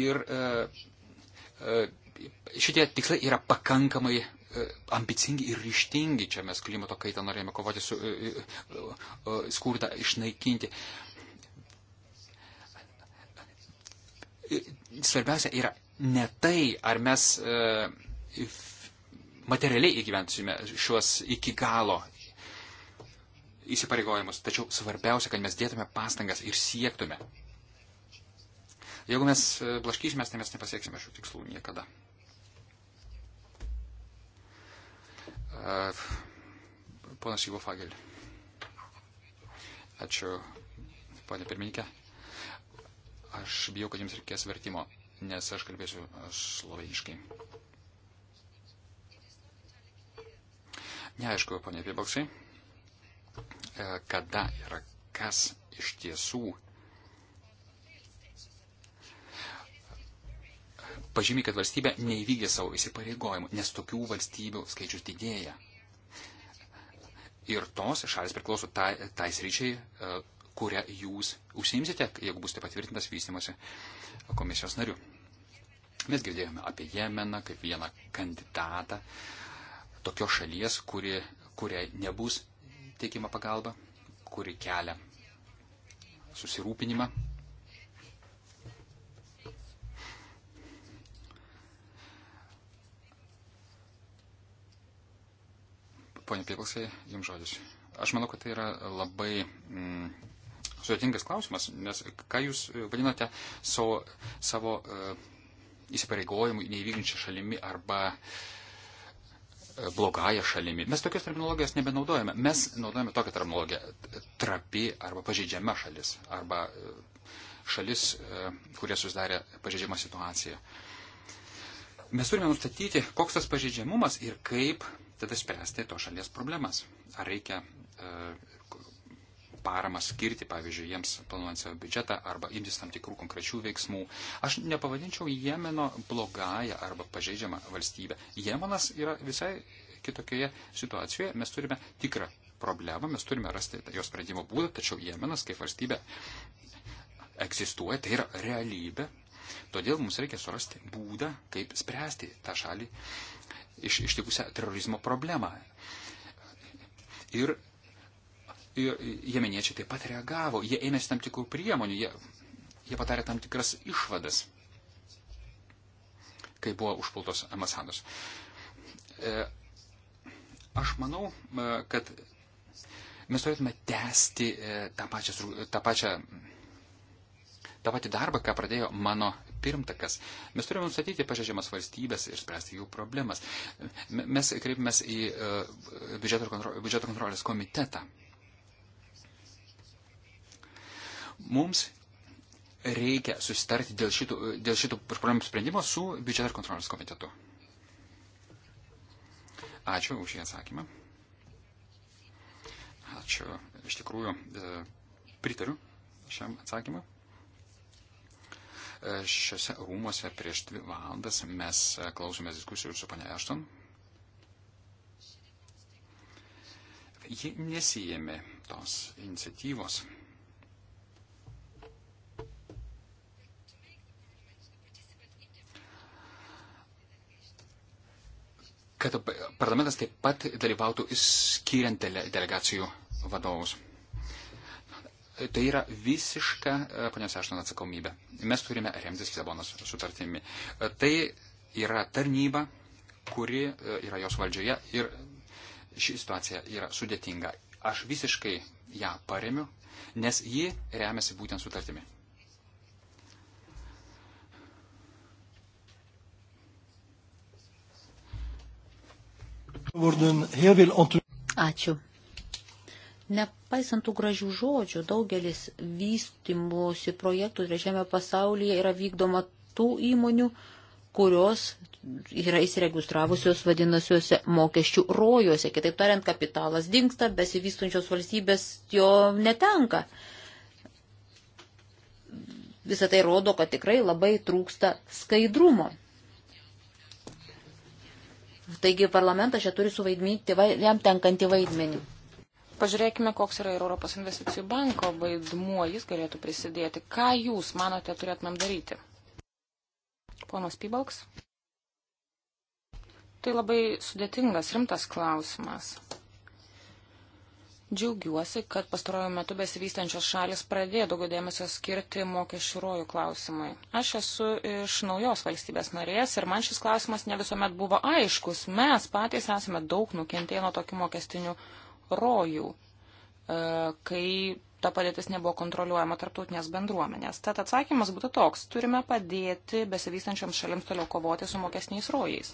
Ir e, e, šitie tikslai yra pakankamai E, ambicingi ir ryštingi čia mes klimato kaitą norėjome kovoti su e, e, skurdą išnaikinti. Svarbiausia yra ne tai, ar mes materialiai įgyvensime šiuos iki galo įsipareigojimus, tačiau svarbiausia, kad mes dėtume pastangas ir siektume. Jeigu mes blaškysimės, tai mes nepasieksime šių tikslų niekada. Ponas Jyvo Fagel. Ačiū, ponė pirmininkė. Aš bijau, kad jums reikės vertimo, nes aš kalbėsiu sloveniškai. Neaišku, ponė Pibalksai, e, kada yra kas iš tiesų pažymi, kad valstybė neįvykdė savo įsipareigojimų, nes tokių valstybių skaičius didėja. Ir tos šalis priklauso tai, tai sryčiai, e, kurią jūs užsimsite, jeigu būsite tai patvirtintas vystimosi komisijos nariu. Mes girdėjome apie Jemeną kaip vieną kandidatą tokios šalies, kuri, kuriai nebus teikima pagalba, kuri kelia susirūpinimą Pone Piepilsai, jums žodis. Aš manau, kad tai yra labai mm, sudėtingas klausimas, nes ką jūs e, vadinate savo, savo e, uh, įsipareigojimu neįvykdinčia šalimi arba e, blogąją šalimi. Mes tokios terminologijos nebenaudojame. Mes naudojame tokią terminologiją - trapi arba pažeidžiama šalis, arba šalis, uh, kurie susidarė pažeidžiamą situaciją. Mes turime nustatyti, koks tas pažeidžiamumas ir kaip tada spręsti to šalies problemas. Ar reikia e, paramą skirti, pavyzdžiui, jiems planuojant savo biudžetą arba imtis tam tikrų konkrečių veiksmų. Aš nepavadinčiau Jemeno blogąją arba pažeidžiamą valstybę. Jemenas yra visai kitokioje situacijoje. Mes turime tikrą problemą, mes turime rasti jos sprendimo būdą, tačiau Jemenas kaip valstybė egzistuoja, tai yra realybė. Todėl mums reikia surasti būdą, kaip spręsti tą šalį iš, ištikusią terorizmo problemą. Ir, ir jemeniečiai taip pat reagavo, jie ėmėsi tam tikrų priemonių, jie, jie patarė tam tikras išvadas, kai buvo užpultos ambasados. E, aš manau, e, kad mes turėtume tęsti e, tą pačią, tą pačią tą patį darbą, ką pradėjo mano pirmtakas. Mes turime nustatyti pažeidžiamas valstybės ir spręsti jų problemas. Mes kreipiamės į e, biudžeto, kontro, biudžeto kontrolės komitetą. Mums reikia susitarti dėl šitų, dėl šitų problemų sprendimo su biudžeto kontrolės komitetu. Ačiū už šį atsakymą. Ačiū. Iš tikrųjų, e, pritariu šiam atsakymui šiuose rūmose prieš dvi valandas mes e, klausomės diskusijų su ponia Ešton. Ji nesijėmė tos iniciatyvos. kad parlamentas taip pat dalyvautų skiriant dele, delegacijų vadovus. Tai yra visiška, e, ponios Ašton, atsakomybė. Mes turime remtis Lisabonos sutartimi. E, tai yra tarnyba, kuri e, yra jos valdžioje ir ši situacija yra sudėtinga. Aš visiškai ją paremiu, nes ji remiasi būtent sutartimi. Ačiū. Nepaisant tų gražių žodžių, daugelis vystimusi projektų trečiame pasaulyje yra vykdoma tų įmonių, kurios yra įsiregistravusios vadinasiuose mokesčių rojuose. Kitaip tariant, kapitalas dinksta, besivystančios valstybės jo netenka. Visą tai rodo, kad tikrai labai trūksta skaidrumo. Taigi parlamentas čia turi suvaidminti jam tenkantį vaidmenį. Pažiūrėkime, koks yra ir Europos investicijų banko vaidmuo, jis galėtų prisidėti. Ką jūs manote turėtumėm daryti? Ponas Pybalks? Tai labai sudėtingas, rimtas klausimas. Džiaugiuosi, kad pastarojų metu besivystančios šalis pradėjo daugiau dėmesio skirti mokesčių rojų klausimui. Aš esu iš naujos valstybės narės ir man šis klausimas ne visuomet buvo aiškus. Mes patys esame daug nukentėję nuo tokių mokestinių rojų, e, kai ta padėtis nebuvo kontroliuojama tarptautinės bendruomenės. Tad atsakymas būtų toks, turime padėti besivystančioms šalims toliau kovoti su mokesniais rojais.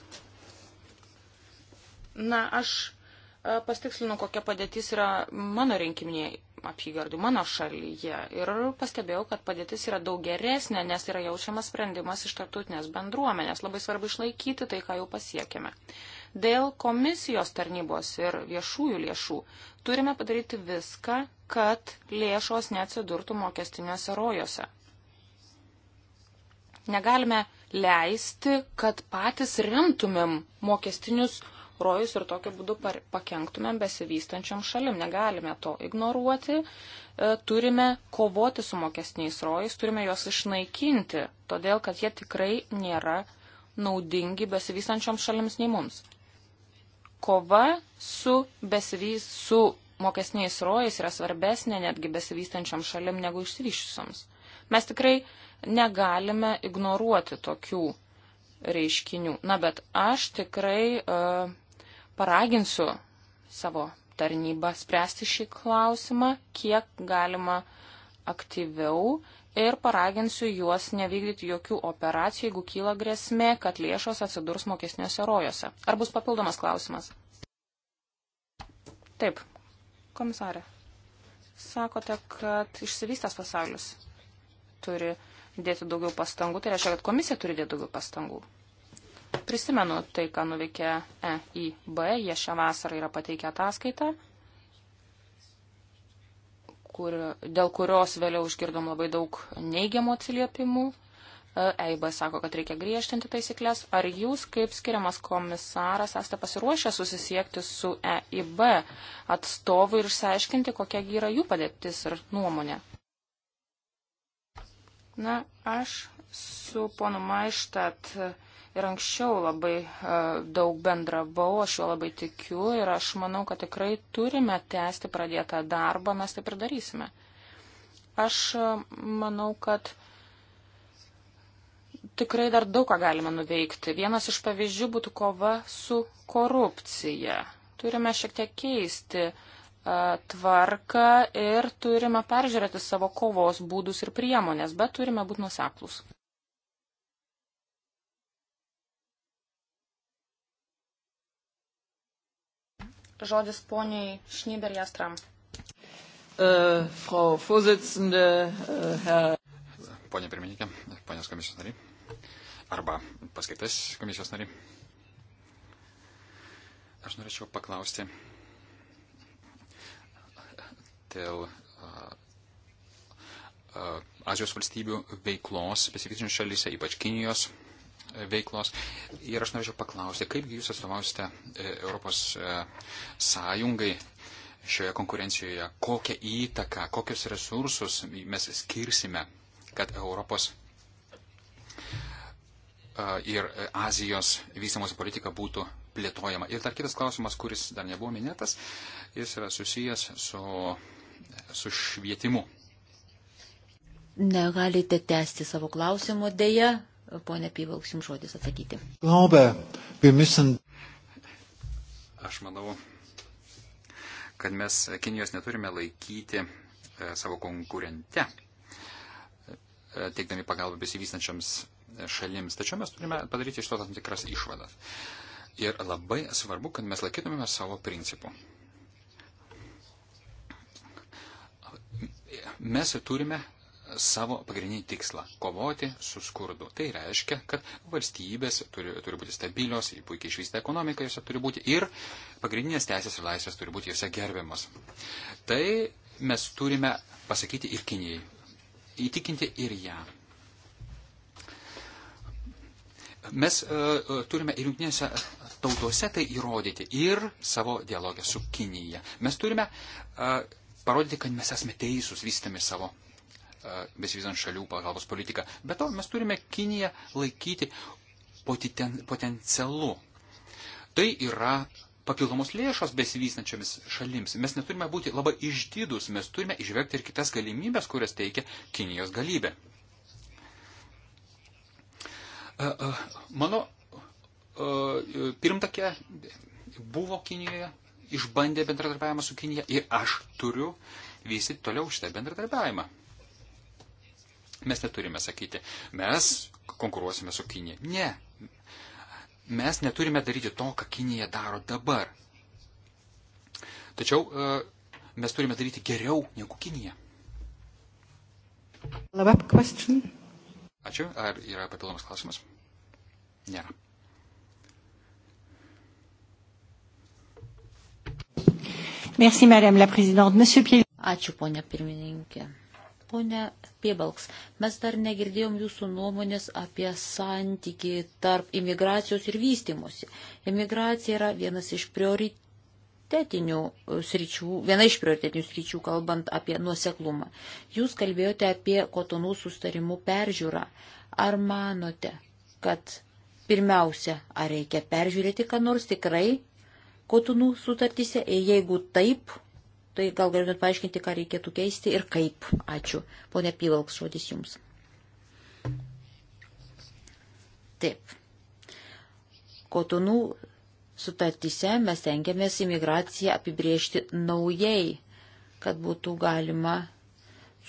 Na, aš e, pastikslinu, kokia padėtis yra mano rinkiminėje apygardų, mano šalyje. Ir pastebėjau, kad padėtis yra daug geresnė, nes yra jaučiamas sprendimas iš tarptautinės bendruomenės. Labai svarbu išlaikyti tai, ką jau pasiekėme. Uh, Dėl komisijos tarnybos ir viešųjų lėšų turime padaryti viską, kad lėšos neatsidurtų mokestiniuose rojuose. Negalime leisti, kad patys remtumėm mokestinius rojus ir tokiu būdu pakenktumėm besivystančiam šalim. Negalime to ignoruoti, e, turime kovoti su mokestiniais rojais, turime juos išnaikinti, todėl kad jie tikrai nėra naudingi besivystančiam šalims nei mums kova su, besivys, su mokesniais rojais yra svarbesnė netgi besivystančiam šalim negu išsivyščiusiams. Mes tikrai negalime ignoruoti tokių reiškinių. Na, bet aš tikrai uh, paraginsiu savo tarnybą spręsti šį klausimą, kiek galima aktyviau ir paraginsiu juos nevykdyti jokių operacijų, jeigu kyla grėsmė, kad lėšos atsidurs mokesniuose rojuose. Ar bus papildomas klausimas? Taip, komisarė. Sakote, kad išsivystęs pasaulis turi dėti daugiau pastangų, tai reiškia, kad komisija turi dėti daugiau pastangų. Prisimenu tai, ką nuveikė EIB, jie šią vasarą yra pateikę ataskaitą kur, dėl kurios vėliau išgirdom labai daug neigiamų atsiliepimų. E, EIB sako, kad reikia griežtinti taisyklės. Ar jūs, kaip skiriamas komisaras, esate pasiruošę susisiekti su EIB atstovu ir išsiaiškinti, kokia yra jų padėtis ir nuomonė? Na, aš su ponu Maištat ir anksčiau labai e, daug bendravau, aš jo labai tikiu ir aš manau, kad tikrai turime tęsti pradėtą darbą, mes taip ir darysime. Aš e, manau, kad tikrai dar daug ką galime nuveikti. Vienas iš pavyzdžių būtų kova su korupcija. Turime šiek tiek keisti e, tvarką ir turime peržiūrėti savo kovos būdus ir priemonės, bet turime būti nuseklus. žodis poniai Šnyber Jastram. Uh, Frau Vorsitzende, uh, Herr. Pone pirmininkė, ponios komisijos nariai. Arba paskaitas komisijos nariai. Aš norėčiau paklausti dėl uh, Azijos valstybių veiklos besivystančių šalyse, ypač Kinijos veiklos. Ir aš norėčiau paklausti, kaipgi jūs atstovausite e, Europos e, Sąjungai šioje konkurencijoje, kokią įtaką, kokius resursus mes skirsime, kad Europos e, ir Azijos vystimosi politika būtų plėtojama. Ir dar kitas klausimas, kuris dar nebuvo minėtas, jis yra susijęs su, su švietimu. Negalite tęsti savo klausimo dėja, Pone Pyvalks, jums žodis atsakyti. Glaube, müssen... Aš manau, kad mes Kinijos neturime laikyti e, savo konkurente, e, teikdami pagalbą besivystančiams šalims. Tačiau mes turime padaryti iš to tam tikras išvadas. Ir labai svarbu, kad mes laikytumėme savo principų. Mes turime savo pagrindinį tikslą - kovoti su skurdu. Tai reiškia, kad valstybės turi, turi būti stabilios, puikiai išvysta ekonomika jose turi būti ir pagrindinės teisės ir laisvės turi būti jose gerbiamas. Tai mes turime pasakyti ir Kinijai, įtikinti ir ją. Mes uh, turime ir jungtinėse tautose tai įrodyti ir savo dialogę su Kinija. Mes turime uh, parodyti, kad mes esame teisūs, vystami savo E, besivizant šalių pagalbos politiką. Be to, mes turime Kiniją laikyti potiten, potencialu. Tai yra papildomos lėšos besivystančiomis šalims. Mes neturime būti labai išdidus, mes turime išvegti ir kitas galimybės, kurias teikia Kinijos galybė. E, e, mano pirmtakė buvo Kinijoje, išbandė bendradarbiavimą su Kinija ir aš turiu vystyti toliau šitą bendradarbiavimą. Mes neturime sakyti, mes konkuruosime su Kinija. Ne. Mes neturime daryti to, ką Kinija daro dabar. Tačiau e, mes turime daryti geriau negu Kinija. Ačiū. Ar yra papildomas klausimas? Nėra. Merci, Madame la Présidente. Monsieur Pied... Ačiū, ponia pirmininkė. Pone Piebalks, mes dar negirdėjom jūsų nuomonės apie santykį tarp imigracijos ir vystimosi. Imigracija yra vienas iš prioritetinių sričių, viena iš prioritetinių sričių, kalbant apie nuoseklumą. Jūs kalbėjote apie kotonų sustarimų peržiūrą. Ar manote, kad pirmiausia, ar reikia peržiūrėti, ką nors tikrai kotonų sutartyse? Ir jeigu taip, Tai gal galėtumėt paaiškinti, ką reikėtų keisti ir kaip. Ačiū. Pone Pivalks, žodis jums. Taip. Kotonų sutartyse mes tengiamės imigraciją apibriežti naujai, kad būtų galima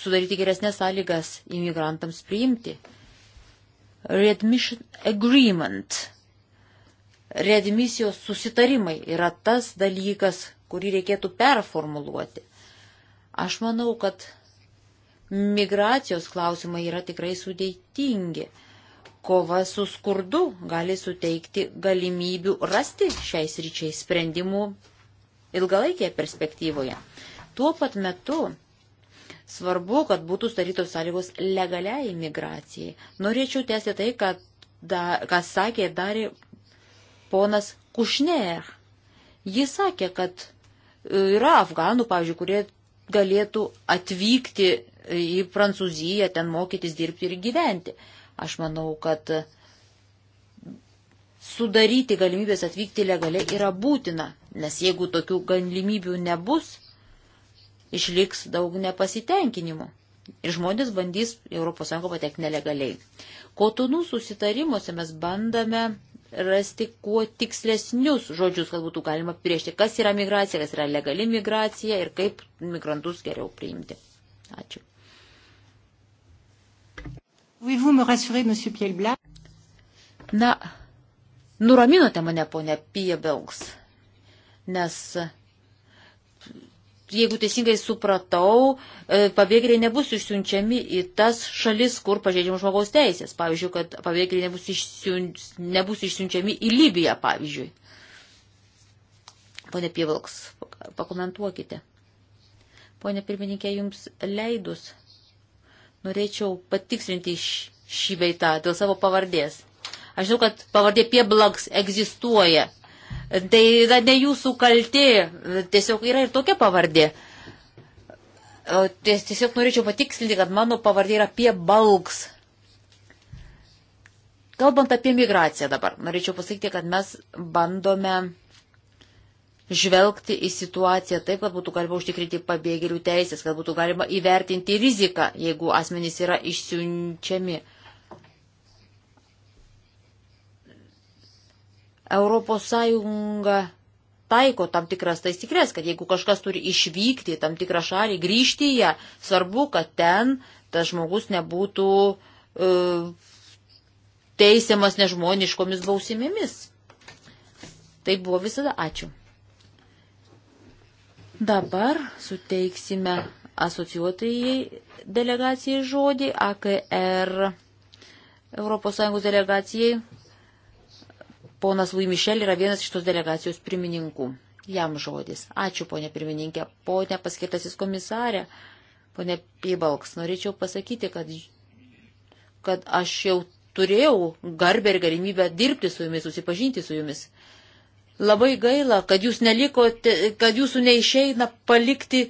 sudaryti geresnės sąlygas imigrantams priimti. Readmission agreement. Readmisijos susitarimai yra tas dalykas, kurį reikėtų performuluoti. Aš manau, kad migracijos klausimai yra tikrai sudėtingi. Kova su skurdu gali suteikti galimybių rasti šiais ryčiai sprendimų ilgalaikėje perspektyvoje. Tuo pat metu svarbu, kad būtų starytos sąlygos legaliai migracijai. Norėčiau tęsti tai, kad, da, kas sakė ir darė ponas Kušner. Jis sakė, kad Yra afganų, pavyzdžiui, kurie galėtų atvykti į Prancūziją, ten mokytis, dirbti ir gyventi. Aš manau, kad sudaryti galimybės atvykti legaliai yra būtina, nes jeigu tokių galimybių nebus, išliks daug nepasitenkinimų. Ir žmonės bandys ES patekti nelegaliai. Kotonų susitarimuose mes bandame rasti kuo tikslesnius žodžius, kad būtų galima priešti, kas yra migracija, kas yra legali migracija ir kaip migrantus geriau priimti. Ačiū. Na, nuraminote mane, ponė Pija Belgs, nes jeigu teisingai supratau, e, pabėgėliai nebus išsiunčiami į tas šalis, kur pažeidžiamos žmogaus teisės. Pavyzdžiui, kad pabėgėliai nebus, išsiunč... nebus išsiunčiami į Libiją, pavyzdžiui. Pone Pievalks, pakomentuokite. Pone pirmininkė, jums leidus norėčiau patikslinti šį beitą dėl savo pavardės. Aš žinau, kad pavardė Pieblaks egzistuoja Tai yra ne jūsų kalti, tiesiog yra ir tokia pavardė. Tiesiog norėčiau patikslinti, kad mano pavardė yra apie balks. Kalbant apie migraciją dabar, norėčiau pasakyti, kad mes bandome žvelgti į situaciją taip, kad būtų galima užtikrinti pabėgėlių teisės, kad būtų galima įvertinti riziką, jeigu asmenys yra išsiunčiami. Uh, Europos Sąjunga taiko tam tikras taisyklės, kad jeigu kažkas turi išvykti į tam tikrą šalį, grįžti į ją, svarbu, kad ten tas žmogus nebūtų e, teisiamas nežmoniškomis bausimėmis. Tai buvo visada. Ačiū. Dabar suteiksime asociuotojai delegacijai žodį, AKR ES delegacijai Ponas Lui Mišel yra vienas iš tos delegacijos pirmininkų. Jam žodis. Ačiū, ponė pirmininkė. Ponė paskirtasis komisarė. Pone Pybalks, norėčiau pasakyti, kad, kad aš jau turėjau garbę ir galimybę dirbti su jumis, susipažinti su jumis. Labai gaila, kad jūs nelikote, kad jūsų neišeina palikti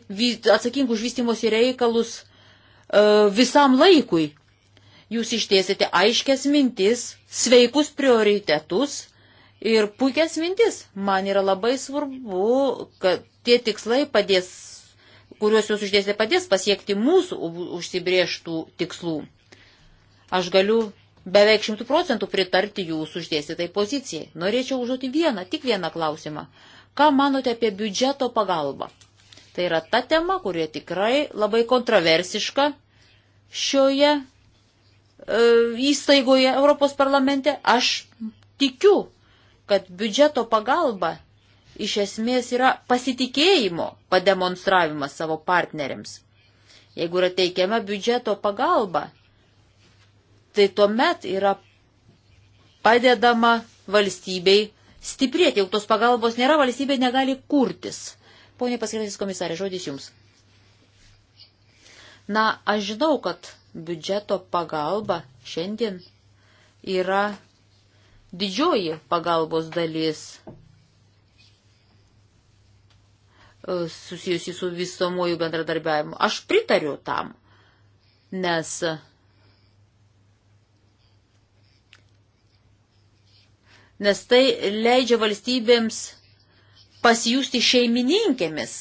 atsakingų už vystimosi reikalus e, visam laikui. Jūs ištiesite aiškias mintis, sveikus prioritetus ir puikias mintis. Man yra labai svarbu, kad tie tikslai padės, kuriuos jūs uždėsite, padės pasiekti mūsų užsibrieštų tikslų. Aš galiu beveik šimtų procentų pritarti jūsų uždėstytai pozicijai. Norėčiau užduoti vieną, tik vieną klausimą. Ką manote apie biudžeto pagalbą? Tai yra ta tema, kurie tikrai labai kontroversiška šioje e, įstaigoje Europos parlamente. Aš tikiu kad biudžeto pagalba iš esmės yra pasitikėjimo pademonstravimas savo partneriams. Jeigu yra teikiama biudžeto pagalba, tai tuomet yra padedama valstybei stiprėti. Jeigu tos pagalbos nėra, valstybė negali kurtis. Pone paskirtasis komisarė, žodis jums. Na, aš žinau, kad biudžeto pagalba šiandien yra didžioji pagalbos dalis e, susijusi su visomojų bendradarbiavimu. Aš pritariu tam, nes nes tai leidžia valstybėms pasijūsti šeimininkėmis.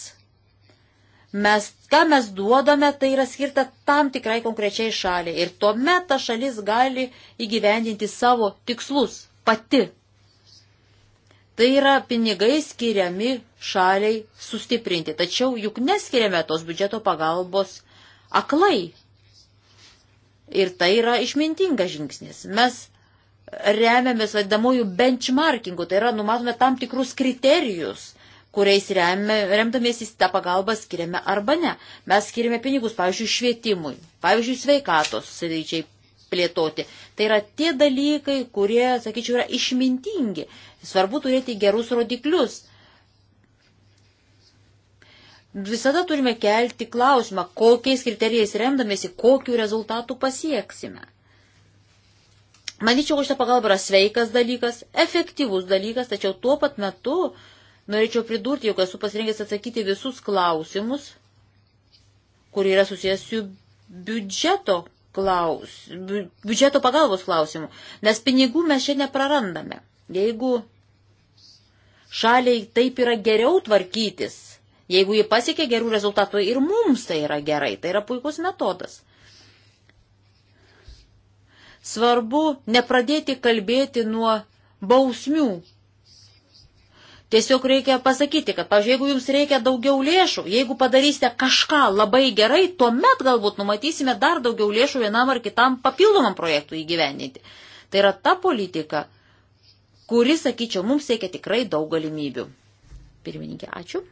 Mes, ką mes duodame, tai yra skirta tam tikrai konkrečiai šaliai ir tuomet ta šalis gali įgyvendinti savo tikslus pati. Tai yra pinigai skiriami šaliai sustiprinti, tačiau juk neskiriame tos biudžeto pagalbos aklai. Ir tai yra išmintingas žingsnis. Mes remiamės vadinamųjų benchmarkingų, tai yra numatome tam tikrus kriterijus, kuriais remdamiesi tą pagalbą skiriame arba ne. Mes skiriame pinigus, pavyzdžiui, švietimui, pavyzdžiui, sveikatos sričiai plėtoti. Tai yra tie dalykai, kurie, sakyčiau, yra išmintingi. Svarbu turėti gerus rodiklius. Visada turime kelti klausimą, kokiais kriterijais remdamėsi, kokiu rezultatu pasieksime. Manyčiau, šitą pagalbą yra sveikas dalykas, efektyvus dalykas, tačiau tuo pat metu norėčiau pridurti, jog esu pasirengęs atsakyti visus klausimus, kurie yra susijęs su biudžeto klaus, biudžeto pagalbos klausimų, nes pinigų mes čia neprarandame. Jeigu šaliai taip yra geriau tvarkytis, jeigu jie pasiekia gerų rezultatų ir mums tai yra gerai, tai yra puikus metodas. Svarbu nepradėti kalbėti nuo bausmių Tiesiog reikia pasakyti, kad, pavyzdžiui, jeigu jums reikia daugiau lėšų, jeigu padarysite kažką labai gerai, tuomet galbūt numatysime dar daugiau lėšų vienam ar kitam papildomam projektui įgyveninti. Tai yra ta politika, kuri, sakyčiau, mums siekia tikrai daug galimybių. Pirmininkė, ačiū.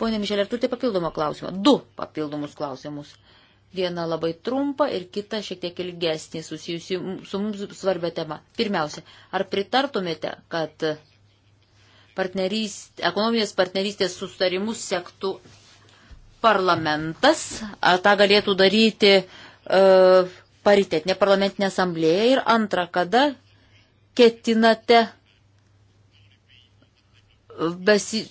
Pone Mišelė, ar turite papildomą klausimą? Du papildomus klausimus. Vieną labai trumpą ir kitą šiek tiek ilgesnį susijusi su mums svarbia tema. Pirmiausia, ar pritartumėte, kad partnerystė, ekonominės partnerystės sustarimus sektų parlamentas, ar tą galėtų daryti e, paritetinė parlamentinė asamblėja ir antra, kada ketinate besi,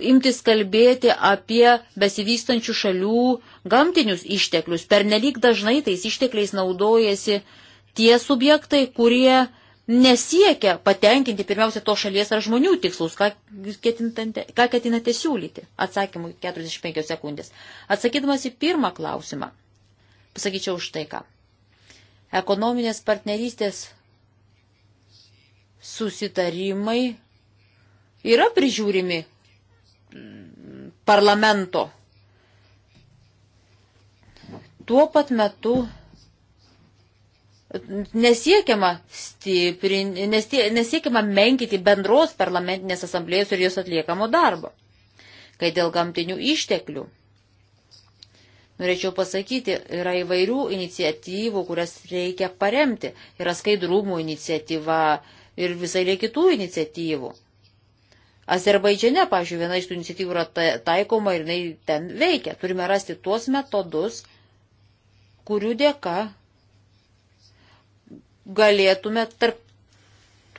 imtis kalbėti apie besivystančių šalių gamtinius išteklius. Per nelik dažnai tais ištekliais naudojasi tie subjektai, kurie nesiekia patenkinti pirmiausia to šalies ar žmonių tikslus. Ką, ketinate, ką ketinate siūlyti? Atsakymui 45 sekundės. Atsakydamas į pirmą klausimą, pasakyčiau štai ką. Ekonominės partnerystės susitarimai yra prižiūrimi parlamento. Tuo pat metu nesiekiama, stiprin, nesiekiama menkyti bendros parlamentinės asamblėjos ir jos atliekamo darbo. Kai dėl gamtinių išteklių, norėčiau pasakyti, yra įvairių iniciatyvų, kurias reikia paremti. Yra skaidrumo iniciatyva ir visai kitų iniciatyvų. Azerbaidžiane, pažiūrėjau, viena iš tų iniciatyvų yra taikoma ir jinai ten veikia. Turime rasti tuos metodus, kurių dėka galėtume tarp,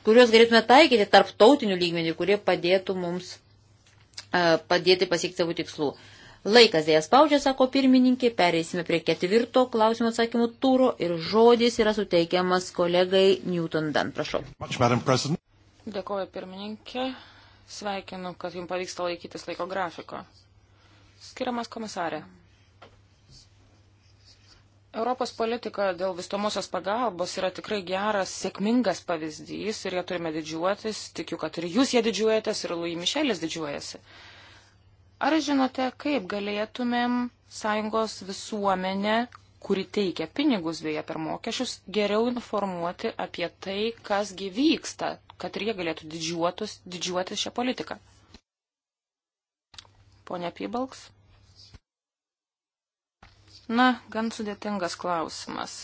kuriuos galėtume taikyti tarptautinių lygmenių, kurie padėtų mums e, padėti pasiekti savo tikslų. Laikas dėjas spaudžia, sako pirmininkė, pereisime prie ketvirto klausimo atsakymų tūro ir žodis yra suteikiamas kolegai Newton Dan. Prašau. Dėkuoju pirmininkė. Sveikinu, kad jums pavyksta laikytis laiko grafiko. Skiriamas komisarė. Europos politika dėl vystomosios pagalbos yra tikrai geras, sėkmingas pavyzdys ir jie turime didžiuotis. Tikiu, kad ir jūs jie didžiuojatės ir Lui Mišelis didžiuojasi. Ar žinote, kaip galėtumėm sąjungos visuomenę, kuri teikia pinigus vėja per mokesčius, geriau informuoti apie tai, kas gyvyksta, kad ir jie galėtų didžiuotus, didžiuotis šią politiką. Pone Pybalks? Na, gan sudėtingas klausimas.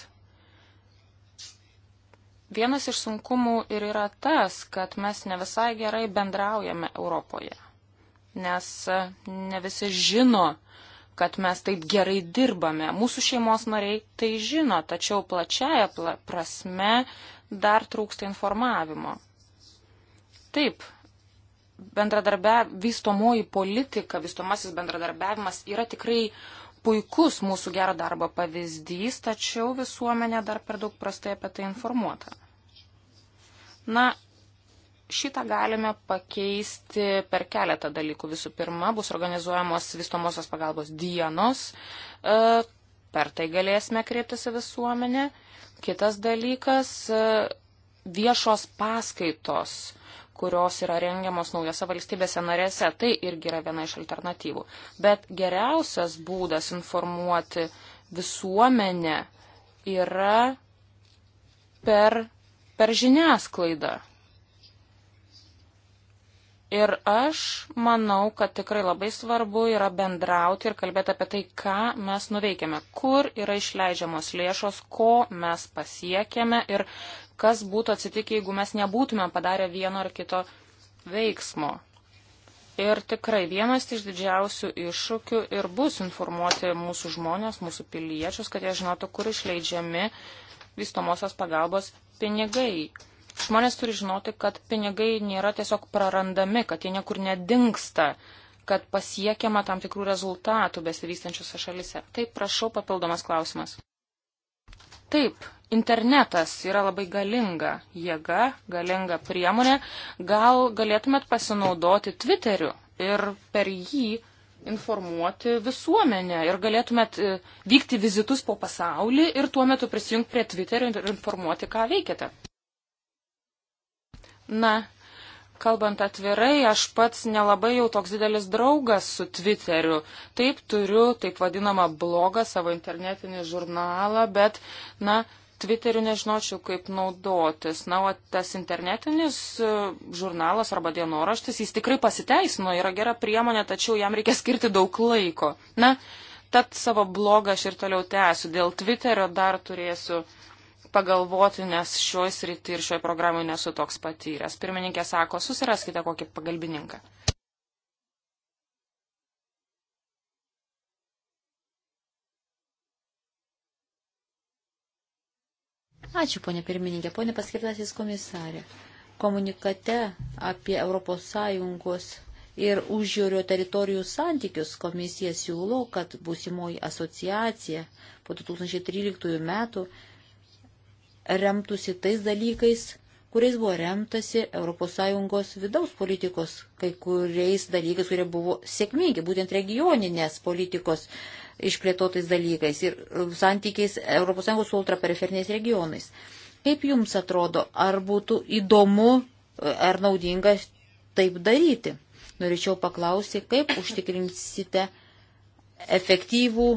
Vienas iš sunkumų ir yra tas, kad mes ne visai gerai bendraujame Europoje, nes e, ne visi žino, kad mes taip gerai dirbame. Mūsų šeimos nariai tai žino, tačiau plačiaja prasme dar trūksta informavimo. Taip, bendradarbia, vystomoji politika, vystomasis bendradarbiavimas yra tikrai puikus mūsų gero darbo pavyzdys, tačiau visuomenė dar per daug prastai apie tai informuota. Na, šitą galime pakeisti per keletą dalykų. Visų pirma, bus organizuojamos vystomosios pagalbos dienos, e, per tai galėsime kreiptis į visuomenę. Kitas dalykas e, - viešos paskaitos kurios yra rengiamos naujose valstybėse narėse. Tai irgi yra viena iš alternatyvų. Bet geriausias būdas informuoti visuomenę yra per, per žiniasklaidą. Ir aš manau, kad tikrai labai svarbu yra bendrauti ir kalbėti apie tai, ką mes nuveikėme, kur yra išleidžiamos lėšos, ko mes pasiekėme ir kas būtų atsitikę, jeigu mes nebūtume padarę vieno ar kito veiksmo. Ir tikrai vienas iš didžiausių iššūkių ir bus informuoti mūsų žmonės, mūsų piliečius, kad jie žinotų, kur išleidžiami vystomosios pagalbos pinigai. Žmonės turi žinoti, kad pinigai nėra tiesiog prarandami, kad jie niekur nedingsta, kad pasiekiama tam tikrų rezultatų besivystančiose šalise. Taip, prašau, papildomas klausimas. Taip, internetas yra labai galinga jėga, galinga priemonė. Gal galėtumėt pasinaudoti Twitteriu ir per jį informuoti visuomenę ir galėtumėt e, vykti vizitus po pasaulį ir tuo metu prisijungti prie Twitterio ir informuoti, ką veikiate. Na, kalbant atvirai, aš pats nelabai jau toks didelis draugas su Twitteriu. Taip turiu, taip vadinamą blogą savo internetinį žurnalą, bet, na, Twitteriu nežinočiau, kaip naudotis. Na, o tas internetinis e, žurnalas arba dienoraštis, jis tikrai pasiteisino, yra gera priemonė, tačiau jam reikia skirti daug laiko. Na, tad savo blogą aš ir toliau tęsiu. Dėl Twitterio dar turėsiu pagalvoti, nes šioj srity ir šioj programai nesu toks patyręs. Pirmininkė sako, susiraskite kokį pagalbininką. Ačiū, ponė pirmininkė, ponė paskirtasis komisarė. Komunikate apie ES ir užjūrio teritorijų santykius komisija siūlo, kad būsimoji asociacija po 2013 metų remtųsi tais dalykais, kuriais buvo remtasi ES vidaus politikos, kai kuriais dalykais, kurie buvo sėkmingi, būtent regioninės politikos išplėtotais dalykais ir e, santykiais ES su ultraperiferiniais regionais. Kaip Jums atrodo, ar būtų įdomu, e, ar naudinga taip daryti? Norėčiau paklausyti, kaip užtikrinsite efektyvų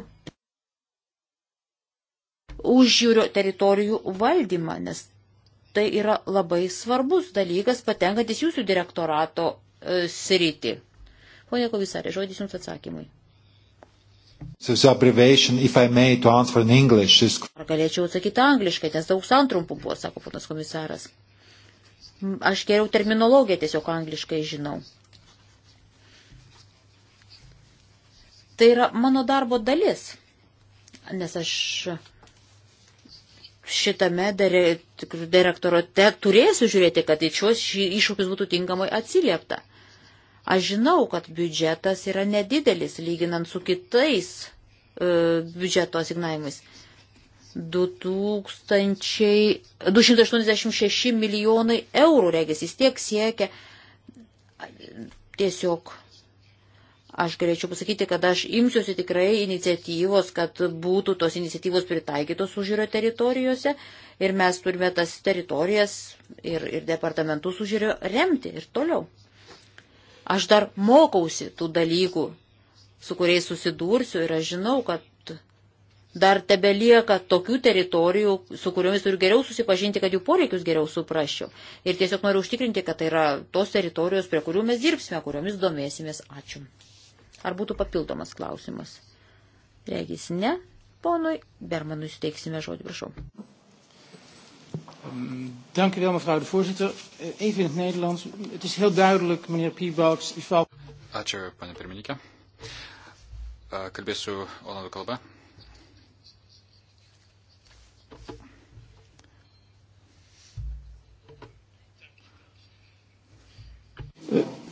užjūrio teritorijų valdymą, nes tai yra labai svarbus dalykas patenkantis jūsų direktorato e, sritį. Pone komisarė, žodis jums atsakymui. So, so may, English, is... Ar galėčiau atsakyti angliškai, nes daug santrumpų buvo, sako ponas komisaras. Aš geriau terminologiją tiesiog angliškai žinau. Tai yra mano darbo dalis, nes aš šitame direktorate turėsiu žiūrėti, kad į šios iššūkius būtų tinkamai atsiliepta. Aš žinau, kad biudžetas yra nedidelis, lyginant su kitais e, biudžeto asignavimais. 2000, 286 milijonai eurų, regis, jis tiek siekia. Tiesiog Aš galėčiau pasakyti, kad aš imsiuosi tikrai iniciatyvos, kad būtų tos iniciatyvos pritaikytos užžiūrio teritorijose ir mes turime tas teritorijas ir, ir departamentus užžiūrio remti ir toliau. Aš dar mokausi tų dalykų, su kuriais susidursiu ir aš žinau, kad dar tebelieka tokių teritorijų, su kuriomis turiu geriau susipažinti, kad jų poreikius geriau suprasčiau. Ir tiesiog noriu užtikrinti, kad tai yra tos teritorijos, prie kurių mes dirbsime, kuriomis domėsimės. Ačiū. Ar būtų papildomas klausimas? Regis ne. Ponui Bermanui suteiksime žodį, prašau. Ehm, dank u wel, mevrouw de voorzitter. Eh, even in het Nederlands. Het is heel duidelijk, meneer Piebalks, u valt... Ačiū, panė pirmininkė. Eh, kalbėsiu Olandų kalba.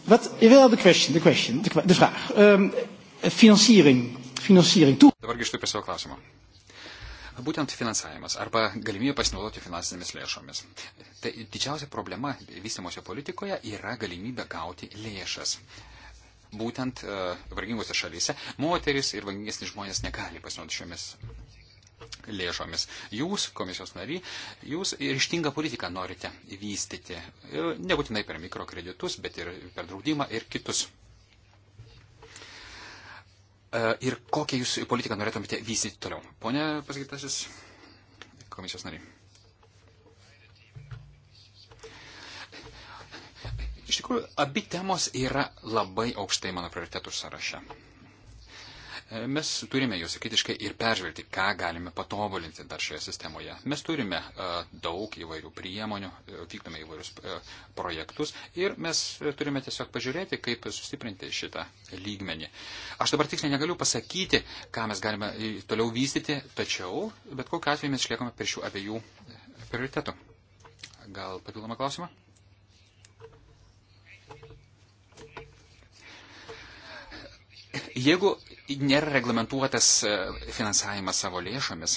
Wat, jawel, de question, de question, de, de vraag. Um, financiering, financiering toe. Dabar grįžtu prie savo klausimo. Būtent finansavimas arba galimybė pasinaudoti finansinėmis lėšomis. Tai didžiausia problema vystimosi politikoje yra galimybė gauti lėšas. Būtent uh, vargingose šalyse moteris ir vargingesni žmonės negali pasinaudoti šiomis lėšomis. Jūs, komisijos nariai, jūs ryštingą politiką norite vystyti. Nebūtinai per mikrokreditus, bet ir per draudimą ir kitus. E, ir kokią jūs politiką norėtumėte vystyti toliau? Pone pasakytasis komisijos nariai. Iš tikrųjų, abi temos yra labai aukštai mano prioritetų sąraše. Mes turime juos kritiškai ir peržvelgti, ką galime patobulinti dar šioje sistemoje. Mes turime e, daug įvairių priemonių, e, vykdome įvairius e, projektus ir mes turime tiesiog pažiūrėti, kaip sustiprinti šitą lygmenį. Aš dabar tiksliai negaliu pasakyti, ką mes galime toliau vystyti, tačiau bet kokiu atveju mes išliekame prie šių abiejų prioritetų. Gal papildomą klausimą? Jeigu nėra reglamentuotas e, finansavimas savo lėšomis,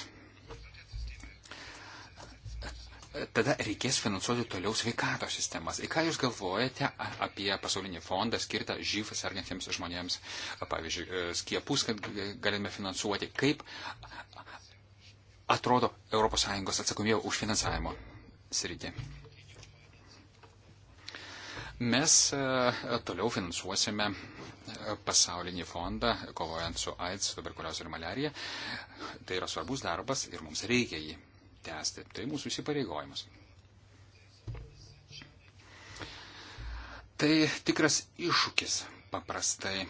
tada reikės finansuoti toliau sveikatos sistemas. Į ką Jūs galvojate apie pasaulinį fondą skirtą žyv sergantiems žmonėms, pavyzdžiui, e, skiepus, kad galime finansuoti, kaip atrodo ES atsakomybė už finansavimo sritį? Mes e, toliau finansuosime e, pasaulinį fondą kovojant su AIDS, tuberkulioze ir malerija. Tai yra svarbus darbas ir mums reikia jį tęsti. Tai mūsų įsipareigojimas. Tai tikras iššūkis paprastai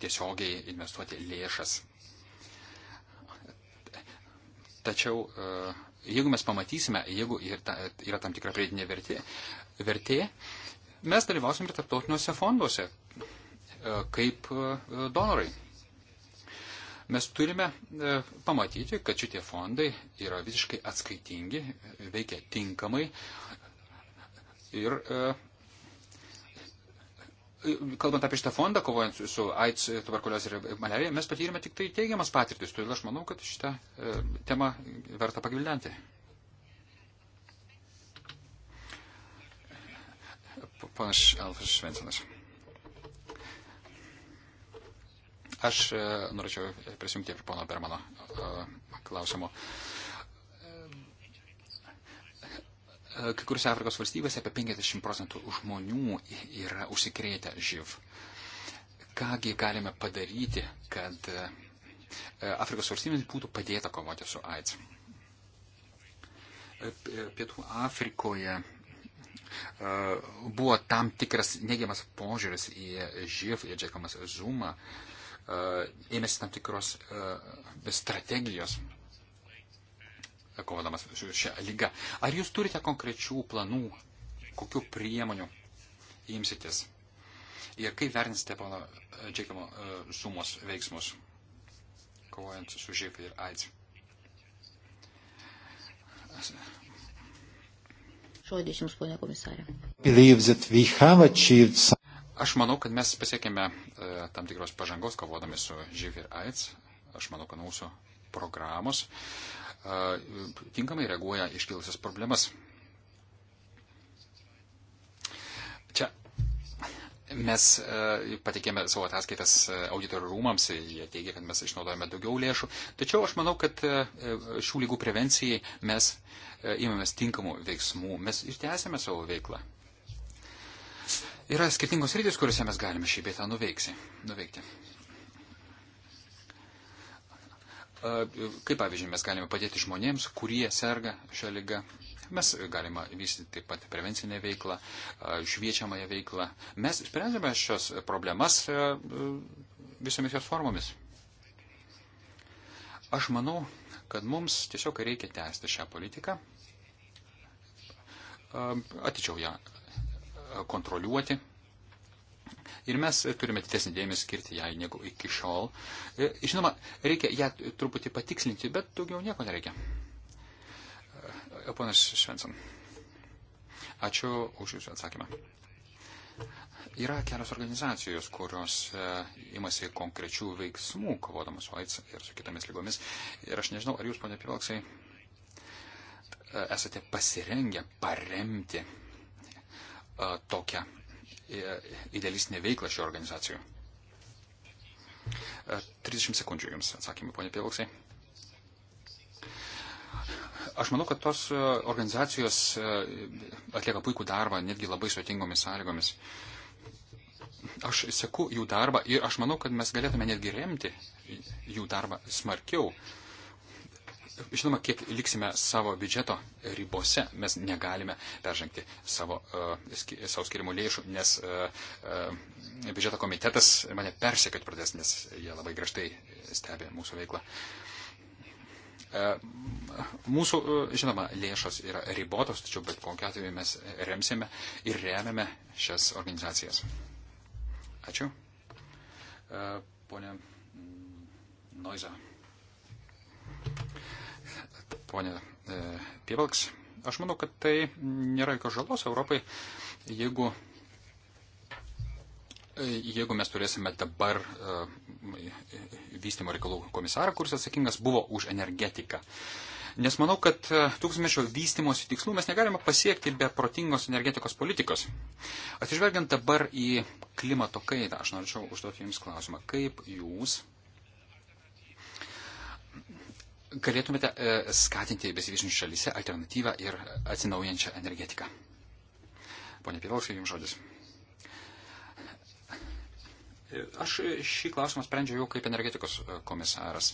tiesiogiai investuoti lėšas Tačiau e, jeigu mes pamatysime, jeigu yra tam tikra pridinė vertė, vertė mes dalyvausim ir tarptautiniuose fonduose e, kaip e, donorai. Mes turime pamatyti, kad šitie fondai yra visiškai atskaitingi, veikia tinkamai ir kalbant apie šitą fondą, kovojant su, su AIDS, tuberkuliozė ir malerija, mes patyrėme tik tai teigiamas patirtis, todėl aš manau, kad šitą e, temą verta pagvildenti. Panas Alfas Švensonas. Aš e, norėčiau prisijungti prie pono Bermano e, klausimo. E, E, kai kuriuose Afrikos valstybėse apie 50 procentų žmonių yra užsikrėtę živ. Kągi galime padaryti, kad e, Afrikos valstybėms būtų padėta kovoti su AIDS. E, Pietų Afrikoje buvo tam tikras neigiamas požiūris į živ ir džekamas zumą, ėmėsi tam tikros strategijos kovodamas šią lygą. Ar jūs turite konkrečių planų, kokių priemonių imsitės? Ir kaip vertinsite pono e, Džekimo Zumos e, veiksmus, kovojant su živ ir AIDS? Žodis jums, ponė komisarė. Aš manau, kad mes pasiekėme e, tam tikros pažangos kovodami su živ ir AIDS. Aš manau, kad mūsų programos tinkamai reaguoja iškilusias problemas. Čia mes patikėme savo ataskaitas auditorių rūmams, jie teigia, kad mes išnaudojame daugiau lėšų, tačiau aš manau, kad šių lygų prevencijai mes imamės tinkamų veiksmų, mes ištęsėme savo veiklą. Yra skirtingos rytis, kuriuose mes galime šį beitą nuveikti kaip pavyzdžiui mes galime padėti žmonėms, kurie serga šią lygą. Mes galime vystyti taip pat prevencinę veiklą, šviečiamąją veiklą. Mes sprendžiame šios problemas visomis jos formomis. Aš manau, kad mums tiesiog reikia tęsti šią politiką, atičiau ją kontroliuoti Ir mes turime didesnį dėmesį skirti jai negu iki šiol. E, žinoma, reikia ją truputį patikslinti, bet daugiau nieko nereikia. E, ponas Švenson, ačiū už Jūsų atsakymą. Yra kelios organizacijos, kurios e, imasi konkrečių veiksmų, kovodamas su AIDS ir su kitomis lygomis. Ir aš nežinau, ar jūs, ponia Piloksai, e, esate pasirengę paremti e, tokią E, idealistinę veiklą šio organizacijų. 30 e, sekundžių jums atsakymai, ponė Pilksai. Aš manau, kad tos e, organizacijos atlieka puikų darbą, netgi labai svetingomis sąlygomis. Aš seku jų darbą ir aš manau, kad mes galėtume netgi remti jų darbą smarkiau. Uh, žinoma, kiek liksime savo biudžeto ribose, mes negalime peržengti savo, e, savo skirimų lėšų, nes e, e, biudžeto komitetas mane persekėt pradės, nes jie labai graštai stebė mūsų veiklą. Mūsų, žinoma, lėšos yra ribotos, tačiau bet kokiu atveju mes remsime ir remiame šias organizacijas. Ačiū. Pone Noiza ponė e, Pievalks. Aš manau, kad tai nėra jokios žalos Europai, jeigu, e, jeigu mes turėsime dabar e, vystimo reikalų komisarą, kuris atsakingas buvo už energetiką. Nes manau, kad tūkstmečio vystimosi tikslų mes negalime pasiekti be protingos energetikos politikos. Atsižvelgiant dabar į klimato kaitą, aš norėčiau užduoti Jums klausimą, kaip Jūs galėtumėte e, skatinti besivyšinčių šalyse alternatyvą ir atsinaujančią energetiką? Pone Pilauskai, jums žodis. E, aš šį klausimą sprendžiu jau kaip energetikos e, komisaras.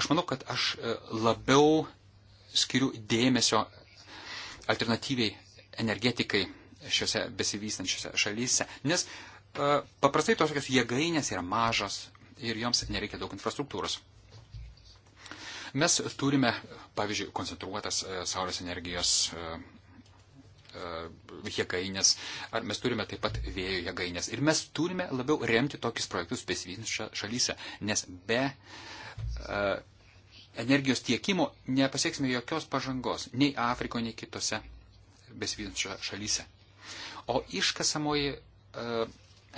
Aš manau, kad aš labiau skiriu dėmesio alternatyviai energetikai šiuose besivystančiuose šalyse, nes paprastai tos tokios jėgainės yra mažos ir joms nereikia daug infrastruktūros. Mes turime, pavyzdžiui, koncentruotas e, saulės energijos e, e, jėgainės, ar mes turime taip pat vėjo jėgainės. Ir mes turime labiau remti tokius projektus besivystančiose šalyse, nes be energijos tiekimo nepasieksime jokios pažangos nei Afrikoje, nei kitose besivystančiose šalyse. O iškasamoji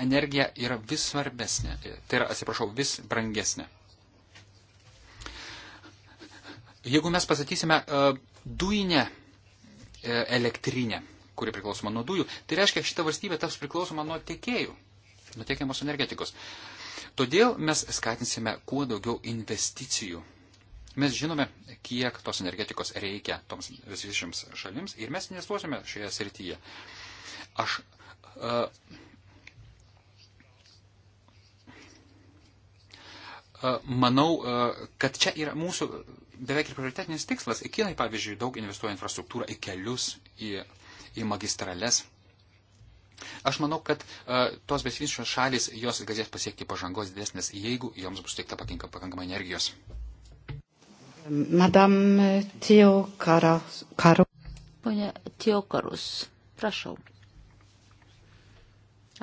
energija yra vis svarbesnė, tai yra, atsiprašau, vis brangesnė. Jeigu mes pasakysime e, dujinę e, elektrinę, kuri priklausoma nuo dujų, tai reiškia, šita valstybė taps priklausoma nuo tiekėjų, nuo tiekiamos energetikos. Todėl mes skatinsime kuo daugiau investicijų. Mes žinome, kiek tos energetikos reikia toms visišiams šalims ir mes investuosime šioje srityje. Aš uh, manau, kad čia yra mūsų beveik ir prioritetinis tikslas. Kinai, pavyzdžiui, daug investuoja infrastruktūrą į kelius, į, į magistrales. Aš manau, kad uh, tos besivystančios šalis, jos galės pasiekti pažangos didesnės, jeigu joms bus teikta patinka pakankamai energijos. Madame Tio Karu. Pone Tio Karus, prašau.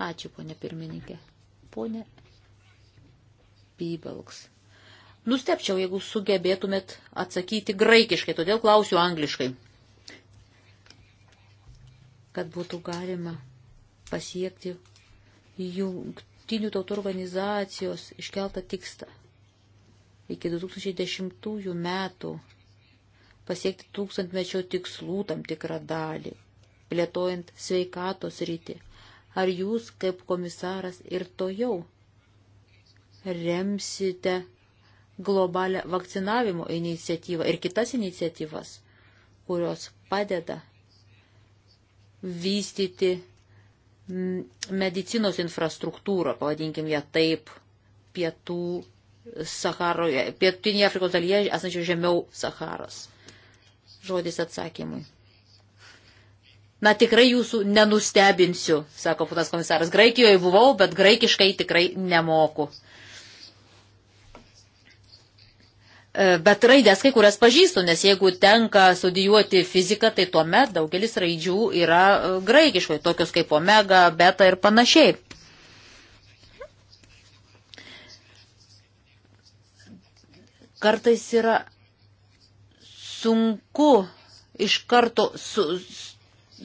Ačiū, ponė pirmininkė. Pone Pybalks. Nustepčiau, jeigu sugebėtumėt atsakyti graikiškai, todėl klausiu angliškai. Kad būtų galima pasiekti jungtinių tautų organizacijos iškeltą tikstą. Iki 2010 metų pasiekti tūkstantmečio tikslų tam tikrą dalį, plėtojant sveikatos rytį. Ar jūs, kaip komisaras, ir to jau remsite globalią vakcinavimo iniciatyvą ir kitas iniciatyvas, kurios padeda vystyti mm, medicinos infrastruktūrą, pavadinkim ją taip, pietų Saharoje, pietinėje Afrikos dalyje esančio žemiau Saharos. Žodis atsakymui. Na tikrai jūsų nenustebinsiu, sako putas komisaras. Graikijoje buvau, bet graikiškai tikrai nemoku. E, bet raidės kai kurias pažįstu, nes jeigu tenka studijuoti fiziką, tai tuomet daugelis raidžių yra e, graikiškai, tokios kaip omega, beta ir panašiai. Kartais yra sunku iš karto su,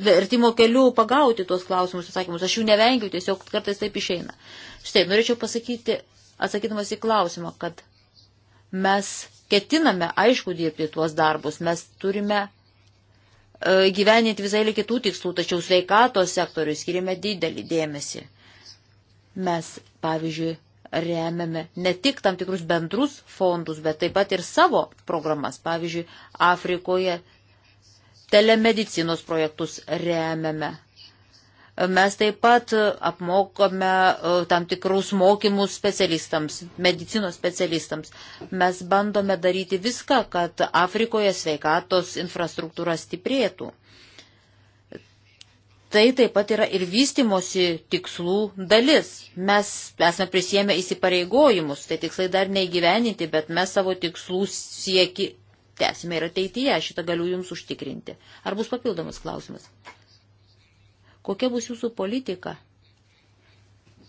vertimo keliu pagauti tuos klausimus, atsakymus. Aš jų nevengiu, tiesiog kartais taip išeina. Štai, norėčiau pasakyti, atsakydamas į klausimą, kad mes ketiname, aišku, dirbti tuos darbus, mes turime e, gyveninti visai lį kitų tikslų, tačiau sveikatos sektoriui skiriame didelį dėmesį. Mes, pavyzdžiui, remiame ne tik tam tikrus bendrus fondus, bet taip pat ir savo programas. Pavyzdžiui, Afrikoje telemedicinos projektus remiame Mes taip pat e, apmokome e, tam tikrus mokymus specialistams, medicinos specialistams. Mes bandome daryti viską, kad Afrikoje sveikatos infrastruktūra stiprėtų. Tai taip pat yra ir vystimosi tikslų dalis. Mes esame prisėmę įsipareigojimus, tai tikslai dar neįgyveninti, bet mes savo tikslų sieki tęsime ir ateityje, šitą galiu Jums užtikrinti. Ar bus papildomas klausimas? Kokia bus jūsų politika?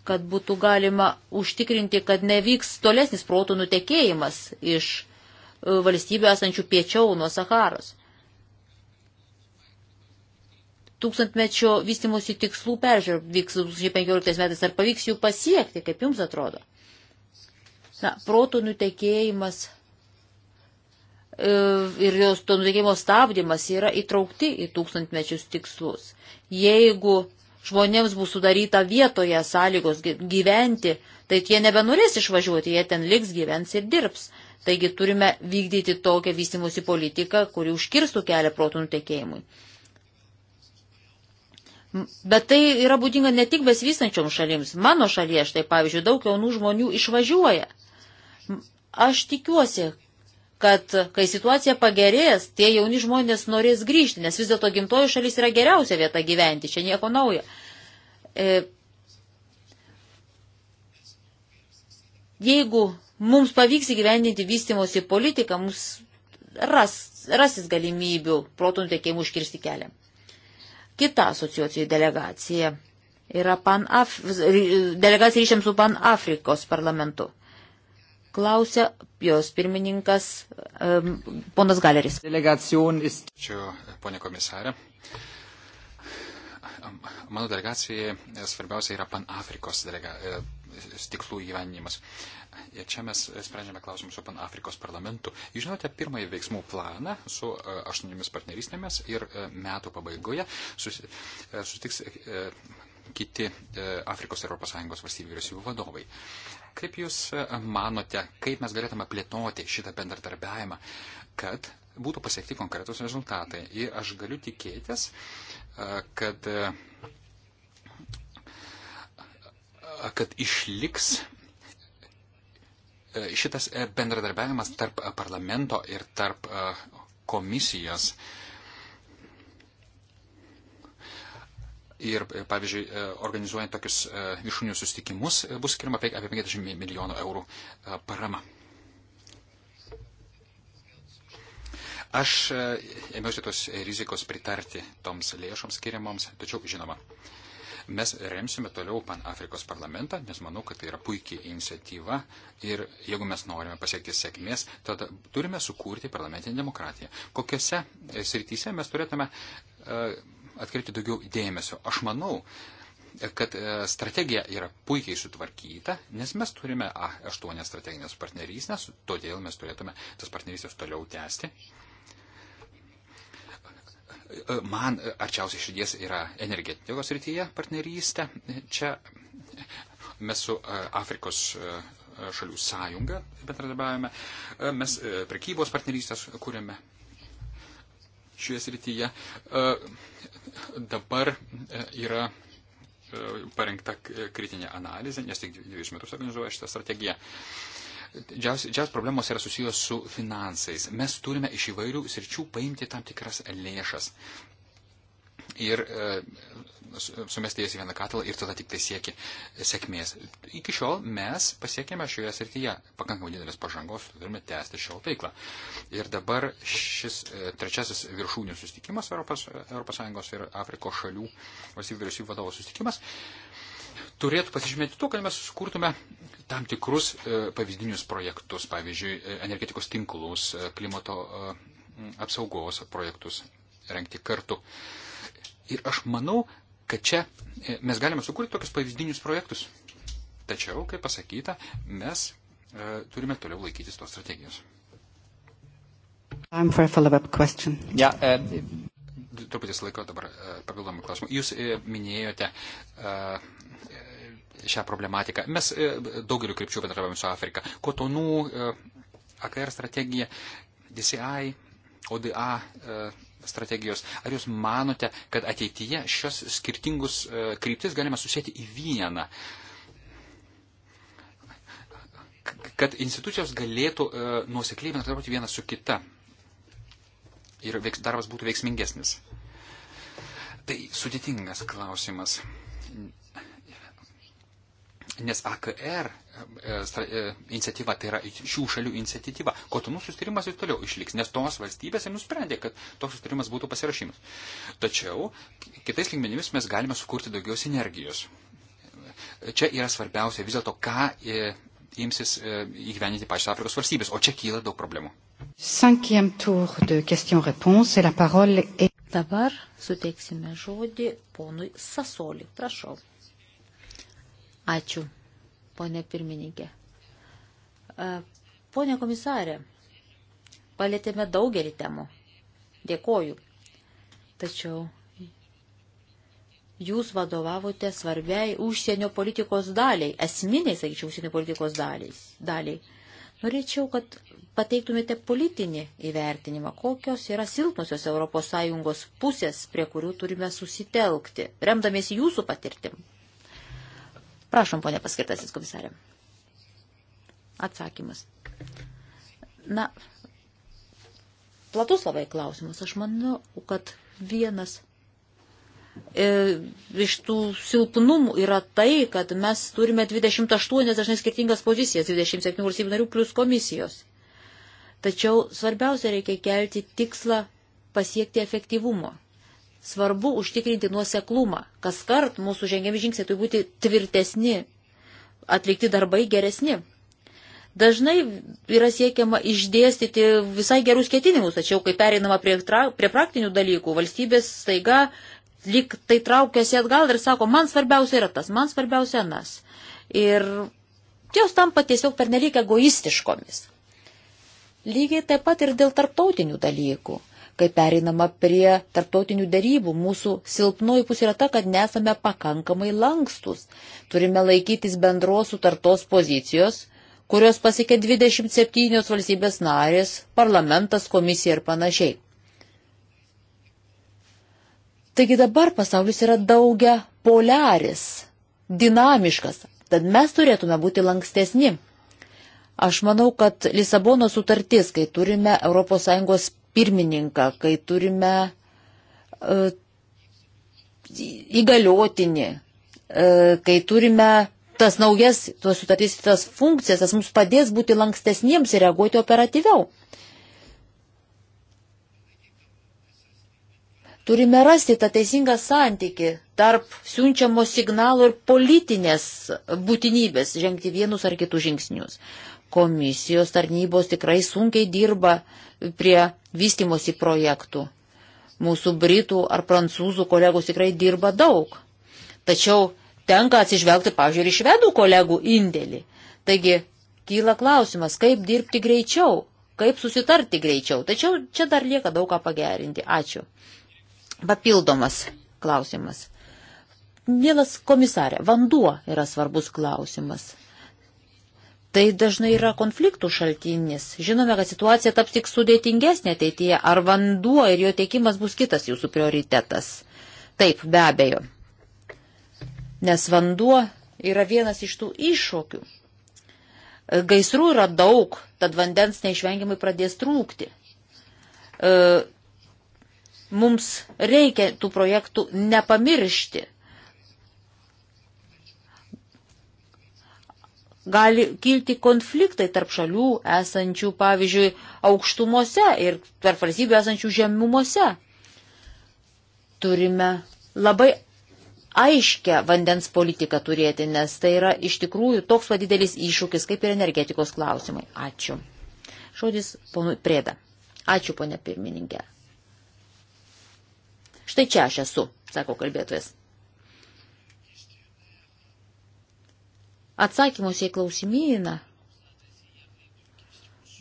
Kad būtų galima užtikrinti, kad nevyks tolesnis protų nutekėjimas iš e, valstybių esančių piečiau nuo Saharos. Tūkstantmečio vystimosi tikslų peržiūrė vyks 2015 metais. Ar pavyks jų pasiekti, kaip jums atrodo? Na, protų nutekėjimas E, ir jos to nuveikimo stabdymas yra įtraukti į tūkstantmečius tikslus. Jeigu žmonėms bus sudaryta vietoje sąlygos gyventi, tai jie nebenorės išvažiuoti, jie ten liks gyvens ir dirbs. Taigi turime vykdyti tokią vystimusi politiką, kuri užkirstų kelią protų nutekėjimui. Bet tai yra būdinga ne tik besivystančioms šalims. Mano šalyje štai, pavyzdžiui, daug jaunų žmonių išvažiuoja. Aš tikiuosi, kad kai situacija pagerės, tie jauni žmonės norės grįžti, nes vis dėlto gimtoji šalis yra geriausia vieta gyventi, čia nieko naujo. E, jeigu mums pavyks įgyvendinti vystimosi politiką, mums ras, rasis galimybių protų nutekėjimų užkirsti kelią. Kita asociacijų delegacija yra Pan Af... delegacija ryšiams su Pan Afrikos parlamentu klausia jos pirmininkas um, ponas Galeris. Delegacionis. Ačiū, ponė komisarė. Mano delegacijai svarbiausia yra Pan-Afrikos delega, e, tikslų įgyvenimas. Ir čia mes sprendžiame klausimus su Pan-Afrikos parlamentu. Jūs žinote pirmąjį veiksmų planą su e, aštuoniomis partnerystėmis ir e, metų pabaigoje susitiks kiti Afrikos ir ES valstybių vyriausybių vadovai. Kaip Jūs e, manote, kaip mes galėtume plėtoti šitą bendradarbiavimą, kad būtų pasiekti konkretus rezultatai? Ir aš galiu tikėtis, e, kad, e, kad išliks šitas bendradarbiavimas tarp parlamento ir tarp komisijos. Uh, Ir, e, pavyzdžiui, e, organizuojant tokius e, viršūnių susitikimus bus skirima apie 50 milijonų eurų parama. Aš ėmiausi tos rizikos pritarti toms lėšoms skiriamoms, tačiau, žinoma, mes remsime toliau Pan Afrikos parlamentą, nes manau, kad tai yra puikiai iniciatyva ir jeigu mes norime pasiekti sėkmės, tada turime sukurti parlamentinę demokratiją. Kokiose srityse mes turėtume uh, atkreipti daugiau dėmesio. Aš manau, kad e, strategija yra puikiai sutvarkyta, nes mes turime A8 strateginės partnerystės, todėl mes turėtume tas partnerystės toliau tęsti. E, man arčiausiai širdies yra energetikos rytyje partnerystė. Čia mes su e, Afrikos šalių sąjunga bendradarbiavame, mes prekybos partnerystės kūrėme šioje srityje. E, dabar e, yra e, parengta kritinė analizė, nes tik dviejus metus organizuoja šitą strategiją. Džiausios problemos yra susijęs su finansais. Mes turime iš įvairių sričių paimti tam tikras lėšas ir e, sumestėjęs į vieną katilą ir tada tik tai sieki sėkmės. Iki šiol mes pasiekėme šioje srityje pakankamai didelės pažangos, turime tęsti šio veiklą. Ir dabar šis e, trečiasis viršūnių sustikimas Europos, Europos Sąjungos ir Afrikos šalių valstybių vyriausybių vadovų sustikimas turėtų pasižymėti tuo, kad mes sukurtume tam tikrus e, pavyzdinius projektus, pavyzdžiui, energetikos tinklus, klimato apsaugos projektus rengti kartu. Uh, Ir aš manau, kad čia e, mes galime sukurti tokius pavyzdinius projektus. Tačiau, kaip pasakyta, mes e, turime toliau laikytis tos strategijos. Yeah, um... E, Truputis laiko dabar e, papildomų klausimų. Jūs e, minėjote e, e šią problematiką. Mes e, daugeliu krypčių bendradarbiavame su Afrika. Kotonų, e, AKR strategija, DCI, ODA. E, strategijos. Ar jūs manote, kad ateityje šios skirtingus e, kryptis galima susėti į vieną? Kad institucijos galėtų e, nuosekliai bendradarbiauti viena su kita ir darbas būtų veiksmingesnis. Tai sudėtingas klausimas. Nes AKR e, e, iniciatyva, tai yra šių šalių iniciatyva, kotonų sustarimas ir toliau išliks, nes tos valstybės ir nusprendė, kad toks sustarimas būtų pasirašymas. Tačiau kitais lygmenimis mes galime sukurti daugiau sinergijos. Čia yra svarbiausia vis dėlto, ką e, imsis įgyveninti pačios Afrikos valstybės, o čia kyla daug problemų. Dabar suteiksime žodį ponui Sasoli. Prašau. Ačiū, ponė pirmininkė. E, Pone komisarė, palėtėme daugelį temų. Dėkoju. Tačiau jūs vadovavote svarbiai užsienio politikos daliai, esminiai, sakyčiau, užsienio politikos daliais, daliai. Norėčiau, kad pateiktumėte politinį įvertinimą, kokios yra silpnosios ES pusės, prie kurių turime susitelkti, remdamiesi jūsų patirtim. Prašom, ponė paskirtasis komisarė. Atsakymas. Na, platus labai klausimas. Aš manau, kad vienas e, iš tų silpnumų yra tai, kad mes turime 28 dažnai skirtingas pozicijas, 27 valstybių narių plus komisijos. Tačiau svarbiausia reikia kelti tikslą pasiekti efektyvumo. Svarbu užtikrinti nuoseklumą. Kas kart mūsų žengiami žingsniai turi būti tvirtesni, atlikti darbai geresni. Dažnai yra siekiama išdėstyti visai gerus ketinimus, tačiau kai pereinama prie, tra, prie praktinių dalykų, valstybės staiga lyg tai traukiasi atgal ir sako, man svarbiausia yra tas, man svarbiausia anas. Ir jos tampa tiesiog pernelyg egoistiškomis. Lygiai taip pat ir dėl tarptautinių dalykų kai pereinama prie tarptautinių darybų. Mūsų silpnoji pusė yra ta, kad nesame pakankamai lankstus. Turime laikytis bendros sutartos pozicijos, kurios pasiekė 27 valstybės narės, parlamentas, komisija ir panašiai. Taigi dabar pasaulis yra daugia poliaris, dinamiškas, tad mes turėtume būti lankstesni. Aš manau, kad Lisabono sutartis, kai turime ES pirmininką, kai turime uh, įgaliotinį, uh, kai turime tas naujas, tuos sutartys, tas funkcijas, tas mums padės būti lankstesniems ir reaguoti operatyviau. Turime rasti tą teisingą santyki tarp siunčiamo signalo ir politinės būtinybės žengti vienus ar kitus žingsnius. Komisijos tarnybos tikrai sunkiai dirba prie vystimosi projektų. Mūsų britų ar prancūzų kolegos tikrai dirba daug. Tačiau tenka atsižvelgti, pavyzdžiui, ir švedų kolegų indėlį. Taigi kyla klausimas, kaip dirbti greičiau, kaip susitarti greičiau. Tačiau čia dar lieka daug ką pagerinti. Ačiū. Papildomas klausimas. Mielas komisarė, vanduo yra svarbus klausimas. Tai dažnai yra konfliktų šaltinis. Žinome, kad situacija taps tik sudėtingesnė ateityje. Ar vanduo ir jo tiekimas bus kitas jūsų prioritetas? Taip, be abejo. Nes vanduo yra vienas iš tų iššūkių. Gaisrų yra daug, tad vandens neišvengiamai pradės trūkti. E, Mums reikia tų projektų nepamiršti. Gali kilti konfliktai tarp šalių esančių, pavyzdžiui, aukštumose ir tarp valstybių esančių žemumose. Turime labai aiškę vandens politiką turėti, nes tai yra iš tikrųjų toks va didelis iššūkis, kaip ir energetikos klausimai. Ačiū. Žodis ponui Prėda. Ačiū, ponė pirmininkė. Štai čia aš esu, sako kalbėtojas. Atsakymus į klausimyną.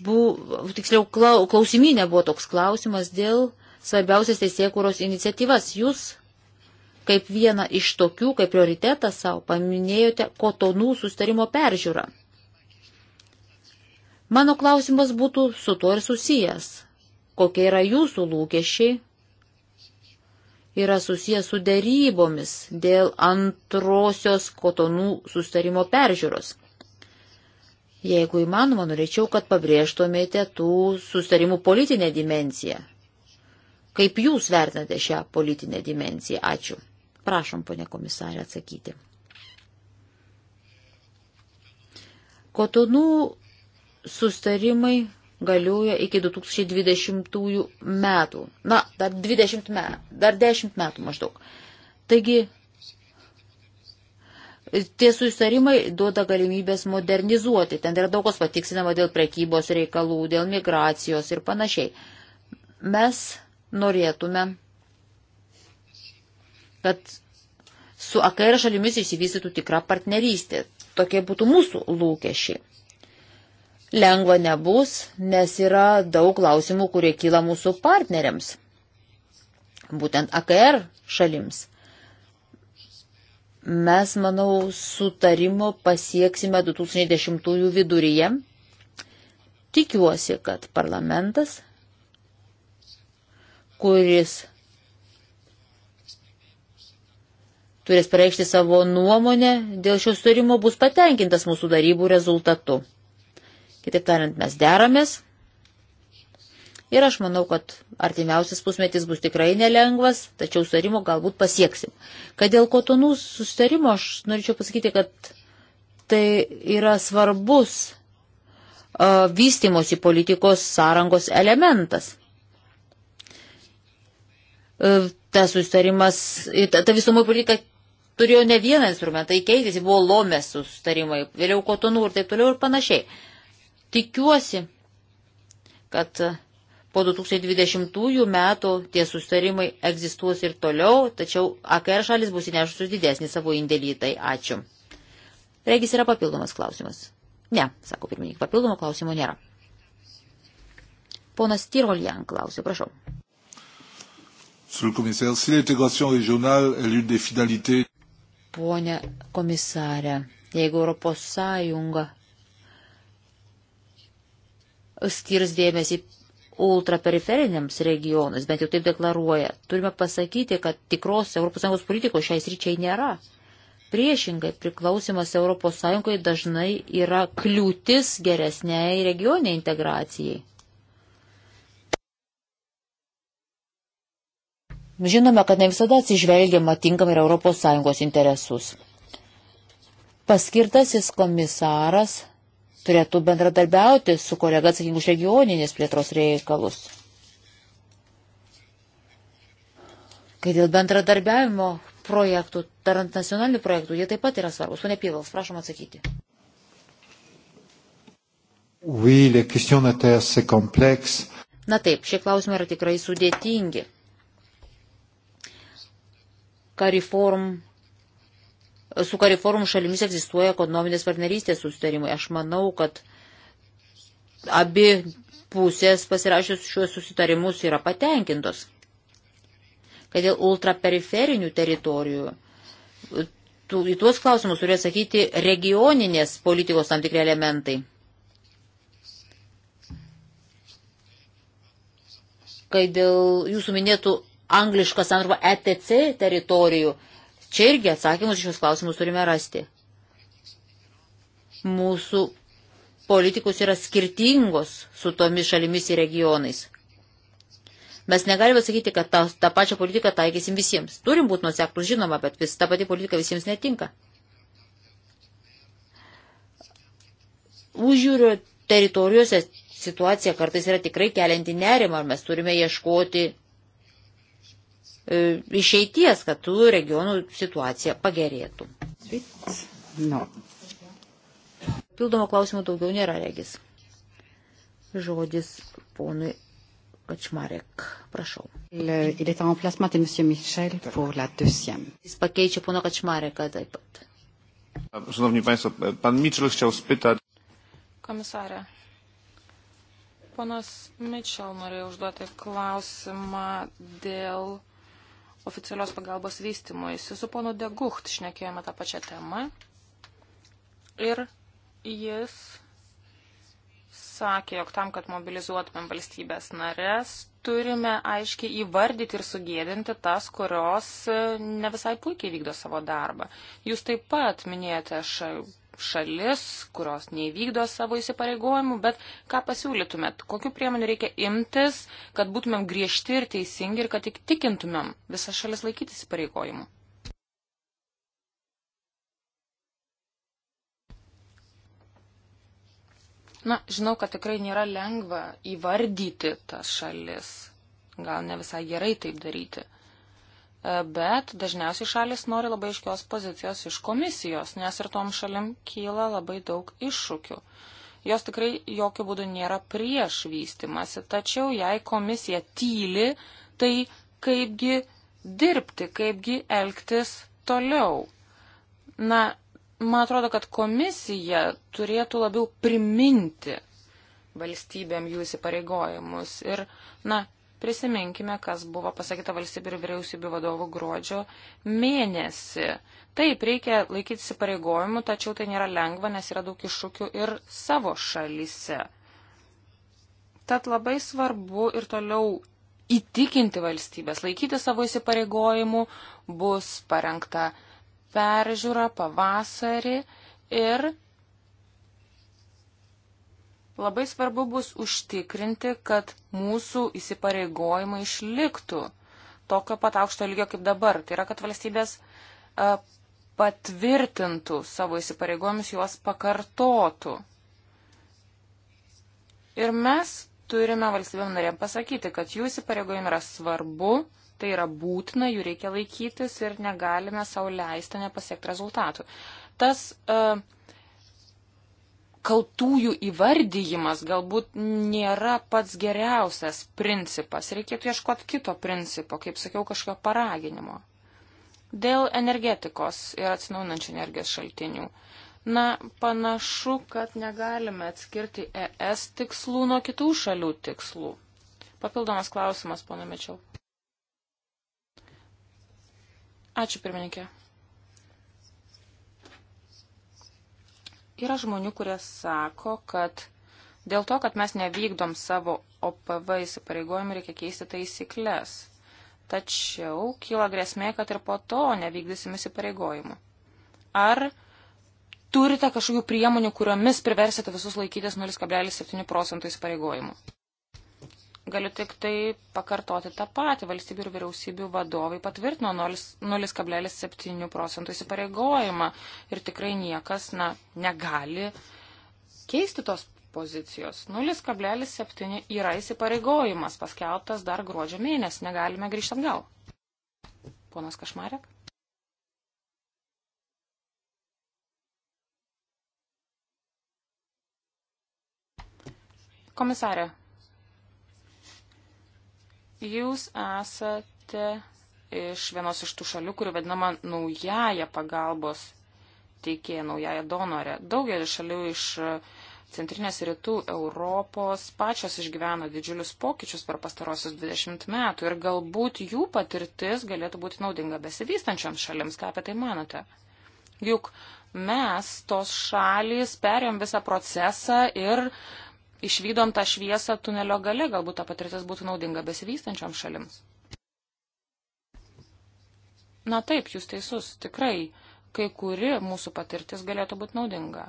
Bu, tiksliau, klausimynė buvo toks klausimas dėl svarbiausias teisėkūros iniciatyvas. Jūs kaip vieną iš tokių, kaip prioritetą savo, paminėjote kotonų sustarimo peržiūrą. Mano klausimas būtų su tuo ir susijęs. Kokie yra jūsų lūkesčiai yra susijęs su dėrybomis dėl antrosios kotonų sustarimo peržiūros. Jeigu įmanoma, norėčiau, kad pabrėžtumėte tų sustarimų politinę dimenciją. Kaip jūs vertinate šią politinę dimenciją? Ačiū. Prašom, ponė komisarė, atsakyti. Kotonų sustarimai galioja iki 2020 metų. Na, dar 20 metų, dar 10 metų maždaug. Taigi, tie susitarimai duoda galimybės modernizuoti. Ten yra daugos patiksinama dėl prekybos reikalų, dėl migracijos ir panašiai. Mes norėtume, kad su AKR šalimis išsivystytų tikra partnerystė. Tokie būtų mūsų lūkesčiai lengva nebus, nes yra daug klausimų, kurie kyla mūsų partneriams, būtent AKR šalims. Mes, manau, sutarimo pasieksime 2010 viduryje. Tikiuosi, kad parlamentas, kuris turės pareikšti savo nuomonę dėl šio sutarimo, bus patenkintas mūsų darybų rezultatu. Kitaip tariant, mes deramės. Ir aš manau, kad artimiausias pusmetis bus tikrai nelengvas, tačiau sutarimo galbūt pasieksim. Kad dėl kotonų sustarimo aš norėčiau pasakyti, kad tai yra svarbus uh, vystimosi politikos sąrangos elementas. Uh, e, tas sustarimas, ta, ta visumo politika turėjo ne vieną instrumentą, tai keitėsi, buvo lomės sustarimai, vėliau kotonų ir taip toliau ir panašiai. Uh, Tikiuosi, kad po 2020 metų tie sustarimai egzistuos ir toliau, tačiau AKR šalis bus įnešusios didesnį savo indėlį. Tai ačiū. Regis yra papildomas klausimas. Ne, sako pirmininkai, papildomo klausimo nėra. Ponas Tiroljan klausė, prašau. Pone komisarė, jeigu Europos Sąjunga skirs dėmesį ultraperiferiniams regionams, bent jau taip deklaruoja. Turime pasakyti, kad tikros ES politikos šiais ryčiai nėra. Priešingai, priklausimas ES dažnai yra kliūtis geresniai regioniai integracijai. Žinome, kad ne visada atsižvelgiama tinkamai ir ES interesus. Paskirtasis komisaras turėtų bendradarbiauti su kolega atsakingu už regioninės plėtros reikalus. Kai dėl bendradarbiavimo projektų, tarant nacionalinių projektų, jie taip pat yra svarbus. Pone Pivals, prašom atsakyti. Oui, les questions notaires, c'est complexe. Na taip, šie klausimai yra tikrai sudėtingi. Kariform su kariforum šalimis egzistuoja ekonominės partnerystės sustarimai. Aš manau, kad abi pusės pasirašius šiuos susitarimus yra patenkintos. Kad dėl ultraperiferinių teritorijų tu, į tuos klausimus turi atsakyti regioninės politikos tam tikri elementai. Kai dėl jūsų minėtų angliškas arba ETC teritorijų, uh, Čia irgi atsakymus šios klausimus turime rasti. Mūsų politikus yra skirtingos su tomis šalimis ir regionais. Mes negalime sakyti, kad tą, tą pačią politiką taikysim visiems. Turim būti nuseklus, žinoma, bet vis, ta pati politika visiems netinka. Užjūrio teritorijose situacija kartais yra tikrai kelianti nerimą, mes turime ieškoti E, išeities, kad tų regionų situacija pagerėtų. No. Pildomo klausimų daugiau nėra regis. Žodis ponui Kačmarek, prašau. Le, Michel, Jis pakeičia pono Kačmareką taip pat. Szanowni Państwo, pan Mitchell chciał spytać. Komisarė, ponas Mitchell norėjo užduoti klausimą dėl oficialios pagalbos vystimuisi. Su ponu Degucht šnekėjome tą pačią temą ir jis sakė, jog tam, kad mobilizuotumėm valstybės narės, turime aiškiai įvardyti ir sugėdinti tas, kurios e, ne visai puikiai vykdo savo darbą. Jūs taip pat minėjote, aš šalis, kurios neįvykdo savo įsipareigojimų, bet ką pasiūlytumėt, kokiu priemonių reikia imtis, kad būtumėm griežti ir teisingi ir kad tik tikintumėm visas šalis laikytis įsipareigojimų. Na, žinau, kad tikrai nėra lengva įvardyti tas šalis. Gal ne visai gerai taip daryti bet dažniausiai šalis nori labai iškios pozicijos iš komisijos, nes ir tom šalim kyla labai daug iššūkių. Jos tikrai jokių būdų nėra prieš vystimasi, tačiau jei komisija tyli, tai kaipgi dirbti, kaipgi elgtis toliau. Na, man atrodo, kad komisija turėtų labiau priminti valstybėm jų įsipareigojimus. Ir, na, Prisiminkime, kas buvo pasakyta valstybių ir vyriausybių vadovų gruodžio mėnesį. Taip, reikia laikytis įpareigojimų, tačiau tai nėra lengva, nes yra daug iššūkių ir savo šalyse. Tad labai svarbu ir toliau įtikinti valstybės, laikyti savo įsipareigojimų, bus parengta peržiūra pavasarį ir Labai svarbu bus užtikrinti, kad mūsų įsipareigojimai išliktų tokio pat aukšto lygio kaip dabar. Tai yra, kad valstybės e, patvirtintų savo įsipareigojimus, juos pakartotų. Ir mes turime valstybėm norėm pasakyti, kad jų įsipareigojimai yra svarbu, tai yra būtina, jų reikia laikytis ir negalime savo leisti nepasiekti rezultatų. Tas uh, kaltųjų įvardyjimas galbūt nėra pats geriausias principas. Reikėtų ieškoti kito principo, kaip sakiau, kažkokio paraginimo. Dėl energetikos ir atsinaujinančių energijos šaltinių. Na, panašu, kad negalime atskirti ES tikslų nuo kitų šalių tikslų. Papildomas klausimas, pana Mečiau. Ačiū, pirmininkė. Yra žmonių, kurie sako, kad dėl to, kad mes nevykdom savo OPV įsipareigojimų, reikia keisti taisyklės. Tačiau kyla grėsmė, kad ir po to nevykdysim įsipareigojimų. Ar turite kažkokių priemonių, kuriomis priversite visus laikytis 0,7 procentų įsipareigojimų? galiu tik tai pakartoti tą patį. Valstybių ir vyriausybių vadovai patvirtino 0,7 procentų įsipareigojimą ir tikrai niekas na, negali keisti tos pozicijos. 0,7 yra įsipareigojimas paskelbtas dar gruodžio mėnesį, negalime grįžti atgal. Ponas Kašmarek. Komisarė, Jūs esate iš vienos iš tų šalių, kuri vadinama naujaja pagalbos teikėja, naujaja donorė. Daugelis šalių iš centrinės rytų Europos pačios išgyveno didžiulius pokyčius per pastarosius 20 metų ir galbūt jų patirtis galėtų būti naudinga besivystančioms šalims. Ką apie tai manote? Juk mes, tos šalys, perėm visą procesą ir uh, išvydom tą šviesą tunelio gale, galbūt ta patirtis būtų naudinga besivystančiom šalims. Na taip, jūs teisus, tikrai, kai kuri mūsų patirtis galėtų būti naudinga.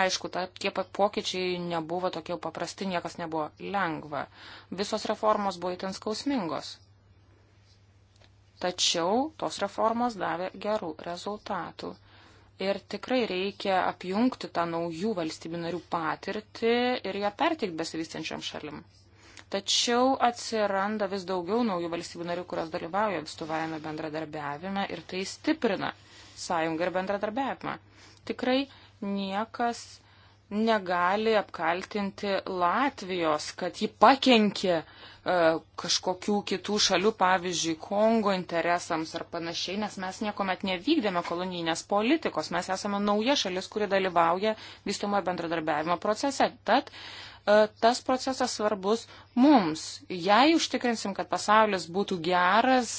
Aišku, ta, tie pokyčiai nebuvo tokie paprasti, niekas nebuvo lengva. Visos reformos buvo itin skausmingos. Tačiau tos reformos davė gerų rezultatų ir tikrai reikia apjungti tą naujų valstybių narių patirtį ir ją perteikti besivystančiam šalim. Tačiau atsiranda vis daugiau naujų valstybių narių, kurios dalyvauja atstovavime bendradarbiavime ir tai stiprina sąjungą ir bendradarbiavimą. Tikrai niekas negali apkaltinti Latvijos, kad ji pakenkė e, kažkokių kitų šalių, pavyzdžiui, Kongo interesams ar panašiai, nes mes niekuomet nevykdėme kolonijinės politikos, mes esame nauja šalis, kuri dalyvauja vystumoje bendradarbiavimo procese. Tad e, tas procesas svarbus mums. Jei užtikrinsim, kad pasaulis būtų geras,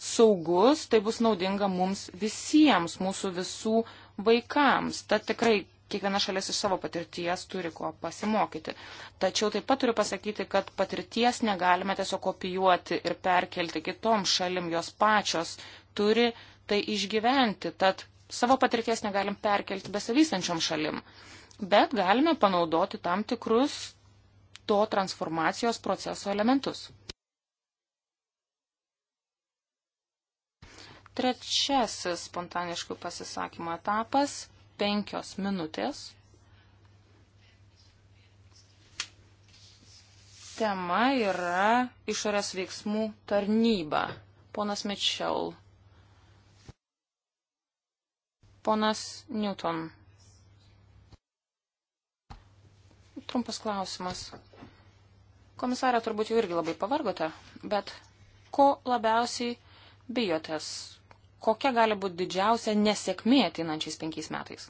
saugus, tai bus naudinga mums visiems, mūsų visų vaikams. Tad tikrai kiekviena šalis iš savo patirties turi ko pasimokyti. Tačiau taip pat turiu pasakyti, kad patirties negalime tiesiog kopijuoti ir perkelti kitom šalim, jos pačios turi tai išgyventi. Tad savo patirties negalim perkelti besivystančiom šalim, bet galime panaudoti tam tikrus to transformacijos proceso elementus. Trečiasis spontaniškų pasisakymų etapas penkios minutės. Tema yra išorės veiksmų tarnyba. Ponas Mitchell. Ponas Newton. Trumpas klausimas. Komisarė, turbūt jau irgi labai pavargote, bet ko labiausiai bijotės kokia gali būti didžiausia nesėkmė ateinančiais penkiais metais?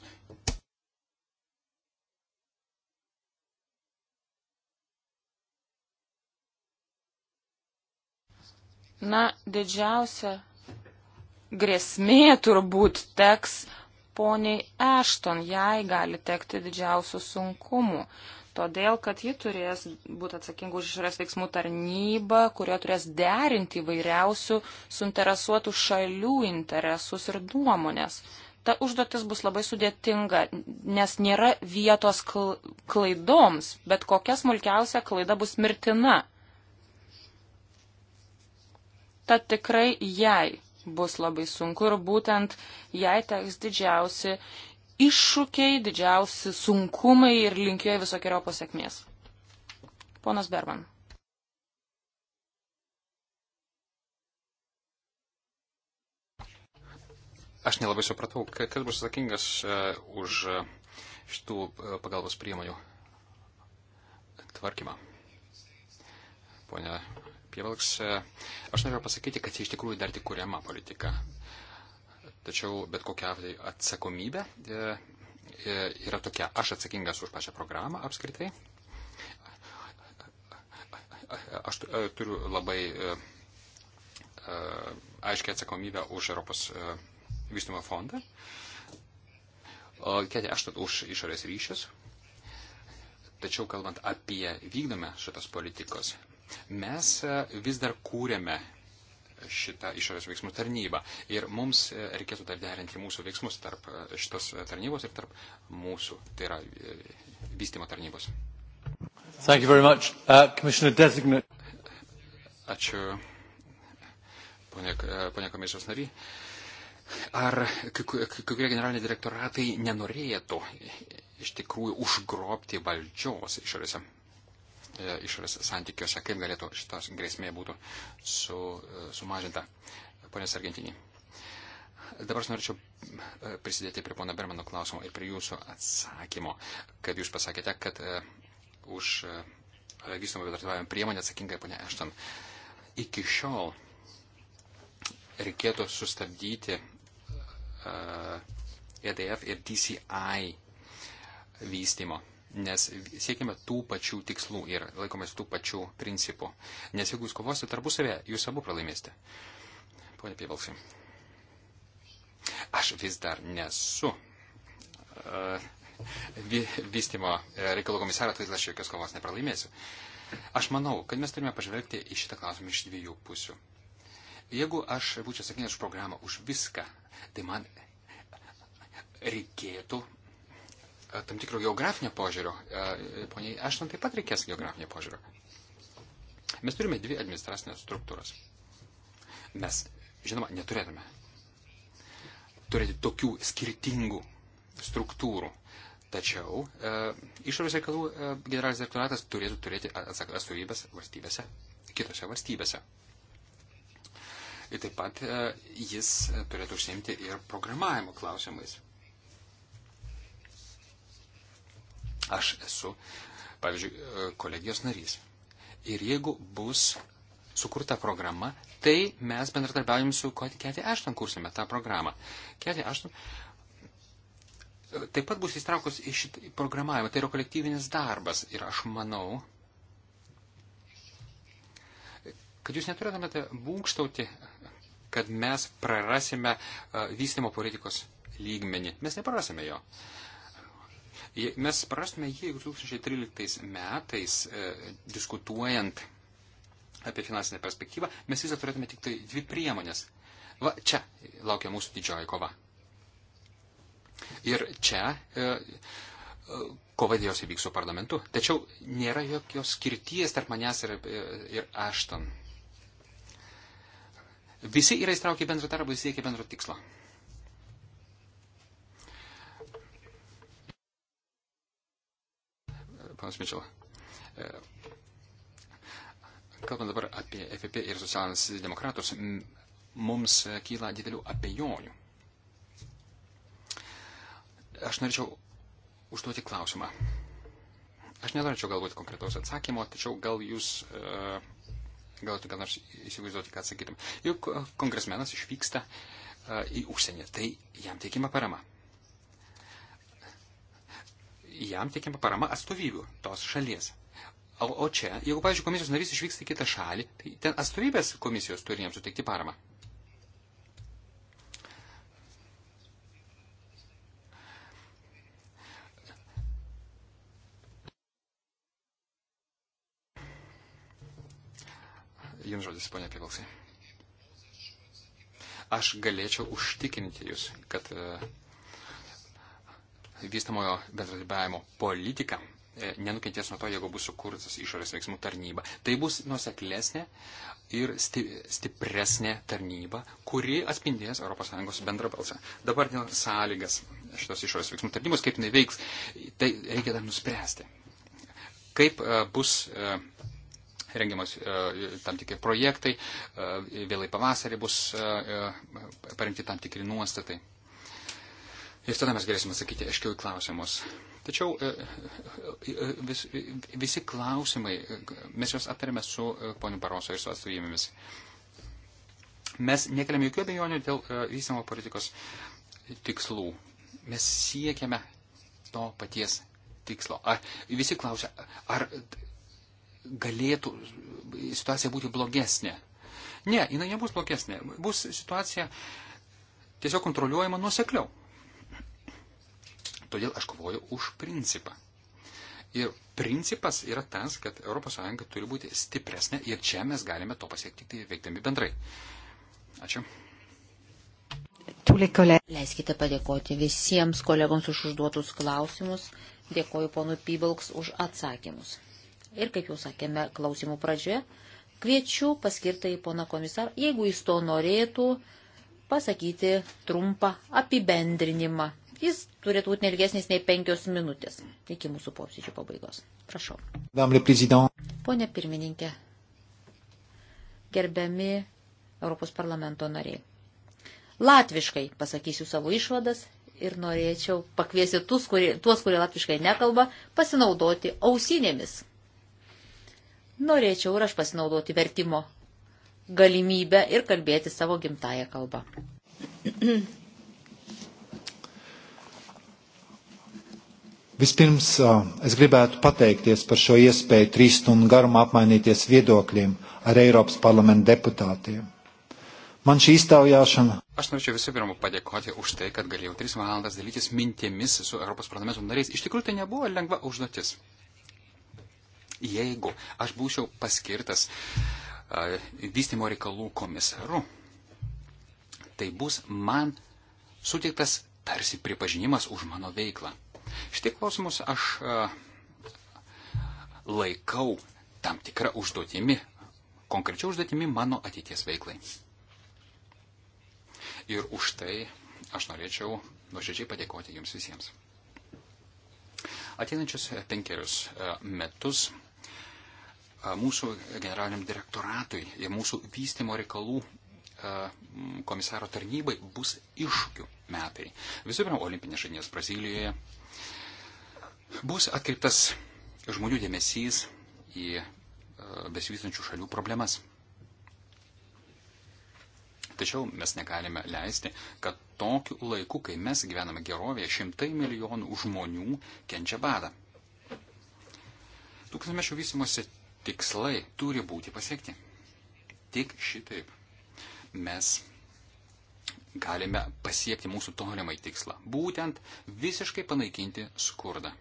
Na, didžiausia grėsmė turbūt teks poniai Ešton, jai gali tekti didžiausių sunkumų. Uh, todėl kad ji turės būti atsakinga už išorės veiksmų tarnybą, kurie turės derinti įvairiausių suinteresuotų šalių interesus ir nuomonės. Ta užduotis bus labai sudėtinga, nes nėra vietos klaidoms, bet kokia smulkiausia klaida bus mirtina. Tad tikrai jai bus labai sunku ir būtent jai teks didžiausi iššūkiai, didžiausi sunkumai ir linkiu jai visokiojo pasiekmės. Ponas Berman. Aš nelabai supratau, kas bus atsakingas e, už e, šitų e, pagalbos priemonių tvarkymą. Pone Pievalks, aš noriu pasakyti, kad iš tikrųjų dar tik kuriama politika. Tačiau bet kokia atsakomybė e, e, yra tokia. Aš atsakingas už pačią programą apskritai. Aš e, turiu labai aiškia atsakomybę už Europos vystumo fondą. Keti aš už išorės ryšius. Tačiau kalbant apie vykdomę šitas politikos, mes vis dar kūrėme šitą išorės veiksmų tarnybą. Ir mums e, reikėtų dar derinti mūsų veiksmus tarp e, šitos e, tarnybos ir tarp mūsų, tai yra vystimo tarnybos. Uh, Ačiū, ponė, ponė komisijos nary. Ar kai kurie generaliniai direktoratai nenorėtų iš tikrųjų užgrobti valdžios išorėse E, išorės santykiuose, kaip galėtų šitas grėsmė būtų su, e, sumažinta. Pone Sargentinį. Dabar aš norėčiau e, prisidėti prie pono Bermano klausimo ir prie jūsų atsakymo, kad jūs pasakėte, kad už vystomą bendradarbiavimo priemonę atsakinga ponia Ešton. Iki šiol reikėtų sustabdyti EDF ir DCI vystymo nes siekime tų pačių tikslų ir laikomės tų pačių principų. Nes jeigu jūs kovosite tarpusavę, jūs abu pralaimėsite. Pone Pievalsai, aš vis dar nesu uh, vystimo reikalų komisaras, tai aš jokios kovos nepralaimėsiu. Aš manau, kad mes turime pažvelgti į šitą klausimą iš dviejų pusių. Jeigu aš būčiau atsakingas už programą, už viską, tai man reikėtų tam tikro geografinio požiūrio. Poniai Ešton taip pat reikės geografinio požiūrio. Mes turime dvi administracinės struktūras. Mes, žinoma, neturėtume turėti tokių skirtingų struktūrų. Tačiau e, išorės reikalų e, generalinis direktoratas turėtų turėti atstovybės valstybėse, kitose valstybėse. Ir taip pat e, jis turėtų užsiimti ir programavimo klausimais. Aš esu, pavyzdžiui, e, kolegijos narys. Ir jeigu bus sukurta programa, tai mes bendradarbiaujam su Keti Ašton kursime tą programą. Keti Ašton e, taip pat bus įstraukus į šitą programavimą. Tai yra kolektyvinis darbas. Ir aš manau, kad jūs neturėtumėte būkštauti, kad mes prarasime e, vystimo politikos lygmenį. Mes neprarasime jo. Uh, Mes prarastume jį, jeigu 2013 metais e, diskutuojant apie finansinę perspektyvą, mes vis dar turėtume tik tai dvi priemonės. Va čia laukia mūsų didžioji kova. Ir čia e, e, kova dėjosi vyks su parlamentu. Tačiau nėra jokios skirties tarp manęs ir, e, ir ašton. Visi yra įstraukę bendrą darbą, visi siekia bendro tikslo. Panas Mičela. E, kalbant dabar apie FPP ir socialinius demokratus, mums kyla didelių abejonių. Aš norėčiau užduoti klausimą. Aš nenorėčiau galbūt konkretaus atsakymo, tačiau gal jūs e, galite ką nors įsivaizduoti, ką atsakytum. Juk kongresmenas išvyksta e, į užsienį, tai jam teikima parama jam teikiama parama atstovybių tos šalies. O, o čia, jeigu, pavyzdžiui, komisijos narys išvyksta į kitą šalį, tai ten atstovybės komisijos turi jam suteikti paramą. Jums žodis, ponia Pivalsai. Aš galėčiau užtikinti jūs, kad uh, vystamojo bendradarbiavimo politika e, nenukentės nuo to, jeigu bus sukurtas išorės veiksmų tarnyba. Tai bus nuseklesnė ir sti stipresnė tarnyba, kuri atspindės ES bendrą balsą. Dabar dėl sąlygas šitos išorės veiksmų tarnybos, kaip jinai veiks, tai reikia dar nuspręsti. Kaip uh, bus. Uh, rengiamas tam tikri projektai, vėlai pavasarį bus parengti tam tikri nuostatai. Ir tada mes galėsime atsakyti aiškiau į klausimus. Tačiau e, e, e, vis, visi klausimai, mes juos aptarėme su poniu Baroso ir su atstovybėmis. Mes nekeliam jokių abejonių dėl vystamo politikos tikslų. Mes siekiame to paties tikslo. Ar, visi klausia, ar galėtų situacija būti blogesnė. Ne, jinai nebus blogesnė. Bus situacija tiesiog kontroliuojama nusekliau. Todėl aš kovoju už principą. Ir principas yra tas, kad ES turi būti stipresnė ir čia mes galime to pasiekti tik tai veikdami bendrai. Ačiū. Leiskite padėkoti visiems kolegoms už užduotus klausimus. Dėkoju ponui Pybalks už atsakymus. Ir kaip jau sakėme klausimų pradžioje, kviečiu paskirtą į poną komisarą, jeigu jis to norėtų, pasakyti trumpą apibendrinimą Jis turėtų būti nelgesnis nei penkios minutės iki mūsų posėdžio pabaigos. Prašau. Pone pirmininkė, gerbiami Europos parlamento nariai. Latviškai pasakysiu savo išvadas ir norėčiau pakviesti tuos, kurie, tuos, kurie latviškai nekalba, pasinaudoti ausinėmis. Norėčiau ir aš pasinaudoti vertimo galimybę ir kalbėti savo gimtają kalbą. Vispirms es gribētu pateikties par šo iespēju trīs stundu garumā apmainīties viedokļiem ar Eiropas parlamenta deputātiem. Man šī iztaujāšana. Aš norėčiau visų pirma padėkoti už tai, kad galėjau tris valandas dalytis mintimis su Europos parlamento nariais. Iš tikrųjų, tai nebuvo lengva užduotis. Jeigu aš būčiau paskirtas uh, vystimo reikalų komisaru, tai bus man suteiktas tarsi pripažinimas už mano veiklą. Šitie klausimus aš e, laikau tam tikrą užduotimi, konkrečia užduotimi mano ateities veiklai. Ir už tai aš norėčiau nuoširdžiai padėkoti jums visiems. Ateinančius penkerius e, metus e, mūsų generaliniam direktoratui ir mūsų vystimo reikalų komisaro tarnybai bus iššūkių metai. Visų pirma, olimpinės žaidynės Brazilijoje, Bus atkreiptas žmonių dėmesys į e, besivystančių šalių problemas. Tačiau mes negalime leisti, kad tokiu laiku, kai mes gyvename gerovėje, šimtai milijonų žmonių kenčia badą. Tūkstantmečio vystimosi tikslai turi būti pasiekti. Tik šitaip mes galime pasiekti mūsų tolimai tikslą. Būtent visiškai panaikinti skurdą.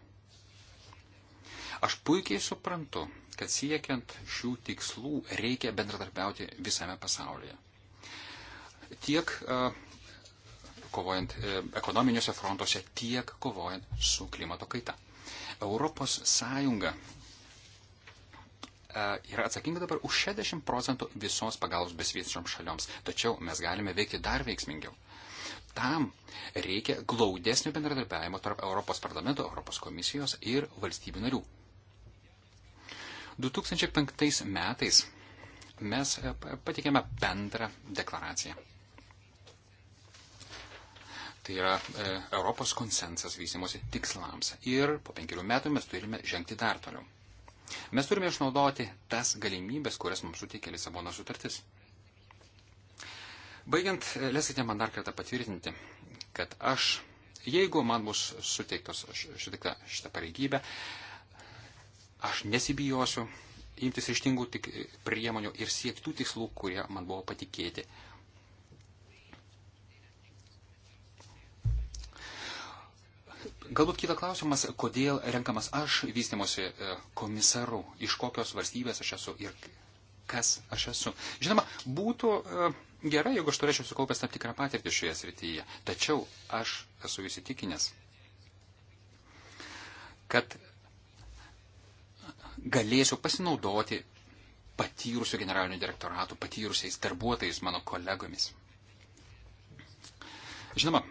Aš puikiai suprantu, kad siekiant šių tikslų reikia bendradarbiauti visame pasaulyje. Tiek e, kovojant e, ekonominiuose frontuose, tiek kovojant su klimato kaita. Europos Sąjunga e, yra atsakinga dabar už 60 procentų visos pagalbos besvystančiom šalioms. Tačiau mes galime veikti dar veiksmingiau. Tam reikia glaudesnio bendradarbiavimo tarp Europos parlamento, Europos komisijos ir valstybių narių. 2005 metais mes e, patikėme bendrą deklaraciją. Tai yra e, Europos konsensas vystimosi tikslams. Ir po penkerių metų mes turime žengti dar toliau. Mes turime išnaudoti tas galimybės, kurias mums suteikė Lisabono sutartis. Baigiant, e, leiskite man dar kartą patvirtinti, kad aš, jeigu man bus suteiktos, suteikta šitą pareigybę, Aš nesibijosiu imtis ištingų tik e, priemonių ir siekti tų tikslų, kurie man buvo patikėti. Galbūt kita klausimas, kodėl renkamas aš vystimosi e, komisaru, iš kokios valstybės aš esu ir kas aš esu. Žinoma, būtų e, gerai, jeigu aš turėčiau sukaupęs tam tikrą patirtį šioje srityje, tačiau aš esu įsitikinęs, kad galėsiu pasinaudoti patyrusių generalinių direktoratų, patyrusiais darbuotojais, mano kolegomis. Žinoma,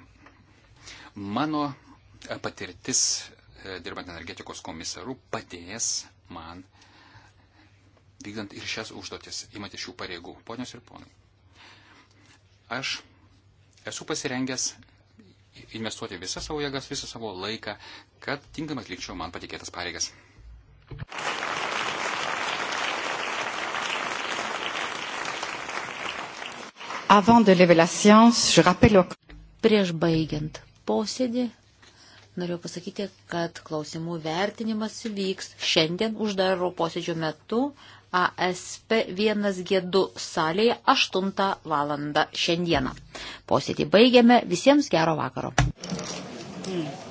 mano e, patirtis e, dirbant energetikos komisaru padės man vykdant ir šias užduotis, imant šių pareigų. Ponios ir ponai, aš esu pasirengęs investuoti visą savo jėgas, visą savo laiką, kad tinkamai atlikčiau man patikėtas pareigas. Prieš baigiant posėdį norėjau pasakyti, kad klausimų vertinimas vyks šiandien uždaro posėdžio metu ASP 1G2 salėje 8 val. šiandieną. Posėdį baigiame, visiems gero vakaro. Mm.